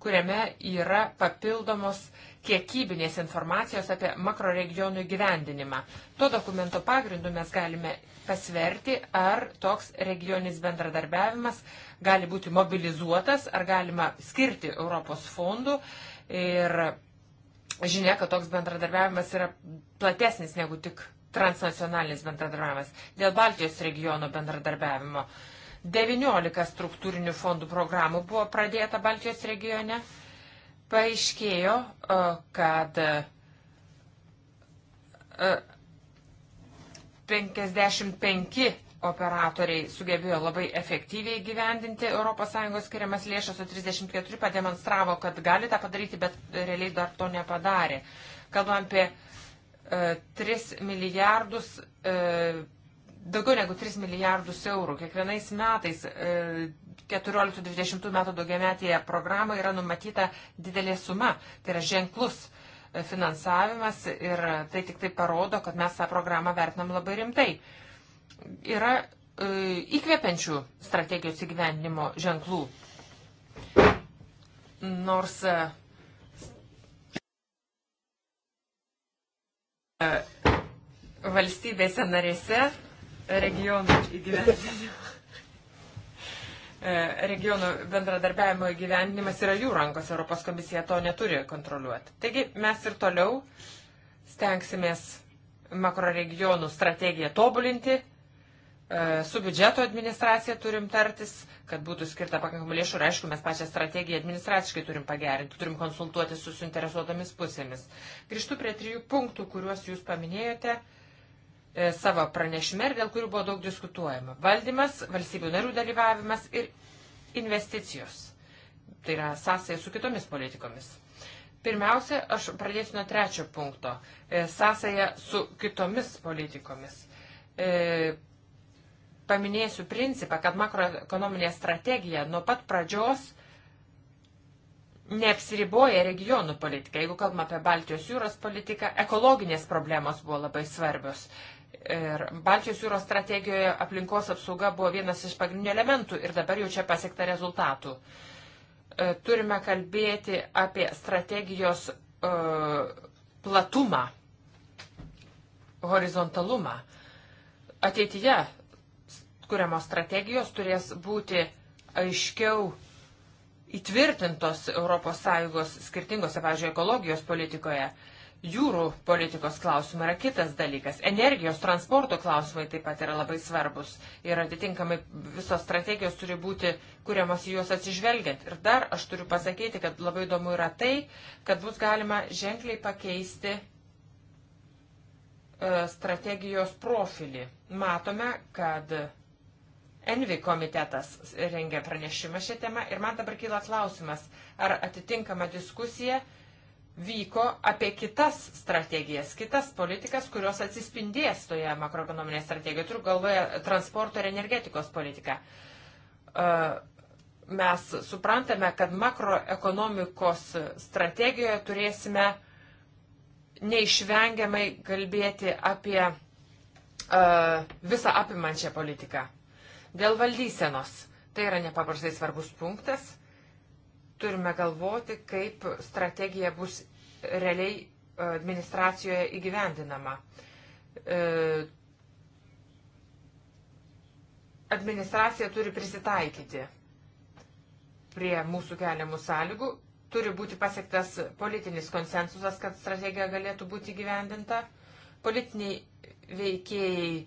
Speaker 4: kuriame yra papildomos kiekybinės informacijos apie makroregionų gyvendinimą. To dokumento pagrindu mes galime pasverti, ar toks regioninis bendradarbiavimas gali būti mobilizuotas, ar galima skirti Europos fondų ir žinia, kad toks bendradarbiavimas yra platesnis negu tik transnacionalinis bendradarbiavimas dėl Baltijos regiono bendradarbiavimo. Uh, 19 struktūrinių fondų programų buvo pradėta Baltijos regione. Paaiškėjo, e, kad 55 e, operatoriai sugebėjo labai efektyviai gyvendinti ES skiriamas lėšas, o 34 pademonstravo, kad gali tą padaryti, bet realiai dar to nepadarė. Kalbam apie 3 e, milijardus daugiau negu 3 milijardus eurų. Kiekvienais metais 14-20 e, metų daugiametėje programoje yra numatyta didelė suma, tai yra ženklus e, finansavimas ir tai tik tai parodo, kad mes tą programą vertinam labai rimtai. Yra e, įkvepiančių strategijos įgyvendinimo ženklų. Nors valstybėse narėse regionų įgyvendinimo. E, regionų bendradarbiavimo įgyvendinimas yra jų rankos, Europos komisija to neturi kontroliuoti. Taigi mes ir toliau stengsimės makroregionų strategiją tobulinti, e, su biudžeto administracija turim tartis, kad būtų skirta pakankamai lėšų ir aišku, mes pačią strategiją administraciškai turim pagerinti, turim konsultuoti su suinteresuotomis pusėmis. Grįžtu prie trijų punktų, kuriuos jūs paminėjote. E, savo pranešime ir dėl kurių buvo daug diskutuojama. Valdymas, valstybių narių dalyvavimas ir investicijos. Tai yra sąsaja su kitomis politikomis. Pirmiausia, aš pradėsiu nuo trečio punkto. E, sąsaja su kitomis politikomis. E, paminėsiu principą, kad makroekonominė strategija nuo pat pradžios neapsiriboja regionų politika. Jeigu kalbame apie Baltijos jūros politiką, ekologinės problemos buvo labai svarbios. Ir Baltijos jūros strategijoje aplinkos apsauga buvo vienas iš pagrindinių elementų ir dabar jau čia pasiekta rezultatų. E, turime kalbėti apie strategijos e, platumą, horizontalumą. Ateityje kuriamos strategijos turės būti aiškiau įtvirtintos ES skirtingose, pavyzdžiui, ekologijos politikoje. Uh, Jūrų politikos klausimai yra kitas dalykas. Energijos, transporto klausimai taip pat yra labai svarbus. Ir atitinkamai visos strategijos turi būti kuriamas į juos atsižvelgiant. Ir dar aš turiu pasakyti, kad labai įdomu yra tai, kad bus galima ženkliai pakeisti e, strategijos profilį. Matome, kad Envi komitetas rengia pranešimą šią temą ir man dabar kyla klausimas, ar atitinkama diskusija vyko apie kitas strategijas, kitas politikas, kurios atsispindės toje makroekonominėje strategijoje. Turiu galvoje transporto ir energetikos politiką. E, mes suprantame, kad makroekonomikos strategijoje turėsime neišvengiamai kalbėti apie e, visą apimančią politiką. Dėl valdysenos. Tai yra nepaprastai svarbus punktas turime galvoti, kaip strategija bus realiai e, administracijoje įgyvendinama. E, administracija turi prisitaikyti prie mūsų keliamų sąlygų, turi būti pasiektas politinis konsensusas, kad strategija galėtų būti gyvendinta. Politiniai veikėjai e,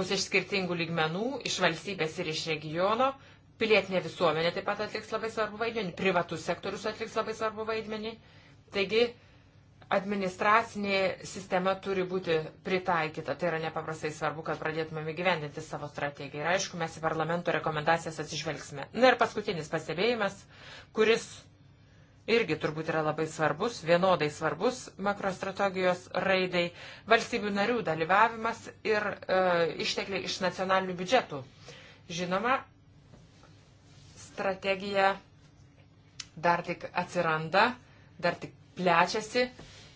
Speaker 4: bus iš skirtingų lygmenų, iš valstybės ir iš regiono. E, Pilietinė visuomenė taip pat atliks labai svarbu vaidmenį, privatus sektorius atliks labai svarbu vaidmenį. Taigi administracinė sistema turi būti pritaikyta. Tai yra nepaprastai svarbu, kad pradėtumėm įgyvendinti savo strategiją. Ir aišku, mes į parlamento rekomendacijas atsižvelgsime. Na ir paskutinis pastebėjimas, kuris irgi turbūt yra labai svarbus, vienodai svarbus makrostrategijos raidai, valstybių narių dalyvavimas ir e, ištekliai iš nacionalinių biudžetų. Žinoma, strategija dar tik atsiranda, dar tik plečiasi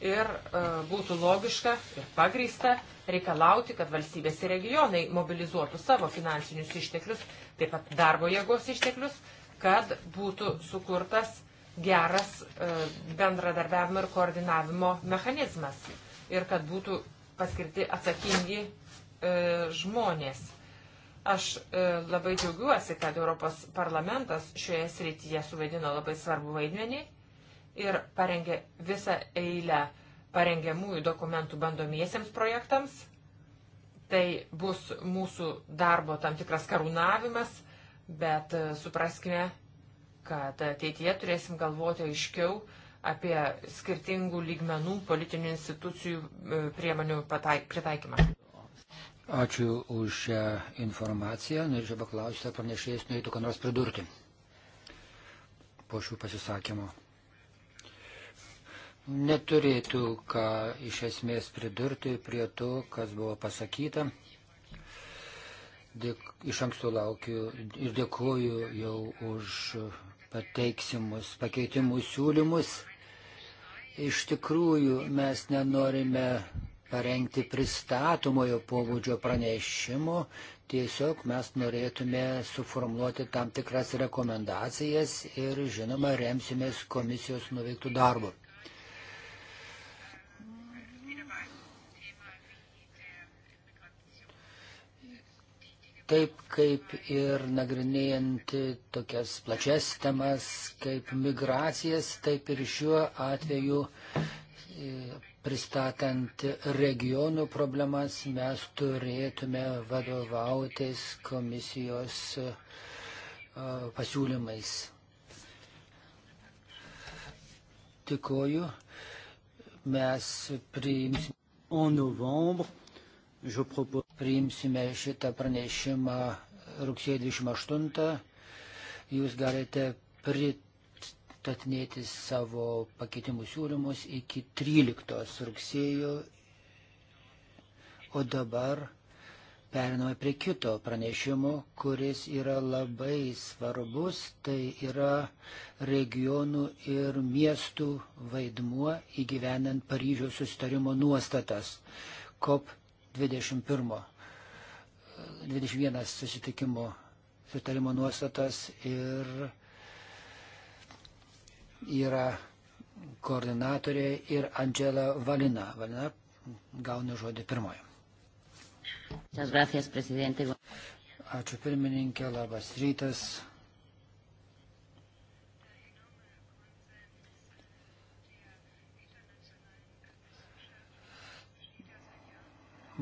Speaker 4: ir e, būtų logiška ir pagrįsta reikalauti, kad valstybės ir regionai mobilizuotų savo finansinius išteklius, taip pat darbo jėgos išteklius, kad būtų sukurtas geras e, bendradarbiavimo ir koordinavimo mechanizmas ir kad būtų paskirti atsakingi e, žmonės. Aš e, labai džiaugiuosi, kad Europos parlamentas šioje srityje suvaidino labai svarbu vaidmenį ir parengė visą eilę parengiamųjų dokumentų bandomiesiems projektams. Tai bus mūsų darbo tam tikras karūnavimas, bet e, supraskime, kad ateityje turėsim galvoti aiškiau apie skirtingų lygmenų politinių institucijų e, priemonių pritaikymą.
Speaker 3: Ačiū už šią informaciją. Norėčiau paklausti, ar pranešėjas norėtų ką nors pridurti po šių pasisakymų. Neturėtų ką iš esmės pridurti prie to, kas buvo pasakyta. Dėk, iš anksto laukiu ir dėkoju jau už pateiksimus, pakeitimų siūlymus. Iš tikrųjų, mes nenorime parengti pristatomojo pobūdžio pranešimo, tiesiog mes norėtume suformuoluoti tam tikras rekomendacijas ir, žinoma, remsimės komisijos nuveiktų darbų. Taip kaip ir nagrinėjant tokias plačias temas kaip migracijas, taip ir šiuo atveju pristatant regionų problemas, mes turėtume vadovautis komisijos pasiūlymais. Tikoju, mes priimsime, priimsime šitą pranešimą rugsėjo 28. Jūs galite prit pristatinėti savo pakeitimų siūlymus iki 13 rugsėjo. O dabar Periname prie kito pranešimo, kuris yra labai svarbus, tai yra regionų ir miestų vaidmuo įgyvenant Paryžiaus sustarimo nuostatas. COP21 21 susitikimo sustarimo nuostatas ir yra koordinatorė ir Angela Valina. Valina gauna žodį pirmojo. Ačiū pirmininkė, labas rytas.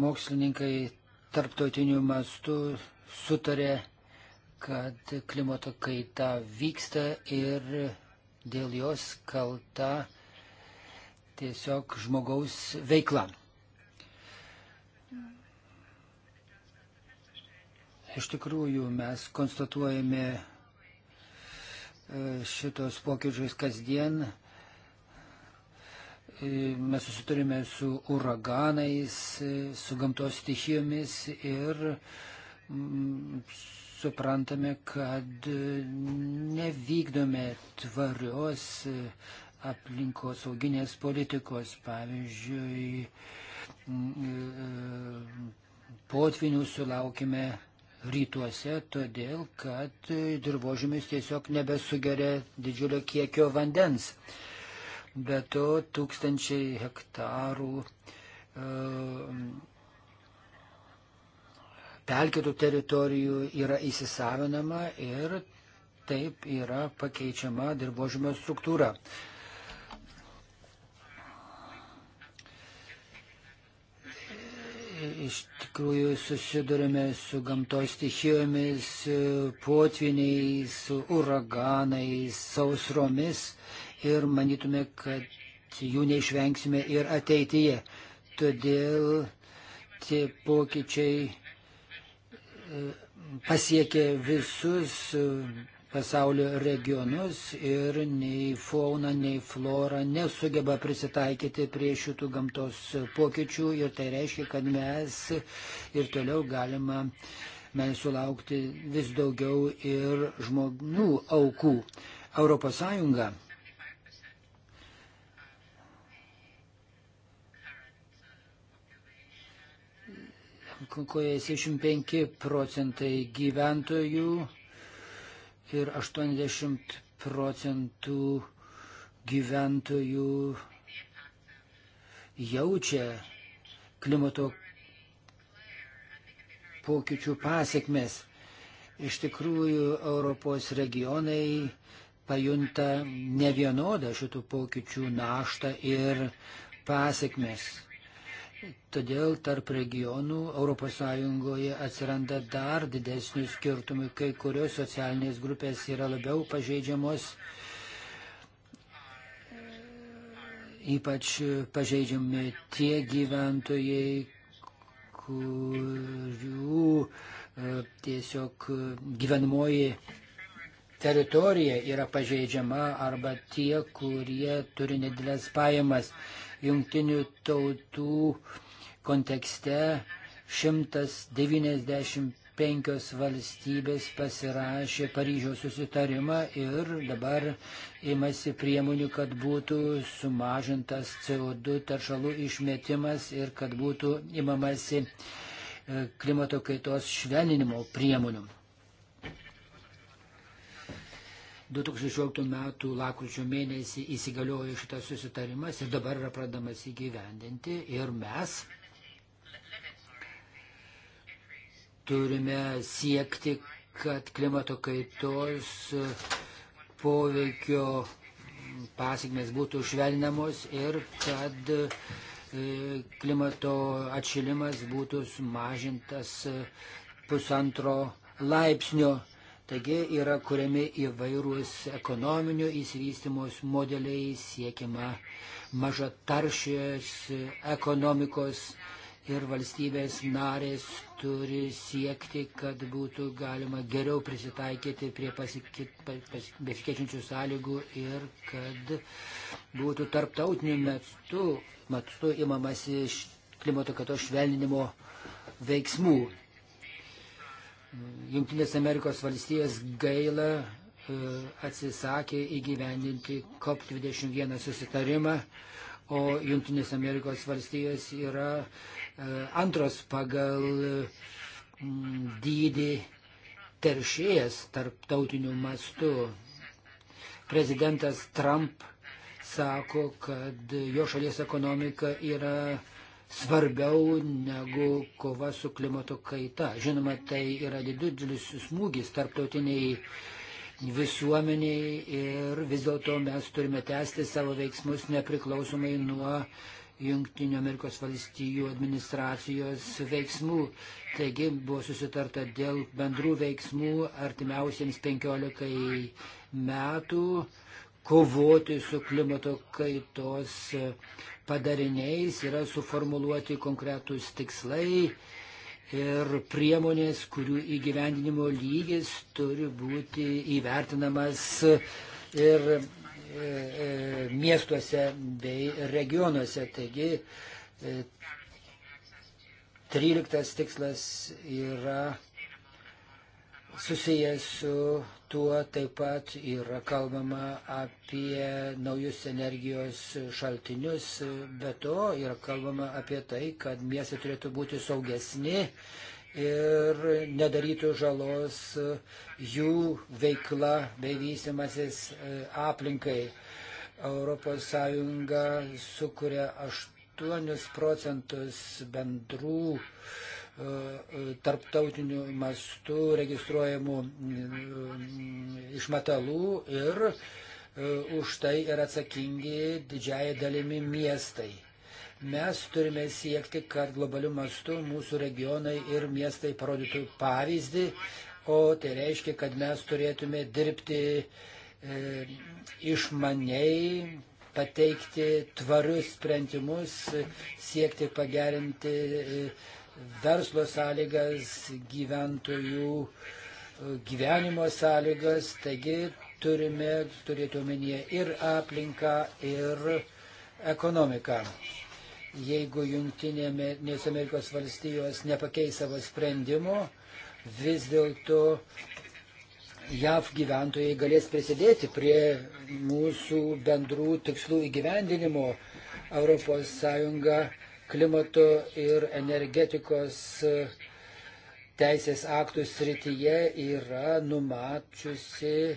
Speaker 3: Mokslininkai tarptautiniu mastu sutarė, kad klimato kaita vyksta ir dėl jos kalta tiesiog žmogaus veikla. Iš tikrųjų, mes konstatuojame e, šitos pokyčius kasdien. E, mes susiturime su uraganais, e, su gamtos stichijomis ir mm, suprantame, kad nevykdome tvarios aplinkosauginės politikos, pavyzdžiui, potvinių sulaukime rytuose, todėl kad dirbožymis tiesiog nebesugeria didžiulio kiekio vandens. Be to, tūkstančiai hektarų uh, pelkėtų teritorijų yra įsisavinama ir taip yra pakeičiama dirbožymio struktūra. Iš tikrųjų susidurime su gamtos stichijomis, potviniais, uraganais, sausromis ir manytume, kad jų neišvengsime ir ateityje. Todėl tie pokyčiai pasiekė visus pasaulio regionus ir nei fauna, nei flora nesugeba prisitaikyti prie šitų gamtos pokyčių ir tai reiškia, kad mes ir toliau galima mes sulaukti vis daugiau ir žmonių aukų. ES kurioje 65 procentai gyventojų ir 80 procentų gyventojų jaučia klimato pokyčių pasiekmes. Iš tikrųjų, Europos regionai pajunta nevienodą šitų pokyčių naštą ir pasiekmes. Todėl tarp regionų ES atsiranda dar didesnių skirtumų, kai kurios socialinės grupės yra labiau pažeidžiamos, ypač pažeidžiami tie gyventojai, kurių e, tiesiog gyvenamoji teritorija yra pažeidžiama arba tie, kurie turi nedidelės pajamas jungtinių tautų kontekste 195 valstybės pasirašė Paryžiaus susitarimą ir dabar imasi priemonių, kad būtų sumažintas CO2 taršalų išmetimas ir kad būtų imamasi e, klimato kaitos švelninimo priemonių. 2016 metų lakryčio mėnesį įsigaliojo šitas susitarimas ir dabar yra pradamas įgyvendinti ir mes turime siekti, kad klimato kaitos poveikio pasiekmes būtų švelninamos ir kad e, klimato atšilimas būtų sumažintas pusantro laipsnio Taigi yra kuriami įvairūs ekonominio įsivystimos modeliai, siekiama maža taršės ekonomikos ir valstybės narės turi siekti, kad būtų galima geriau prisitaikyti prie besikeičiančių sąlygų ir kad būtų tarptautiniu metu, metu imamasi klimato kato švelninimo veiksmų. Junktinės Amerikos valstijos gaila e, atsisakė įgyvendinti COP21 susitarimą, o Junktinės Amerikos valstijos yra e, antros pagal dydį teršėjas tarptautiniu mastu. Prezidentas Trump sako, kad jo šalies ekonomika yra svarbiau negu kova su klimato kaita. Žinoma, tai yra didelis smūgis tarptautiniai visuomeniai ir vis dėlto mes turime tęsti savo veiksmus nepriklausomai nuo Junktinių Amerikos valstijų administracijos veiksmų. Taigi buvo susitarta dėl bendrų veiksmų artimiausiems 15 metų kovoti su klimato kaitos padariniais, yra suformuluoti konkretūs tikslai ir priemonės, kurių įgyvendinimo lygis turi būti įvertinamas ir e, e, miestuose bei regionuose. Taigi, e, 13 tikslas yra susijęs su tuo taip pat yra kalbama apie naujus energijos šaltinius, bet to yra kalbama apie tai, kad miestai turėtų būti saugesni ir nedarytų žalos jų veikla bei vysimasis e, aplinkai. ES sukuria 8 procentus bendrų E, e, tarptautiniu mastu registruojamų e, išmetalų ir už tai yra atsakingi didžiai dalimi miestai. Mes turime siekti, kad globaliu mastu mūsų regionai ir miestai parodytų pavyzdį, o tai reiškia, kad mes turėtume dirbti e, išmaniai, pateikti tvarius sprendimus, siekti pagerinti e, verslo sąlygas, gyventojų e, gyvenimo sąlygas, taigi turime turėti omenyje ir aplinką, ir ekonomiką. Jeigu Junktinės Amerikos valstijos nepakeis savo sprendimo, vis dėlto JAV gyventojai galės prisidėti prie mūsų bendrų tikslų įgyvendinimo. ES klimato ir energetikos e, teisės aktų srityje yra numačiusi e,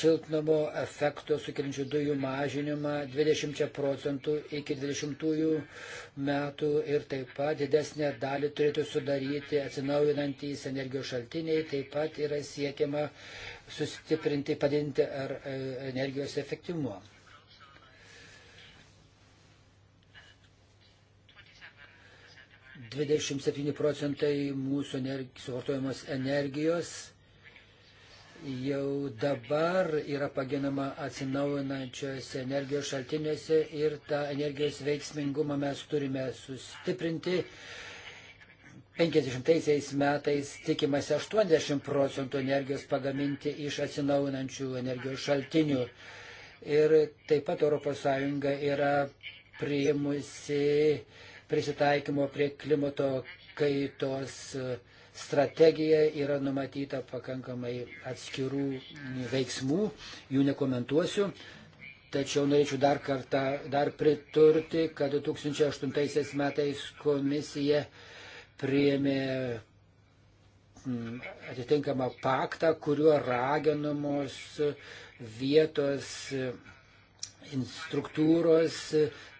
Speaker 3: šiltnamo efekto sukeliančių dujų mažinimą 20 procentų iki 20 metų ir taip pat didesnę dalį turėtų sudaryti atsinaujinantys energijos šaltiniai, taip pat yra siekiama sustiprinti, padinti e, energijos efektyvumą. 27 procentai mūsų energi, suvartojamos energijos jau dabar yra paginama atsinaujinančiose energijos šaltiniuose ir tą energijos veiksmingumą mes turime sustiprinti. 50 metais tikimasi 80 procentų energijos pagaminti iš atsinaujinančių energijos šaltinių. Ir taip pat ES yra priimusi uh, prisitaikymo prie klimato kaitos strategija yra numatyta pakankamai atskirų veiksmų, jų nekomentuosiu. Tačiau norėčiau dar kartą dar priturti, kad 2008 metais komisija priėmė mm, atitinkamą paktą, kuriuo raginamos vietos struktūros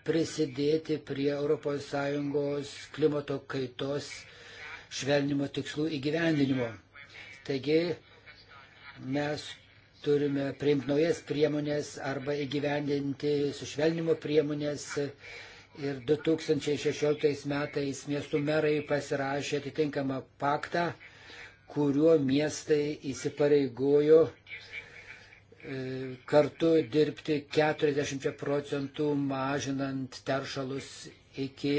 Speaker 3: prisidėti prie ES klimato kaitos švelnimo tikslų įgyvendinimo. Taigi mes turime priimti naujas priemonės arba įgyvendinti sušvelnimo priemonės. Ir 2016 metais miestų merai pasirašė atitinkamą paktą, kuriuo miestai įsipareigojo uh, kartu dirbti 40 procentų mažinant teršalus iki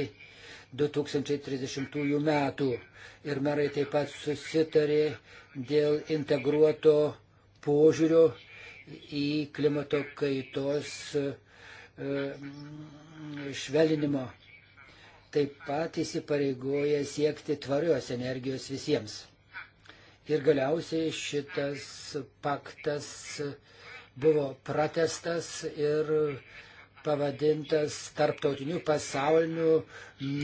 Speaker 3: 2030 metų. Ir merai taip pat susitarė dėl integruoto požiūrio į klimato kaitos e, švelinimo. Taip pat įsipareigoja siekti tvarios energijos visiems. Ir galiausiai šitas paktas uh, buvo pratestas ir pavadintas tarptautiniu pasauliniu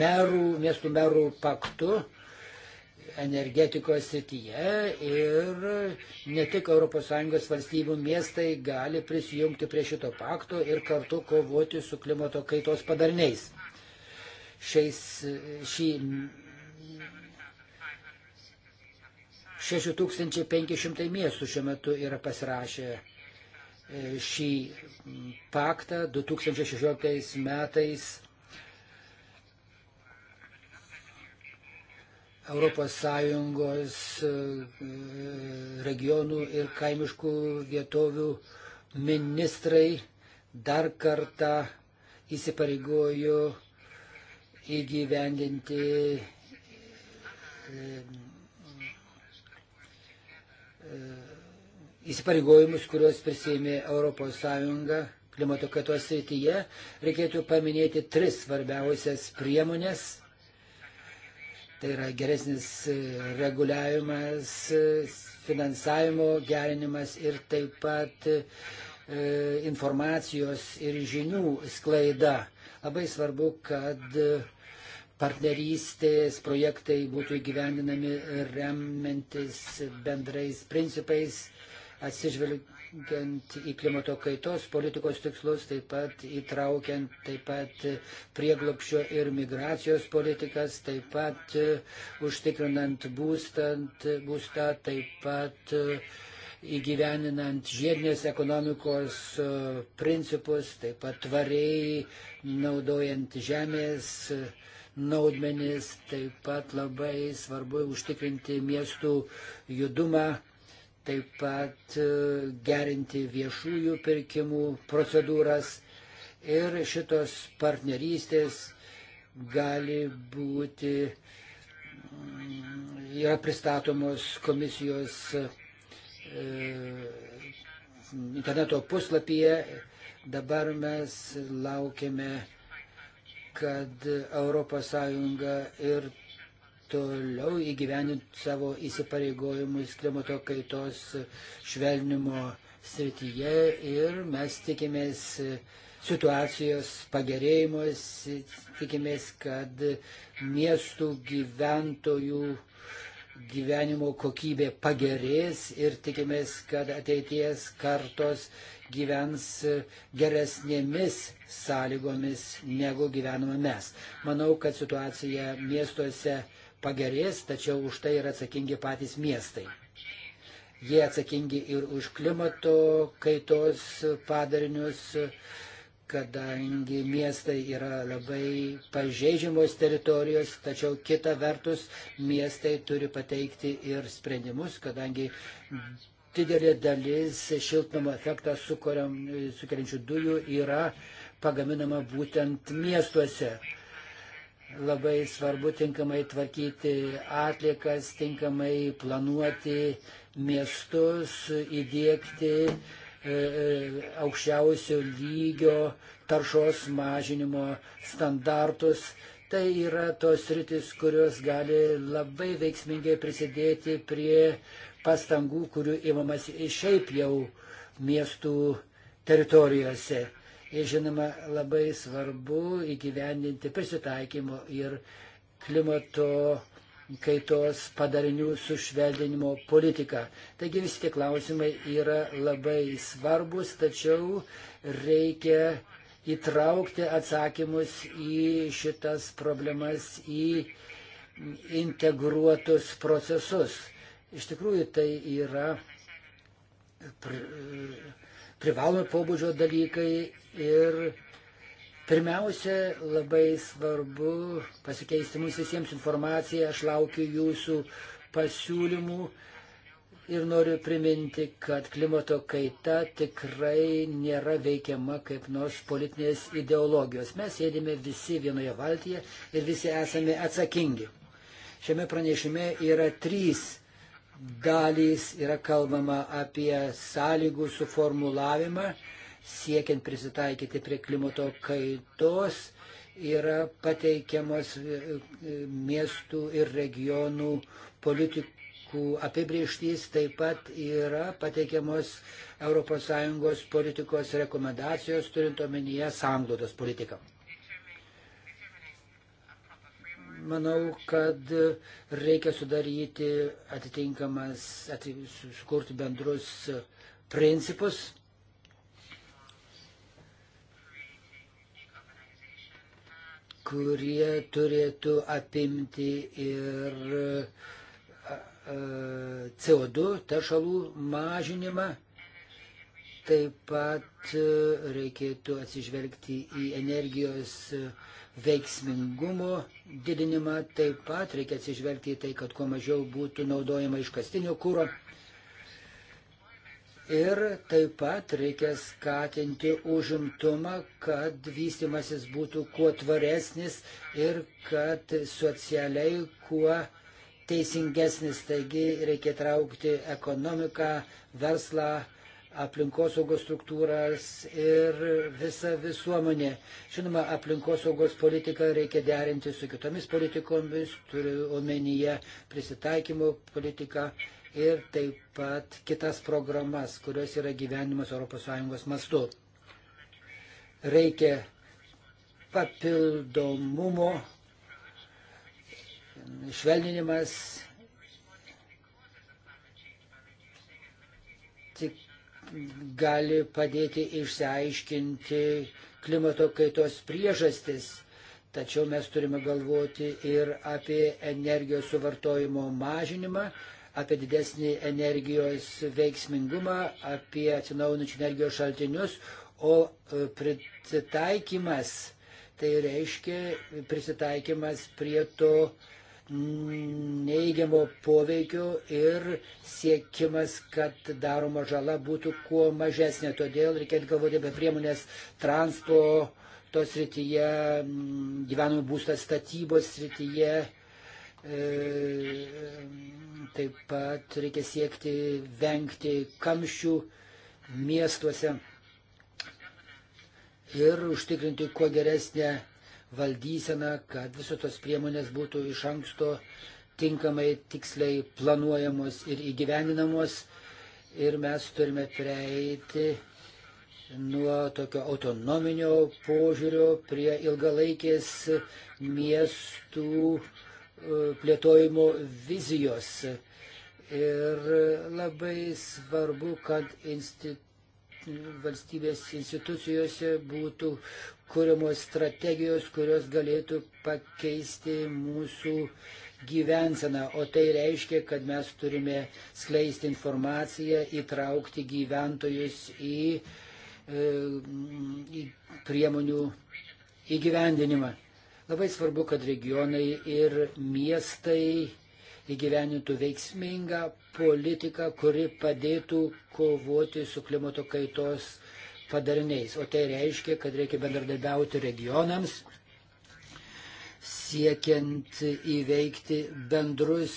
Speaker 3: merų, miestų merų paktu energetikos srityje ir ne tik ES valstybių miestai gali prisijungti prie šito pakto ir kartu kovoti su klimato kaitos padarniais. Šiais, šį 6500 miestų šiuo metu yra pasirašę šį paktą 2016 metais ES e, regionų ir kaimiškų vietovių ministrai dar kartą įsipareigojo įgyvendinti e, įsipareigojimus, kuriuos prisėmė ES klimato kaitos srityje, reikėtų paminėti tris svarbiausias priemonės. Tai yra geresnis e, reguliavimas, e, finansavimo gerinimas ir taip pat e, informacijos ir žinių sklaida. Labai svarbu, kad e, partnerystės projektai būtų įgyvendinami remiantis bendrais principais atsižvelgiant į klimato kaitos politikos tikslus, taip pat įtraukiant taip pat prieglopščio ir migracijos politikas, taip pat e, užtikrinant būstant, būstą, taip pat e, įgyveninant žiedinės ekonomikos e, principus, taip pat tvariai naudojant žemės naudmenis, taip pat labai svarbu užtikrinti miestų judumą taip pat e, gerinti viešųjų pirkimų procedūras ir šitos partnerystės gali būti, mm, yra pristatomos komisijos e, interneto puslapyje. Dabar mes laukiame kad ES ir toliau įgyvenint savo įsipareigojimus klimato kaitos švelnimo srityje ir mes tikimės situacijos pagerėjimus, tikimės, kad miestų gyventojų gyvenimo kokybė pagerės ir tikimės, kad ateities kartos gyvens geresnėmis sąlygomis, negu gyvename mes. Manau, kad situacija miestuose pagerės, tačiau už tai yra atsakingi patys miestai. Jie atsakingi ir už klimato kaitos padarinius, kadangi miestai yra labai pažeidžiamos teritorijos, tačiau kita vertus miestai turi pateikti ir sprendimus, kadangi didelė dalis šiltnamo efektą sukeliančių dujų yra pagaminama būtent miestuose. Labai svarbu tinkamai tvarkyti atlikas, tinkamai planuoti miestus, įdėkti e, e, aukščiausio lygio taršos mažinimo standartus. Tai yra tos rytis, kurios gali labai veiksmingai prisidėti prie pastangų, kurių įmamas šiaip jau miestų teritorijose. Ir žinoma, labai svarbu įgyvendinti prisitaikymo ir klimato kaitos padarinių sušvelninimo politiką. Taigi visi tie klausimai yra labai svarbus, tačiau reikia įtraukti atsakymus į šitas problemas, į integruotus procesus. Iš tikrųjų tai yra pr privalomi pobūdžio dalykai ir pirmiausia labai svarbu pasikeisti mums visiems informaciją. Aš laukiu jūsų pasiūlymų ir noriu priminti, kad klimato kaita tikrai nėra veikiama kaip nors politinės ideologijos. Mes sėdime visi vienoje valtyje ir visi esame atsakingi. Šiame pranešime yra trys dalys yra kalbama apie sąlygų suformulavimą, siekiant prisitaikyti prie klimato kaitos, yra pateikiamos e, miestų ir regionų politikų apibrieštys, taip pat yra pateikiamos ES politikos rekomendacijos, turint omenyje sanglodos politiką. Manau, kad reikia sudaryti atitinkamas, ati, sukurti bendrus principus. kurie turėtų apimti ir CO2 teršalų mažinimą Taip pat e, reikėtų atsižvelgti į energijos e, veiksmingumo didinimą, taip pat reikia atsižvelgti į tai, kad kuo mažiau būtų naudojama iškastinio kūro. Ir taip pat reikia skatinti užimtumą, kad vystimasis būtų kuo tvaresnis ir kad socialiai kuo teisingesnis. Taigi reikia traukti ekonomiką, verslą, aplinkosaugos struktūras ir visą visuomenę. Žinoma, aplinkosaugos politiką reikia derinti su kitomis politikomis, turiu omenyje prisitaikymo politiką ir taip pat kitas programas, kurios yra gyvenimas ES mastu. Reikia papildomumo, švelninimas gali padėti išsiaiškinti klimato kaitos priežastis. Tačiau mes turime galvoti ir apie energijos suvartojimo mažinimą, apie didesnį energijos veiksmingumą, apie atsinaujinančių energijos šaltinius, o e, pritaikymas, tai reiškia prisitaikymas prie to neigiamo poveikio ir siekimas, kad daroma žala būtų kuo mažesnė. Todėl reikėtų galvoti apie priemonės transporto srityje, mm, gyvenamų būstą statybos srityje. E, taip pat reikia siekti vengti kamščių miestuose ir užtikrinti kuo geresnę valdyseną, kad visos tos priemonės būtų iš anksto tinkamai, tiksliai planuojamos ir įgyveninamos. Ir mes turime prieiti nuo tokio autonominio požiūrio prie ilgalaikės miestų e, plėtojimo vizijos. Ir labai svarbu, kad institu, valstybės institucijose būtų kuriamos strategijos, kurios galėtų pakeisti mūsų gyvenseną. O tai reiškia, kad mes turime skleisti informaciją, įtraukti gyventojus į, e, į priemonių įgyvendinimą. Labai svarbu, kad regionai ir miestai įgyvenintų veiksmingą politiką, kuri padėtų kovoti su klimato kaitos padariniais. O tai reiškia, kad reikia bendradarbiauti regionams, siekiant įveikti bendrus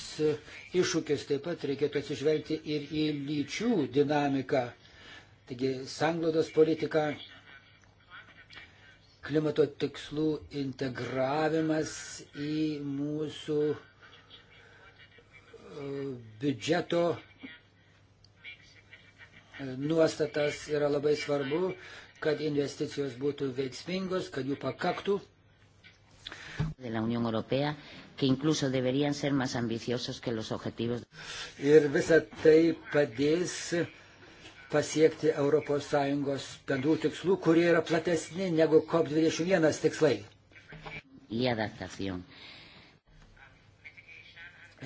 Speaker 3: iššūkius. Taip pat reikėtų atsižvelgti ir į lyčių dinamiką. Taigi, sanglodos politika, klimato tikslų integravimas į mūsų e, biudžeto nuostatas yra labai svarbu, kad investicijos būtų veiksmingos, kad jų pakaktų. De la Unión Europea, que incluso deberían ser más ambiciosos que los objetivos. Ir visa tai padės pasiekti ES bendrų tikslų, kurie yra platesni negu COP21 tikslai.
Speaker 4: Y adaptación. Uh,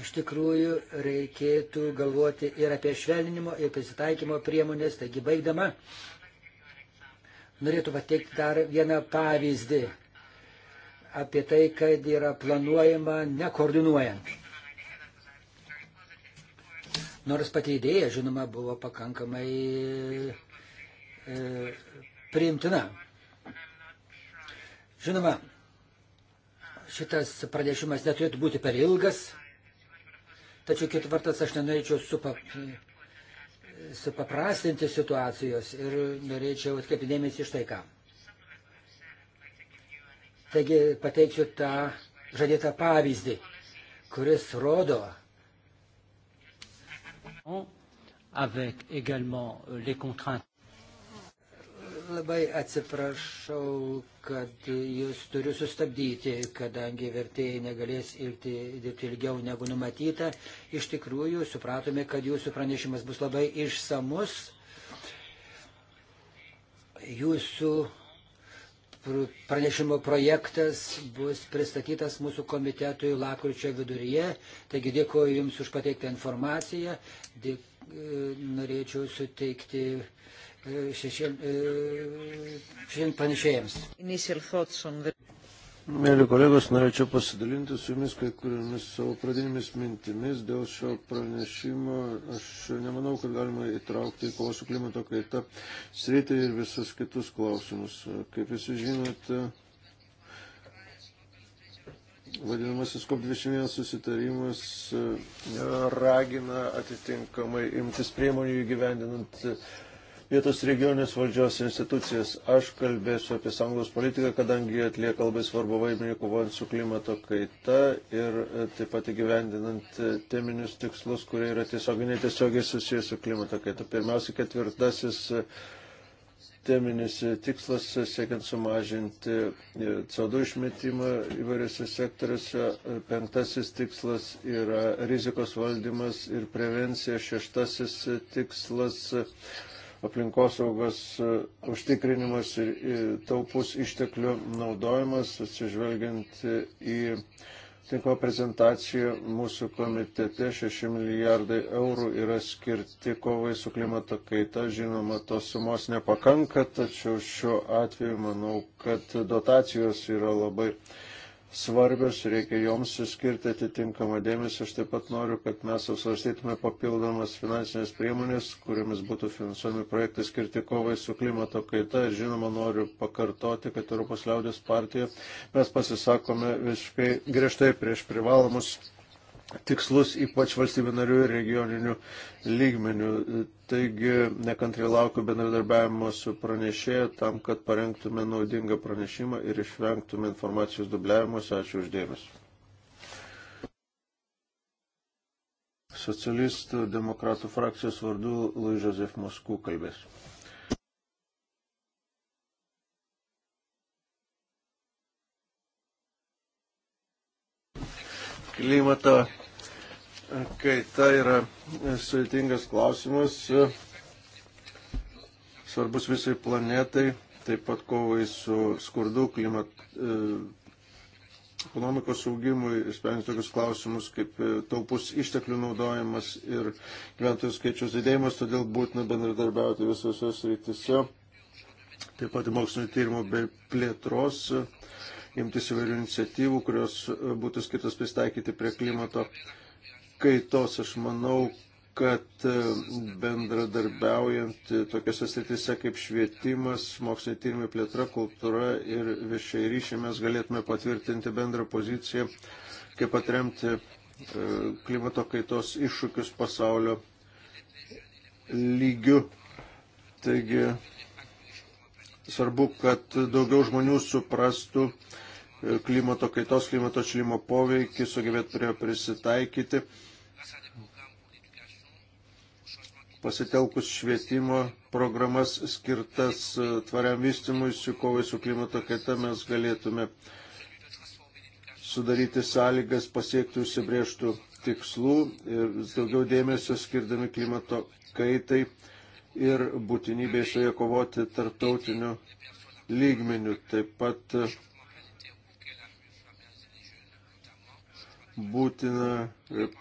Speaker 3: Iš tikrųjų, reikėtų galvoti ir apie švelninimo, ir prisitaikymo priemonės. Taigi, baigdama, norėtų pateikti dar vieną pavyzdį apie tai, kad yra planuojama nekoordinuojant. Nors pati idėja, žinoma, buvo pakankamai e, priimtina. Žinoma, šitas pranešimas neturėtų būti per ilgas. Tačiau ketvirtas aš nenorėčiau supa, supaprastinti situacijos ir norėčiau atkreipti dėmesį iš tai ką. Taigi pateiksiu tą žadėtą pavyzdį, kuris rodo.
Speaker 1: Avec également les contraintes
Speaker 3: Labai atsiprašau, kad jūs turiu sustabdyti, kadangi vertėjai negalės ilgti, dirbti ilgiau negu numatyta. Iš tikrųjų, supratome, kad jūsų pranešimas bus labai išsamus. Jūsų pranešimo projektas bus pristatytas mūsų komitetui lakryčio viduryje. Taigi dėkuoju Jums už pateiktą informaciją. Dėk, e, norėčiau suteikti šešėlėms e, pranešėjams.
Speaker 2: Mėly kolegos, norėčiau pasidalinti su jumis kai kuriomis savo pradinėmis mintimis dėl šio pranešimo. Aš nemanau, kad galima įtraukti į kovą su klimato kaita sritį ir visus kitus klausimus. Kaip visi žinote, vadinamasis COP21 susitarimas e, ragina atitinkamai imtis priemonių įgyvendinant vietos regionės valdžios institucijas. Aš kalbėsiu apie sąjungos politiką, kadangi atlieka labai svarbu vaidmenį kovojant su klimato kaita ir e, taip pat įgyvendinant e, teminius tikslus, kurie yra tiesiogiai netiesiogiai susijęs su klimato kaita. Pirmiausia, ketvirtasis e, teminis tikslas siekiant sumažinti CO2 išmetimą įvairiose sektoriuose. Penktasis tikslas yra rizikos valdymas ir prevencija. Šeštasis tikslas aplinkosaugos e, užtikrinimas ir e, taupus išteklių naudojimas, atsižvelgiant e, į tinklo prezentaciją mūsų komitete 6 milijardai eurų yra skirti kovai su klimato kaita. Žinoma, tos sumos nepakanka, tačiau šiuo atveju manau, kad dotacijos yra labai svarbios, reikia joms skirti atitinkamą dėmesį. Aš taip pat noriu, kad mes apsvarstytume papildomas finansinės priemonės, kuriamis būtų finansuojami projektai skirti kovai su klimato kaita. Ir žinoma, noriu pakartoti, kad Europos liaudės partija mes pasisakome visiškai griežtai prieš privalomus tikslus, ypač valstybių narių ir regioninių lygmenių. Taigi nekantriai laukiu bendradarbiavimo su pranešėja tam, kad parengtume naudingą pranešimą ir išvengtume informacijos dubliavimus. Ačiū uždėmesi. Socialistų demokratų frakcijos vardu Lui Josef Moskų kalbės. klimato kaita yra sudėtingas klausimas, svarbus visai planetai, taip pat kovai su skurdu, klimat, e, ekonomikos augimui, sprendžiant tokius klausimus kaip e, taupus išteklių naudojimas ir gyventojų skaičiaus didėjimas, todėl būtina bendradarbiauti visose srityse, taip pat mokslinio tyrimo bei plėtros, e, imtis įvairių iniciatyvų, kurios būtų skirtos pristaikyti prie klimato kaitos. Aš manau, kad e, bendradarbiaujant tokiuose sritise kaip švietimas, moksliniai tyrimai plėtra, kultūra ir viešiai ryšiai mes galėtume patvirtinti bendrą poziciją, kaip atremti e, klimato kaitos iššūkius pasaulio lygiu. Taigi svarbu, kad daugiau žmonių suprastų e, klimato kaitos, klimato šilimo poveikį, sugebėtų prie jo prisitaikyti pasitelkus švietimo programas skirtas e, tvariam vystimui, su kovai su klimato kaita mes galėtume sudaryti sąlygas pasiekti užsibrieštų tikslų ir daugiau dėmesio skirdami klimato kaitai ir būtinybė su jie kovoti tarptautiniu lygmeniu. Taip pat e, būtina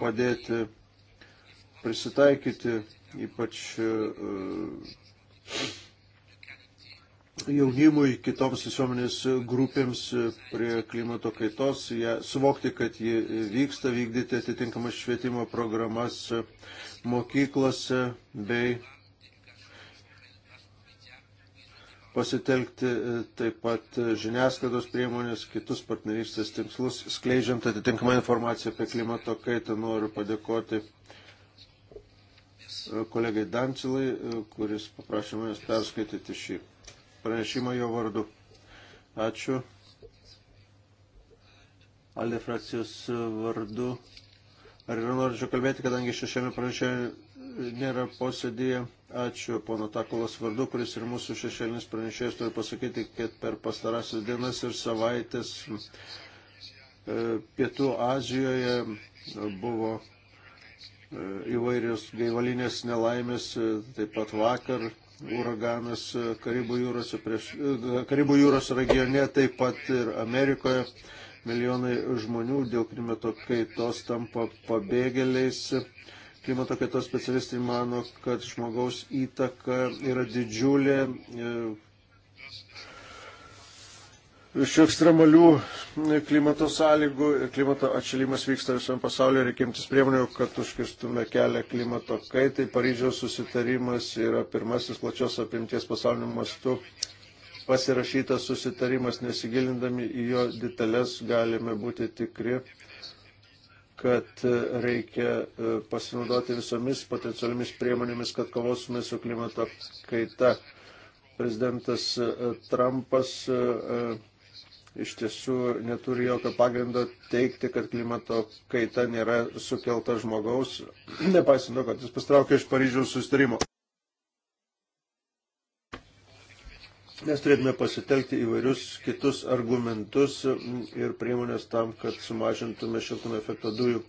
Speaker 2: padėti prisitaikyti ypač e, jaunimui, kitoms visuomenės grupėms e, prie klimato kaitos, ja, suvokti, kad ji vyksta, vykdyti atitinkamas švietimo programas mokyklose bei pasitelkti e, taip pat žiniasklaidos priemonės, kitus partnerystės tikslus, skleidžiant atitinkamą informaciją apie klimato kaitą. Noriu padėkoti E, kolegai Dancilai, e, kuris paprašė manęs perskaityti šį pranešimą jo vardu. Ačiū. Alde frakcijos e, vardu. Ar yra norinčių kalbėti, kadangi šešiame pranešėjai nėra posėdėje. Ačiū pono Takolas vardu, kuris ir mūsų šešėlinis pranešėjas turi pasakyti, kad per pastarąsias dienas ir savaitės Pietų Azijoje buvo įvairios gaivalinės nelaimės, e, taip pat vakar uraganas e, Karibų jūros, e, prieš, Karibų jūros regione, taip pat ir Amerikoje. Milijonai žmonių dėl klimato kaitos tampa pabėgėliais. Klimato kaitos specialistai mano, kad žmogaus įtaka yra didžiulė šių ekstremalių klimato sąlygų ir klimato atšilimas vyksta visame pasaulyje, reikia imtis priemonių, kad užkirstume kelią klimato kaitai. Paryžiaus susitarimas yra pirmasis plačios apimties pasauliniu mastu pasirašytas susitarimas, nesigilindami į jo detalės galime būti tikri, kad e, reikia e, pasinaudoti visomis potencialiomis priemonėmis, kad kovosime su klimato kaita. Prezidentas e, Trumpas iš tiesų neturi jokio pagrindo teikti, kad klimato kaita nėra sukelta žmogaus, [clears throat] nepaisant to, kad jis pastraukė iš Paryžiaus sustarimo. Mes turėtume pasitelkti įvairius kitus argumentus ir priemonės tam, kad sumažintume šiltume efekto dujų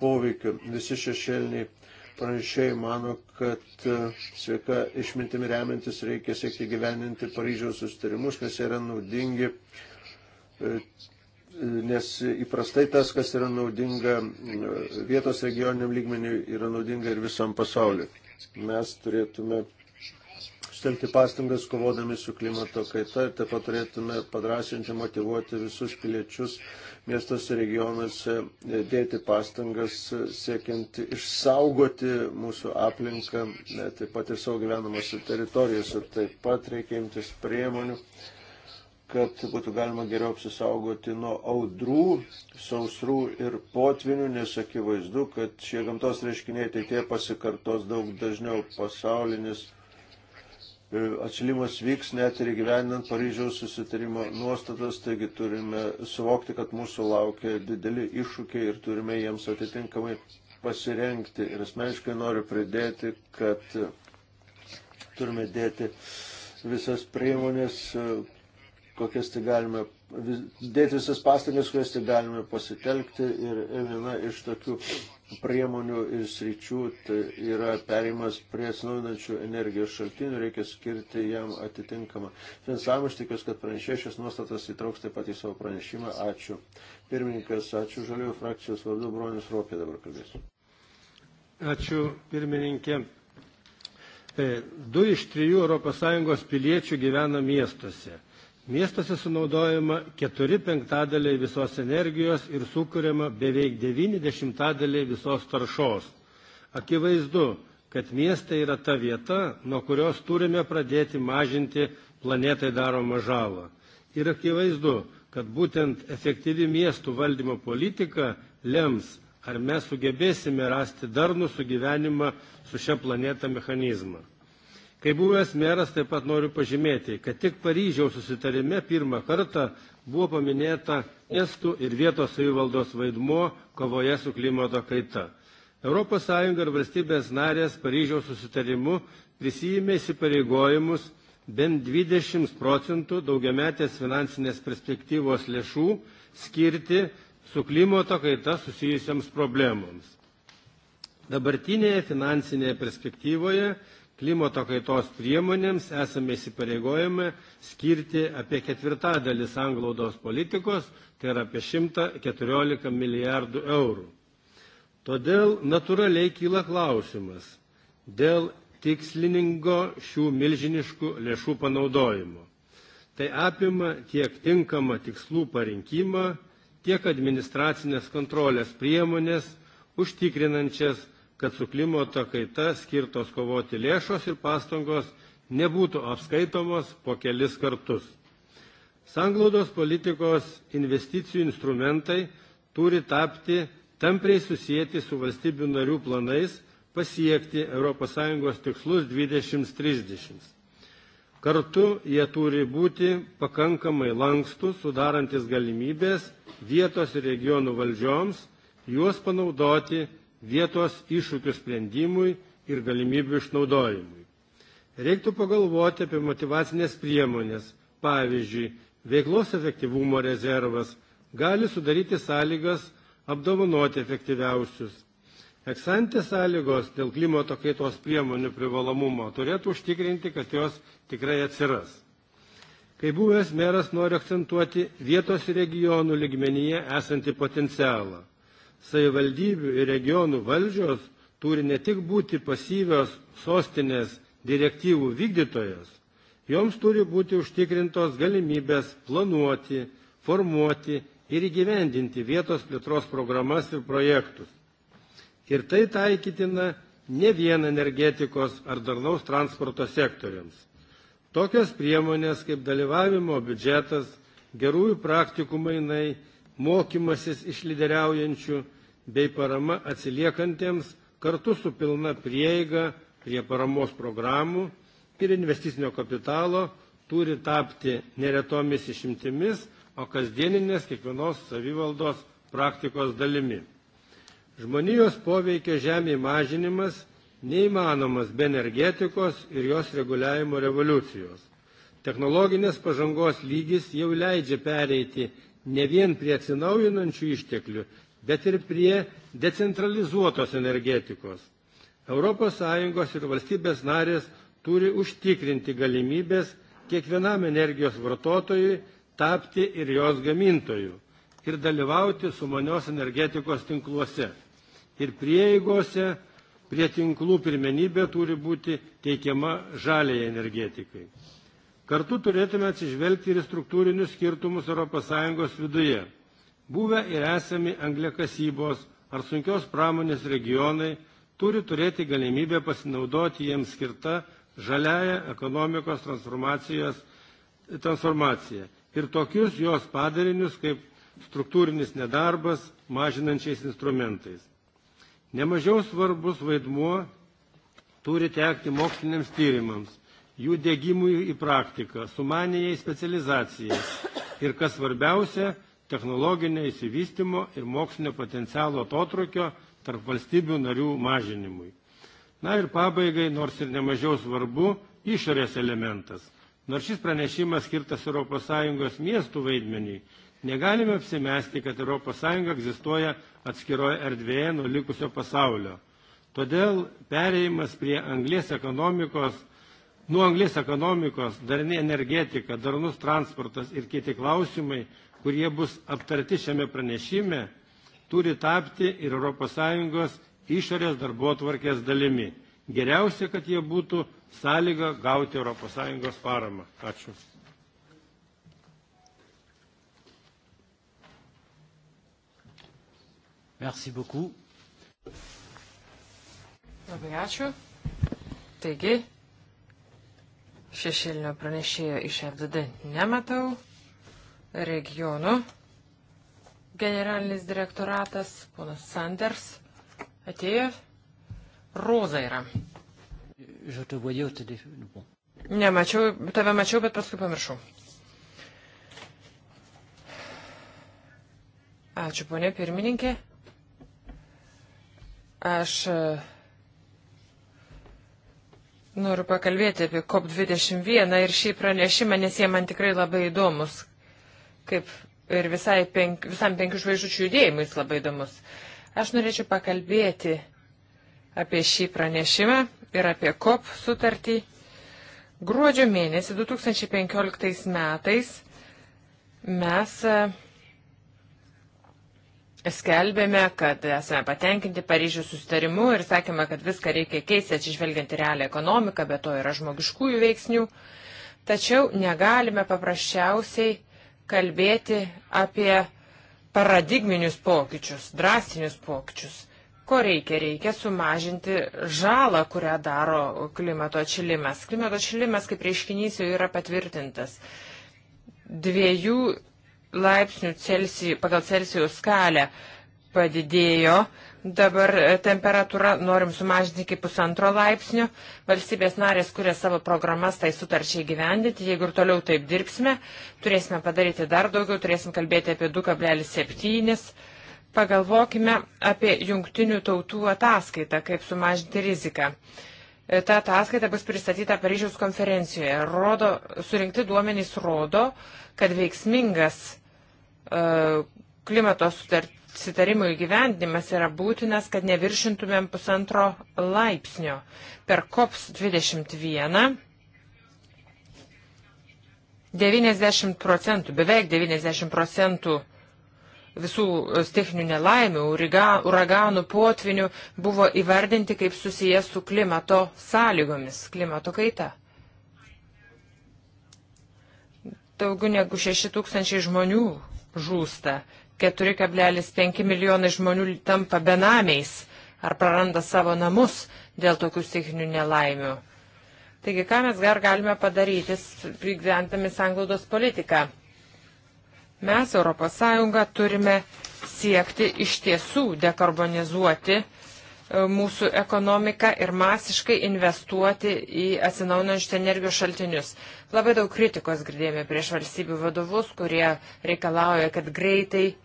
Speaker 2: poveikį. Visi šešėliniai pranešėjai mano, kad e, sveika išmintimi remiantis reikia siekti gyveninti Paryžiaus sustarimus, nes jie yra naudingi uh, E, nes įprastai tas, kas yra naudinga vietos regioniniam lygmeniu, yra naudinga ir visam pasauliu. Mes turėtume stelti pastangas kovodami su klimato kaita ir taip pat turėtume padrasinti, motivuoti visus piliečius miestuose, regionuose, e, dėti pastangas e, siekiant išsaugoti mūsų aplinką, taip pat ir savo gyvenamose teritorijose. Taip pat reikia imtis priemonių kad būtų galima geriau apsisaugoti nuo audrų, sausrų ir potvinių, nes akivaizdu, kad šie gamtos reiškiniai ateitie pasikartos daug dažniau. Pasaulinis e, atšilimas vyks net ir gyvenant Paryžiaus susitarimo nuostatas, taigi turime suvokti, kad mūsų laukia dideli iššūkiai ir turime jiems atitinkamai pasirengti. Ir asmeniškai noriu pridėti, kad turime dėti visas priemonės, kokias tai galime, dėti visas pastangas, kurias tai galime pasitelkti. Ir viena iš tokių priemonių ir sričių tai yra perimas prie atsinaujinančių energijos šaltinių, reikia skirti jam atitinkamą finansavimą. Aš tikiuosi, kad pranešė šias nuostatas įtrauks taip pat į savo pranešimą. Ačiū. Pirmininkas, ačiū Žaliųjų frakcijos vardu, Bronius Ropė dabar kalbės.
Speaker 5: Ačiū pirmininkė. E, du iš trijų ES piliečių gyvena miestuose Miestuose sunaudojama 4 penktadaliai visos energijos ir sukūriama beveik 90 visos taršos. Akivaizdu, kad miestai yra ta vieta, nuo kurios turime pradėti mažinti planetai daromą žalą. Ir akivaizdu, kad būtent efektyvi miestų valdymo politika lems, ar mes sugebėsime rasti darnų sugyvenimą su šia planeta mechanizmą. Kai buvęs meras taip pat noriu pažymėti, kad tik Paryžiaus susitarime pirmą kartą buvo paminėta estų ir vietos savivaldos vaidmuo kovoje su klimato kaita. ES ir valstybės narės Paryžiaus susitarimu prisijėmė įsipareigojimus bent 20 procentų daugiametės finansinės perspektyvos lėšų skirti su klimato kaita susijusiams problemams. Dabartinėje finansinėje perspektyvoje klimato kaitos priemonėms esame įsipareigojami skirti apie ketvirtadalį sanglaudos politikos, tai yra apie 114 milijardų eurų. Todėl natūraliai kyla klausimas dėl tiksliningo šių milžiniškų lėšų panaudojimo. Tai apima tiek tinkamą tikslų parinkimą, tiek administracinės kontrolės priemonės, užtikrinančias kad su klimato kaita skirtos kovoti lėšos ir pastangos nebūtų apskaitomos po kelis kartus. Sanglaudos politikos investicijų instrumentai turi tapti tampriai susijęti su valstybių narių planais pasiekti ES tikslus 2030. Kartu jie turi būti pakankamai lankstus, sudarantis galimybės vietos ir regionų valdžioms juos panaudoti vietos iššūkių sprendimui ir galimybių išnaudojimui. Reiktų pagalvoti apie motivacinės priemonės. Pavyzdžiui, veiklos efektyvumo rezervas gali sudaryti sąlygas apdovanoti efektyviausius. Eksantės sąlygos dėl klimato kaitos priemonių privalomumo turėtų užtikrinti, kad jos tikrai atsiras. Kai buvęs meras nori akcentuoti vietos ir regionų ligmenyje esantį potencialą savivaldybių ir regionų valdžios turi ne tik būti pasyvios sostinės direktyvų vykdytojos, joms turi būti užtikrintos galimybės planuoti, formuoti ir įgyvendinti vietos plėtros programas ir projektus. Ir tai taikytina ne vien energetikos ar darnaus transporto sektoriams. Tokios priemonės kaip dalyvavimo biudžetas, gerųjų praktikų mainai mokymasis iš lyderiaujančių bei parama atsiliekantiems kartu su pilna prieiga prie paramos programų ir investicinio kapitalo turi tapti neretomis išimtimis, o kasdieninės kiekvienos savivaldos praktikos dalimi. Žmonijos poveikio žemė mažinimas neįmanomas be energetikos ir jos reguliavimo revoliucijos. Technologinės pažangos lygis jau leidžia pereiti ne vien prie atsinaujinančių išteklių, bet ir prie decentralizuotos energetikos. ES ir valstybės narės turi užtikrinti galimybės kiekvienam energijos vartotojui tapti ir jos gamintoju ir dalyvauti sumanios energetikos tinkluose ir prieigose prie tinklų pirmenybė turi būti teikiama žaliai energetikai. Kartu turėtume atsižvelgti ir struktūrinius skirtumus ES viduje. Buvę ir esami angliakasybos ar sunkios pramonės regionai turi turėti galimybę pasinaudoti jiems skirtą žaliają ekonomikos transformaciją ir tokius jos padarinius kaip struktūrinis nedarbas mažinančiais instrumentais. Nemažiau svarbus vaidmuo turi tekti moksliniams tyrimams – jų dėgymui į praktiką, sumanėjai specializacijai ir, kas svarbiausia, technologinio įsivystimo ir mokslinio potencialo atotrukio tarp valstybių narių mažinimui. Na ir pabaigai, nors ir nemažiau svarbu, išorės elementas. Nors šis pranešimas skirtas ES miestų vaidmeniui, negalime apsimesti, kad ES egzistuoja atskiroje erdvėje nuo likusio pasaulio. Todėl pereimas prie anglės ekonomikos Nuo anglis ekonomikos, darni energetika, darnus transportas ir kiti klausimai, kurie bus aptarti šiame pranešime, turi tapti ir ES išorės darbotvarkės dalimi. Geriausia, kad jie būtų sąlyga gauti ES paramą. Ačiū.
Speaker 1: Merci beaucoup.
Speaker 4: Labai ačiū. Taigi, Šešėlinio pranešėjo iš FDD nematau. Regionų generalinis direktoratas, ponas Sanders, atėjo. Roza yra. Nemačiau, tave mačiau, bet paskui pamiršau. Ačiū, ponė pirmininkė. Aš uh, Noriu pakalbėti apie COP21 ir šį pranešimą, nes jie man tikrai labai įdomus. Kaip ir visai penk, visam penkių žvaigždžių judėjimui jis labai įdomus. Aš norėčiau pakalbėti apie šį pranešimą ir apie COP sutartį. Gruodžio mėnesį 2015 metais mes skelbėme, kad esame patenkinti Paryžių sustarimu ir sakėme, kad viską reikia keisti atsižvelgiant į realią ekonomiką, bet to yra žmogiškųjų veiksnių. Tačiau negalime paprasčiausiai kalbėti apie paradigminius pokyčius, drastinius pokyčius. Ko reikia? Reikia sumažinti žalą, kurią daro klimato atšilimas. Klimato atšilimas kaip reiškinys jau yra patvirtintas. Dviejų laipsnių Celsijų, pagal Celsijų skalę padidėjo. Dabar e, temperatūra norim sumažinti iki pusantro laipsnio. Valstybės narės kuria savo programas tai sutarčiai gyvendinti. Jeigu ir toliau taip dirbsime, turėsime padaryti dar daugiau, turėsim kalbėti apie 2,7. Pagalvokime apie jungtinių tautų ataskaitą, kaip sumažinti riziką. E, ta ataskaita bus pristatyta Paryžiaus konferencijoje. Rodo, surinkti duomenys rodo, kad veiksmingas e, klimato sutarimų įgyvendinimas yra būtinas, kad neviršintumėm pusantro laipsnio. Per COPS 21 90 procentų, beveik 90 procentų visų stichinių e, nelaimių, uraganų, potvinių buvo įvardinti kaip susijęs su klimato sąlygomis, klimato kaita. Daugiau negu 6 tūkstančiai žmonių žūsta, 4,5 milijonai žmonių tampa benamiais ar praranda savo namus dėl tokių stichinių nelaimių. Taigi, ką mes dar galime padaryti, vykdantami sanglaudos politiką? Mes, ES, turime siekti iš tiesų dekarbonizuoti E, mūsų ekonomiką ir masiškai investuoti į atsinaunančius energijos šaltinius. Labai daug kritikos girdėjome prieš valstybių vadovus, kurie reikalauja, kad greitai e,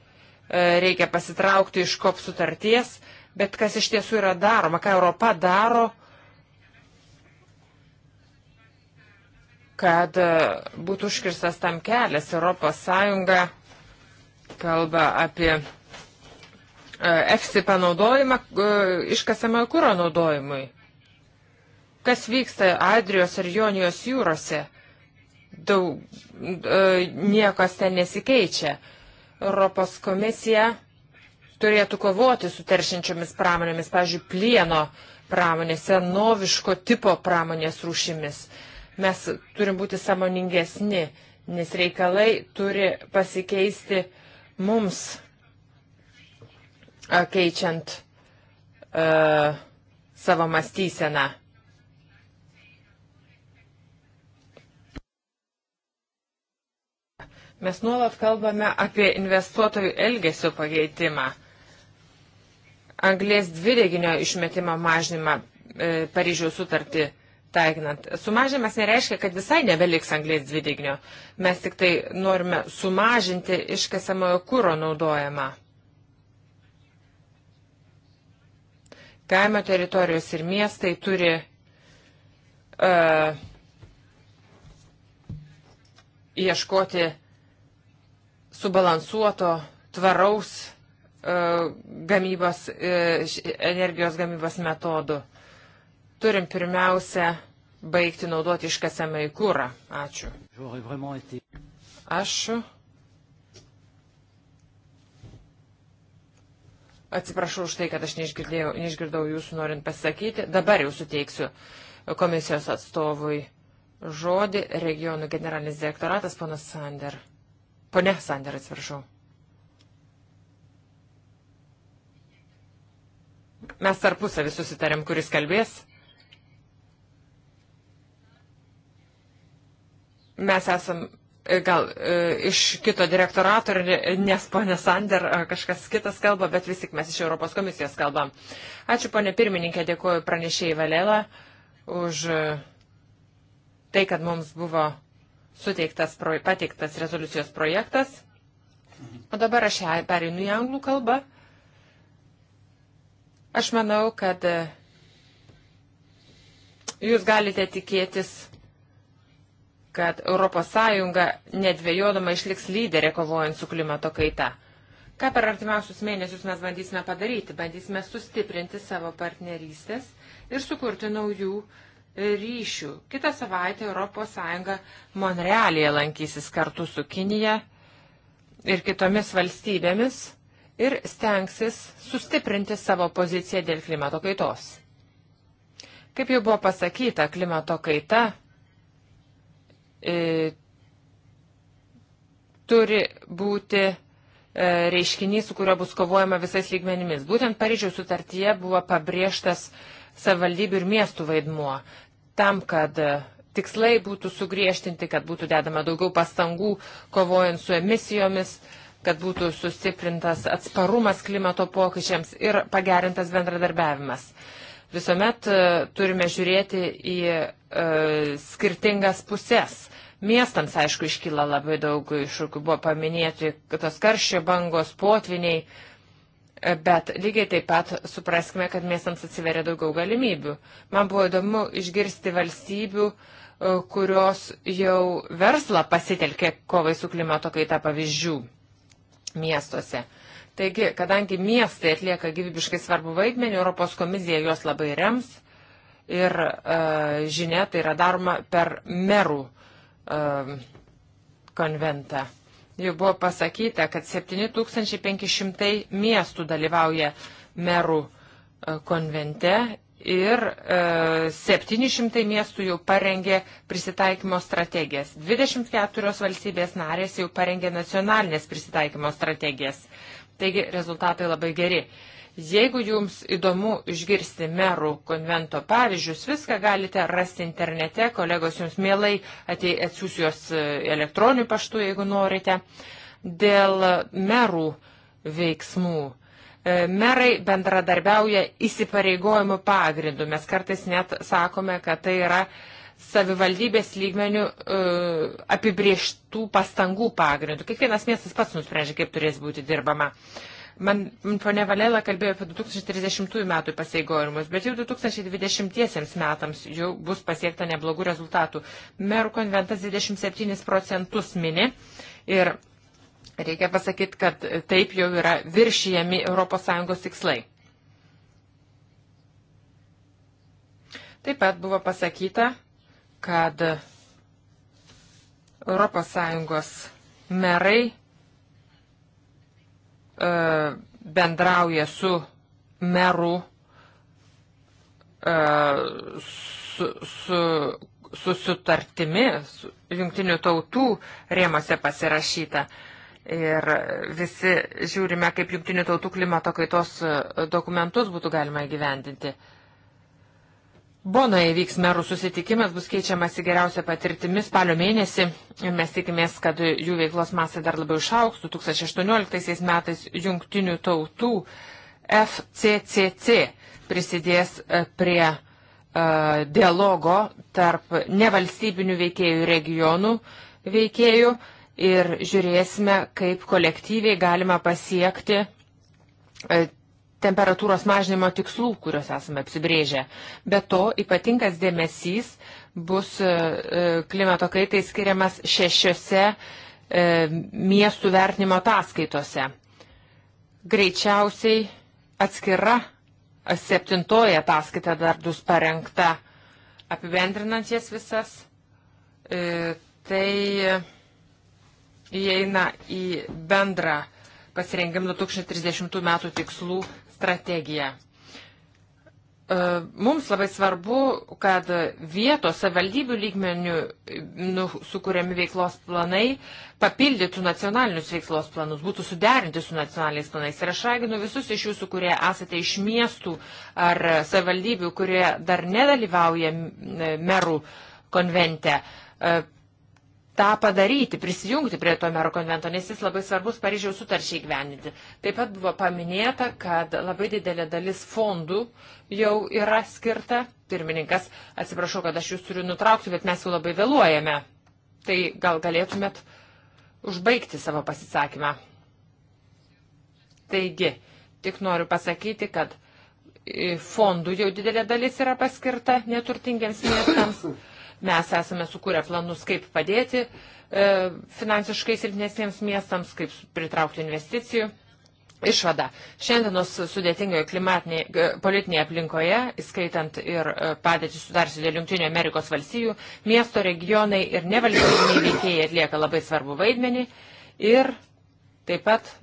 Speaker 4: reikia pasitraukti iš kop sutarties, bet kas iš tiesų yra daroma, ką Europa daro, kad e, būtų užkirstas tam kelias. Europos Sąjunga kalba apie EFSI panaudojimą e, iškasamojo kūro naudojimui. Kas vyksta Adrijos ir Jonijos jūrose? Daug, e, niekas ten nesikeičia. Europos komisija turėtų kovoti su teršinčiomis pramonėmis, pavyzdžiui, plieno pramonės, senoviško tipo pramonės rūšimis. Mes turim būti samoningesni, nes reikalai turi pasikeisti mums keičiant uh, savo mąstyseną. Mes nuolat kalbame apie investuotojų elgesio pakeitimą, anglės dvideginio išmetimo mažinimą e, Paryžiaus sutartį taikinant. Sumažinimas nereiškia, kad visai nebeliks anglės dvideginio. Mes tik tai norime sumažinti iškasamojo kūro naudojimą. Kaimo teritorijos ir miestai turi uh, ieškoti subalansuoto, tvaraus uh, gamybos, uh, energijos gamybos metodų. Turim pirmiausia baigti naudoti iškasamą į kūrą. Ačiū. Aš Atsiprašau už tai, kad aš neišgirdau jūsų norint pasakyti. Dabar jau suteiksiu komisijos atstovui žodį regionų generalinis direktoratas, ponas Sander. Pone Sander, atsiprašau. Mes tarpusavį susitarėm, kuris kalbės. Mes esam E, gal e, iš kito direktorato, nes ponė Sander kažkas kitas kalba, bet vis tik mes iš Europos komisijos kalbam. Ačiū ponė pirmininkė, dėkuoju pranešėjai Valėlą už e, tai, kad mums buvo suteiktas, pateiktas rezoliucijos projektas. O dabar aš perinu į anglų kalbą. Aš manau, kad jūs galite tikėtis kad ES nedvėjodama išliks lyderė kovojant su klimato kaita. Ką per artimiausius mėnesius mes bandysime padaryti? Bandysime sustiprinti savo partnerystės ir sukurti naujų e, ryšių. Kitą savaitę ES Monrealėje lankysis kartu su Kinija ir kitomis valstybėmis ir stengsis sustiprinti savo poziciją dėl klimato kaitos. Kaip jau buvo pasakyta, klimato kaita e, turi būti e, reiškinys, su kuriuo bus kovojama visais lygmenimis. Būtent Paryžiaus sutartyje buvo pabrėžtas savivaldybių ir miestų vaidmuo tam, kad e, tikslai būtų sugriežtinti, kad būtų dedama daugiau pastangų kovojant su emisijomis, kad būtų sustiprintas atsparumas klimato pokyčiams ir pagerintas bendradarbiavimas. Visuomet e, turime žiūrėti į e, skirtingas pusės Miestams, aišku, iškyla labai daug iššūkių, buvo paminėti tos karščio bangos, potviniai, bet lygiai taip pat supraskime, kad miestams atsiveria daugiau galimybių. Man buvo įdomu išgirsti valstybių, e, kurios jau verslą pasitelkė kovai su klimato kaita pavyzdžių miestuose. Taigi, kadangi miestai atlieka gyvybiškai svarbu vaidmenį, Europos komisija juos labai rems ir e, žinia, tai yra daroma per merų um, konventą. Jau buvo pasakyta, kad 7500 miestų dalyvauja merų uh, konvente ir 700 uh, miestų jau parengė prisitaikymo strategijas. 24 valstybės narės jau parengė nacionalinės prisitaikymo strategijas. Taigi rezultatai labai geri. Jeigu jums įdomu išgirsti merų konvento pavyzdžius, viską galite rasti internete, kolegos jums mielai atsiūs juos e, elektroniniu paštu, jeigu norite. Dėl merų veiksmų. E, merai bendradarbiauja įsipareigojimų pagrindų. Mes kartais net sakome, kad tai yra uh, savivaldybės lygmenių e, apibrieštų pastangų pagrindų. Kiekvienas miestas pats nusprendžia, kaip turės būti dirbama. Man ponė Valela kalbėjo apie 2030 metų pasiegojimus, bet jau 2020 metams jau bus pasiekta neblogų rezultatų. Merų konventas 27 procentus mini ir reikia pasakyti, kad taip jau yra viršijami ES tikslai. Taip pat buvo pasakyta, kad ES merai e, bendrauja su merų e, su, su, su sutartimi, su jungtinių tautų rėmose pasirašyta. Ir visi žiūrime, kaip jungtinių tautų klimato kaitos e, dokumentus būtų galima įgyvendinti. Uh, Bonoje vyks merų susitikimas, bus keičiamasi geriausia patirtimi spalio mėnesį. Mes tikimės, kad jų veiklos masai dar labiau išauks. 2018 metais jungtinių tautų FCCC prisidės e, prie uh, dialogo tarp nevalstybinių veikėjų regionų veikėjų ir žiūrėsime, kaip kolektyviai galima pasiekti uh, temperatūros mažinimo tikslų, kuriuos esame apsibrėžę. Be to, ypatingas dėmesys bus e, e, klimato kaitai skiriamas šešiose e, miestų vertinimo ataskaitose. Greičiausiai atskira septintoji ataskaita dar bus parengta apibendrinant jas visas. Tai įeina į bendrą pasirengimą 2030 metų tikslų strategiją. E, mums labai svarbu, kad vietos savivaldybių lygmenių nu, sukūrėmi veiklos planai papildytų nacionalinius veiklos planus, būtų suderinti su nacionaliniais planais. Ir aš raginu visus iš jūsų, kurie esate iš miestų ar savivaldybių, kurie dar nedalyvauja merų konvente, e, tą padaryti, prisijungti prie to mero konvento, nes jis labai svarbus Paryžiaus sutarčiai gyveninti. Taip pat buvo paminėta, kad labai didelė dalis fondų jau yra skirta. Pirmininkas, atsiprašau, kad aš jūs turiu nutraukti, bet mes jau labai vėluojame. Tai gal galėtumėt užbaigti savo pasisakymą. Taigi, tik noriu pasakyti, kad e, fondų jau didelė dalis yra paskirta neturtingiems miestams Mes esame sukūrę planus, kaip padėti e, finansiškai silpnesniems miestams, kaip pritraukti investicijų. Išvada. Šiandienos sudėtingoje klimatinėje politinėje aplinkoje, įskaitant ir e, padėtį sudarsiu dėl Junktinio Amerikos valstijų, miesto regionai ir nevalstybiniai veikėjai atlieka labai svarbu vaidmenį ir taip pat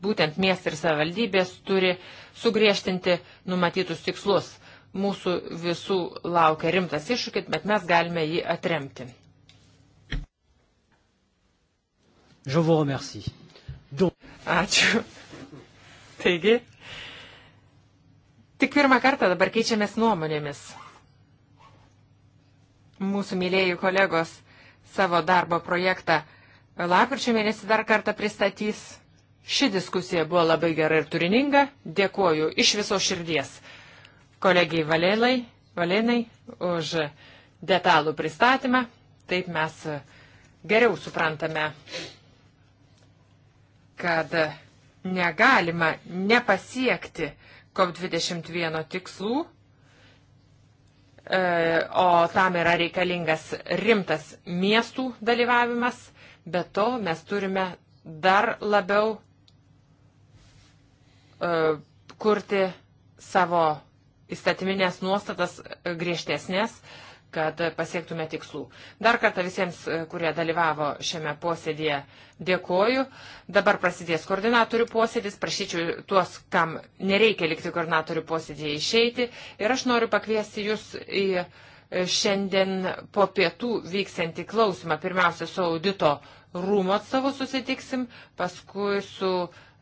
Speaker 4: būtent miestai ir savivaldybės turi sugriežtinti numatytus tikslus. Mūsų visų laukia rimtas iššūkis, bet mes galime jį atremti. Ačiū. Taigi, tik pirmą kartą dabar keičiamės nuomonėmis. Mūsų mylėjai kolegos savo darbo projektą lapkričio mėnesį dar kartą pristatys. Ši diskusija buvo labai gera ir turininga. Dėkuoju iš viso širdies kolegijai Valėlai, Valėnai už detalų pristatymą. Taip mes geriau suprantame, kad negalima nepasiekti COP21 tikslų, e, o tam yra reikalingas rimtas miestų dalyvavimas, bet to mes turime dar labiau e, kurti savo įstatyminės nuostatas griežtesnės, kad pasiektume tikslų. Dar kartą visiems, kurie dalyvavo šiame posėdėje, dėkoju. Dabar prasidės koordinatorių posėdis. Prašyčiau tuos, kam nereikia likti koordinatorių posėdėje, išeiti. Ir aš noriu pakviesti jūs į šiandien po pietų vyksiantį klausimą. Pirmiausia, su audito rūmo atstovu susitiksim, paskui su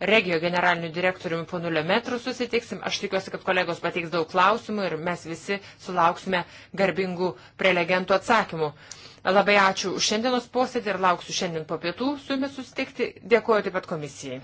Speaker 4: regio generaliniu direktoriumi ponu Lemetru susitiksim. Aš tikiuosi, kad kolegos pateiks daug klausimų ir mes visi sulauksime garbingų prelegentų atsakymų. Labai ačiū už šiandienos posėdį ir lauksiu šiandien po pietų su jumis susitikti. Dėkuoju taip pat komisijai.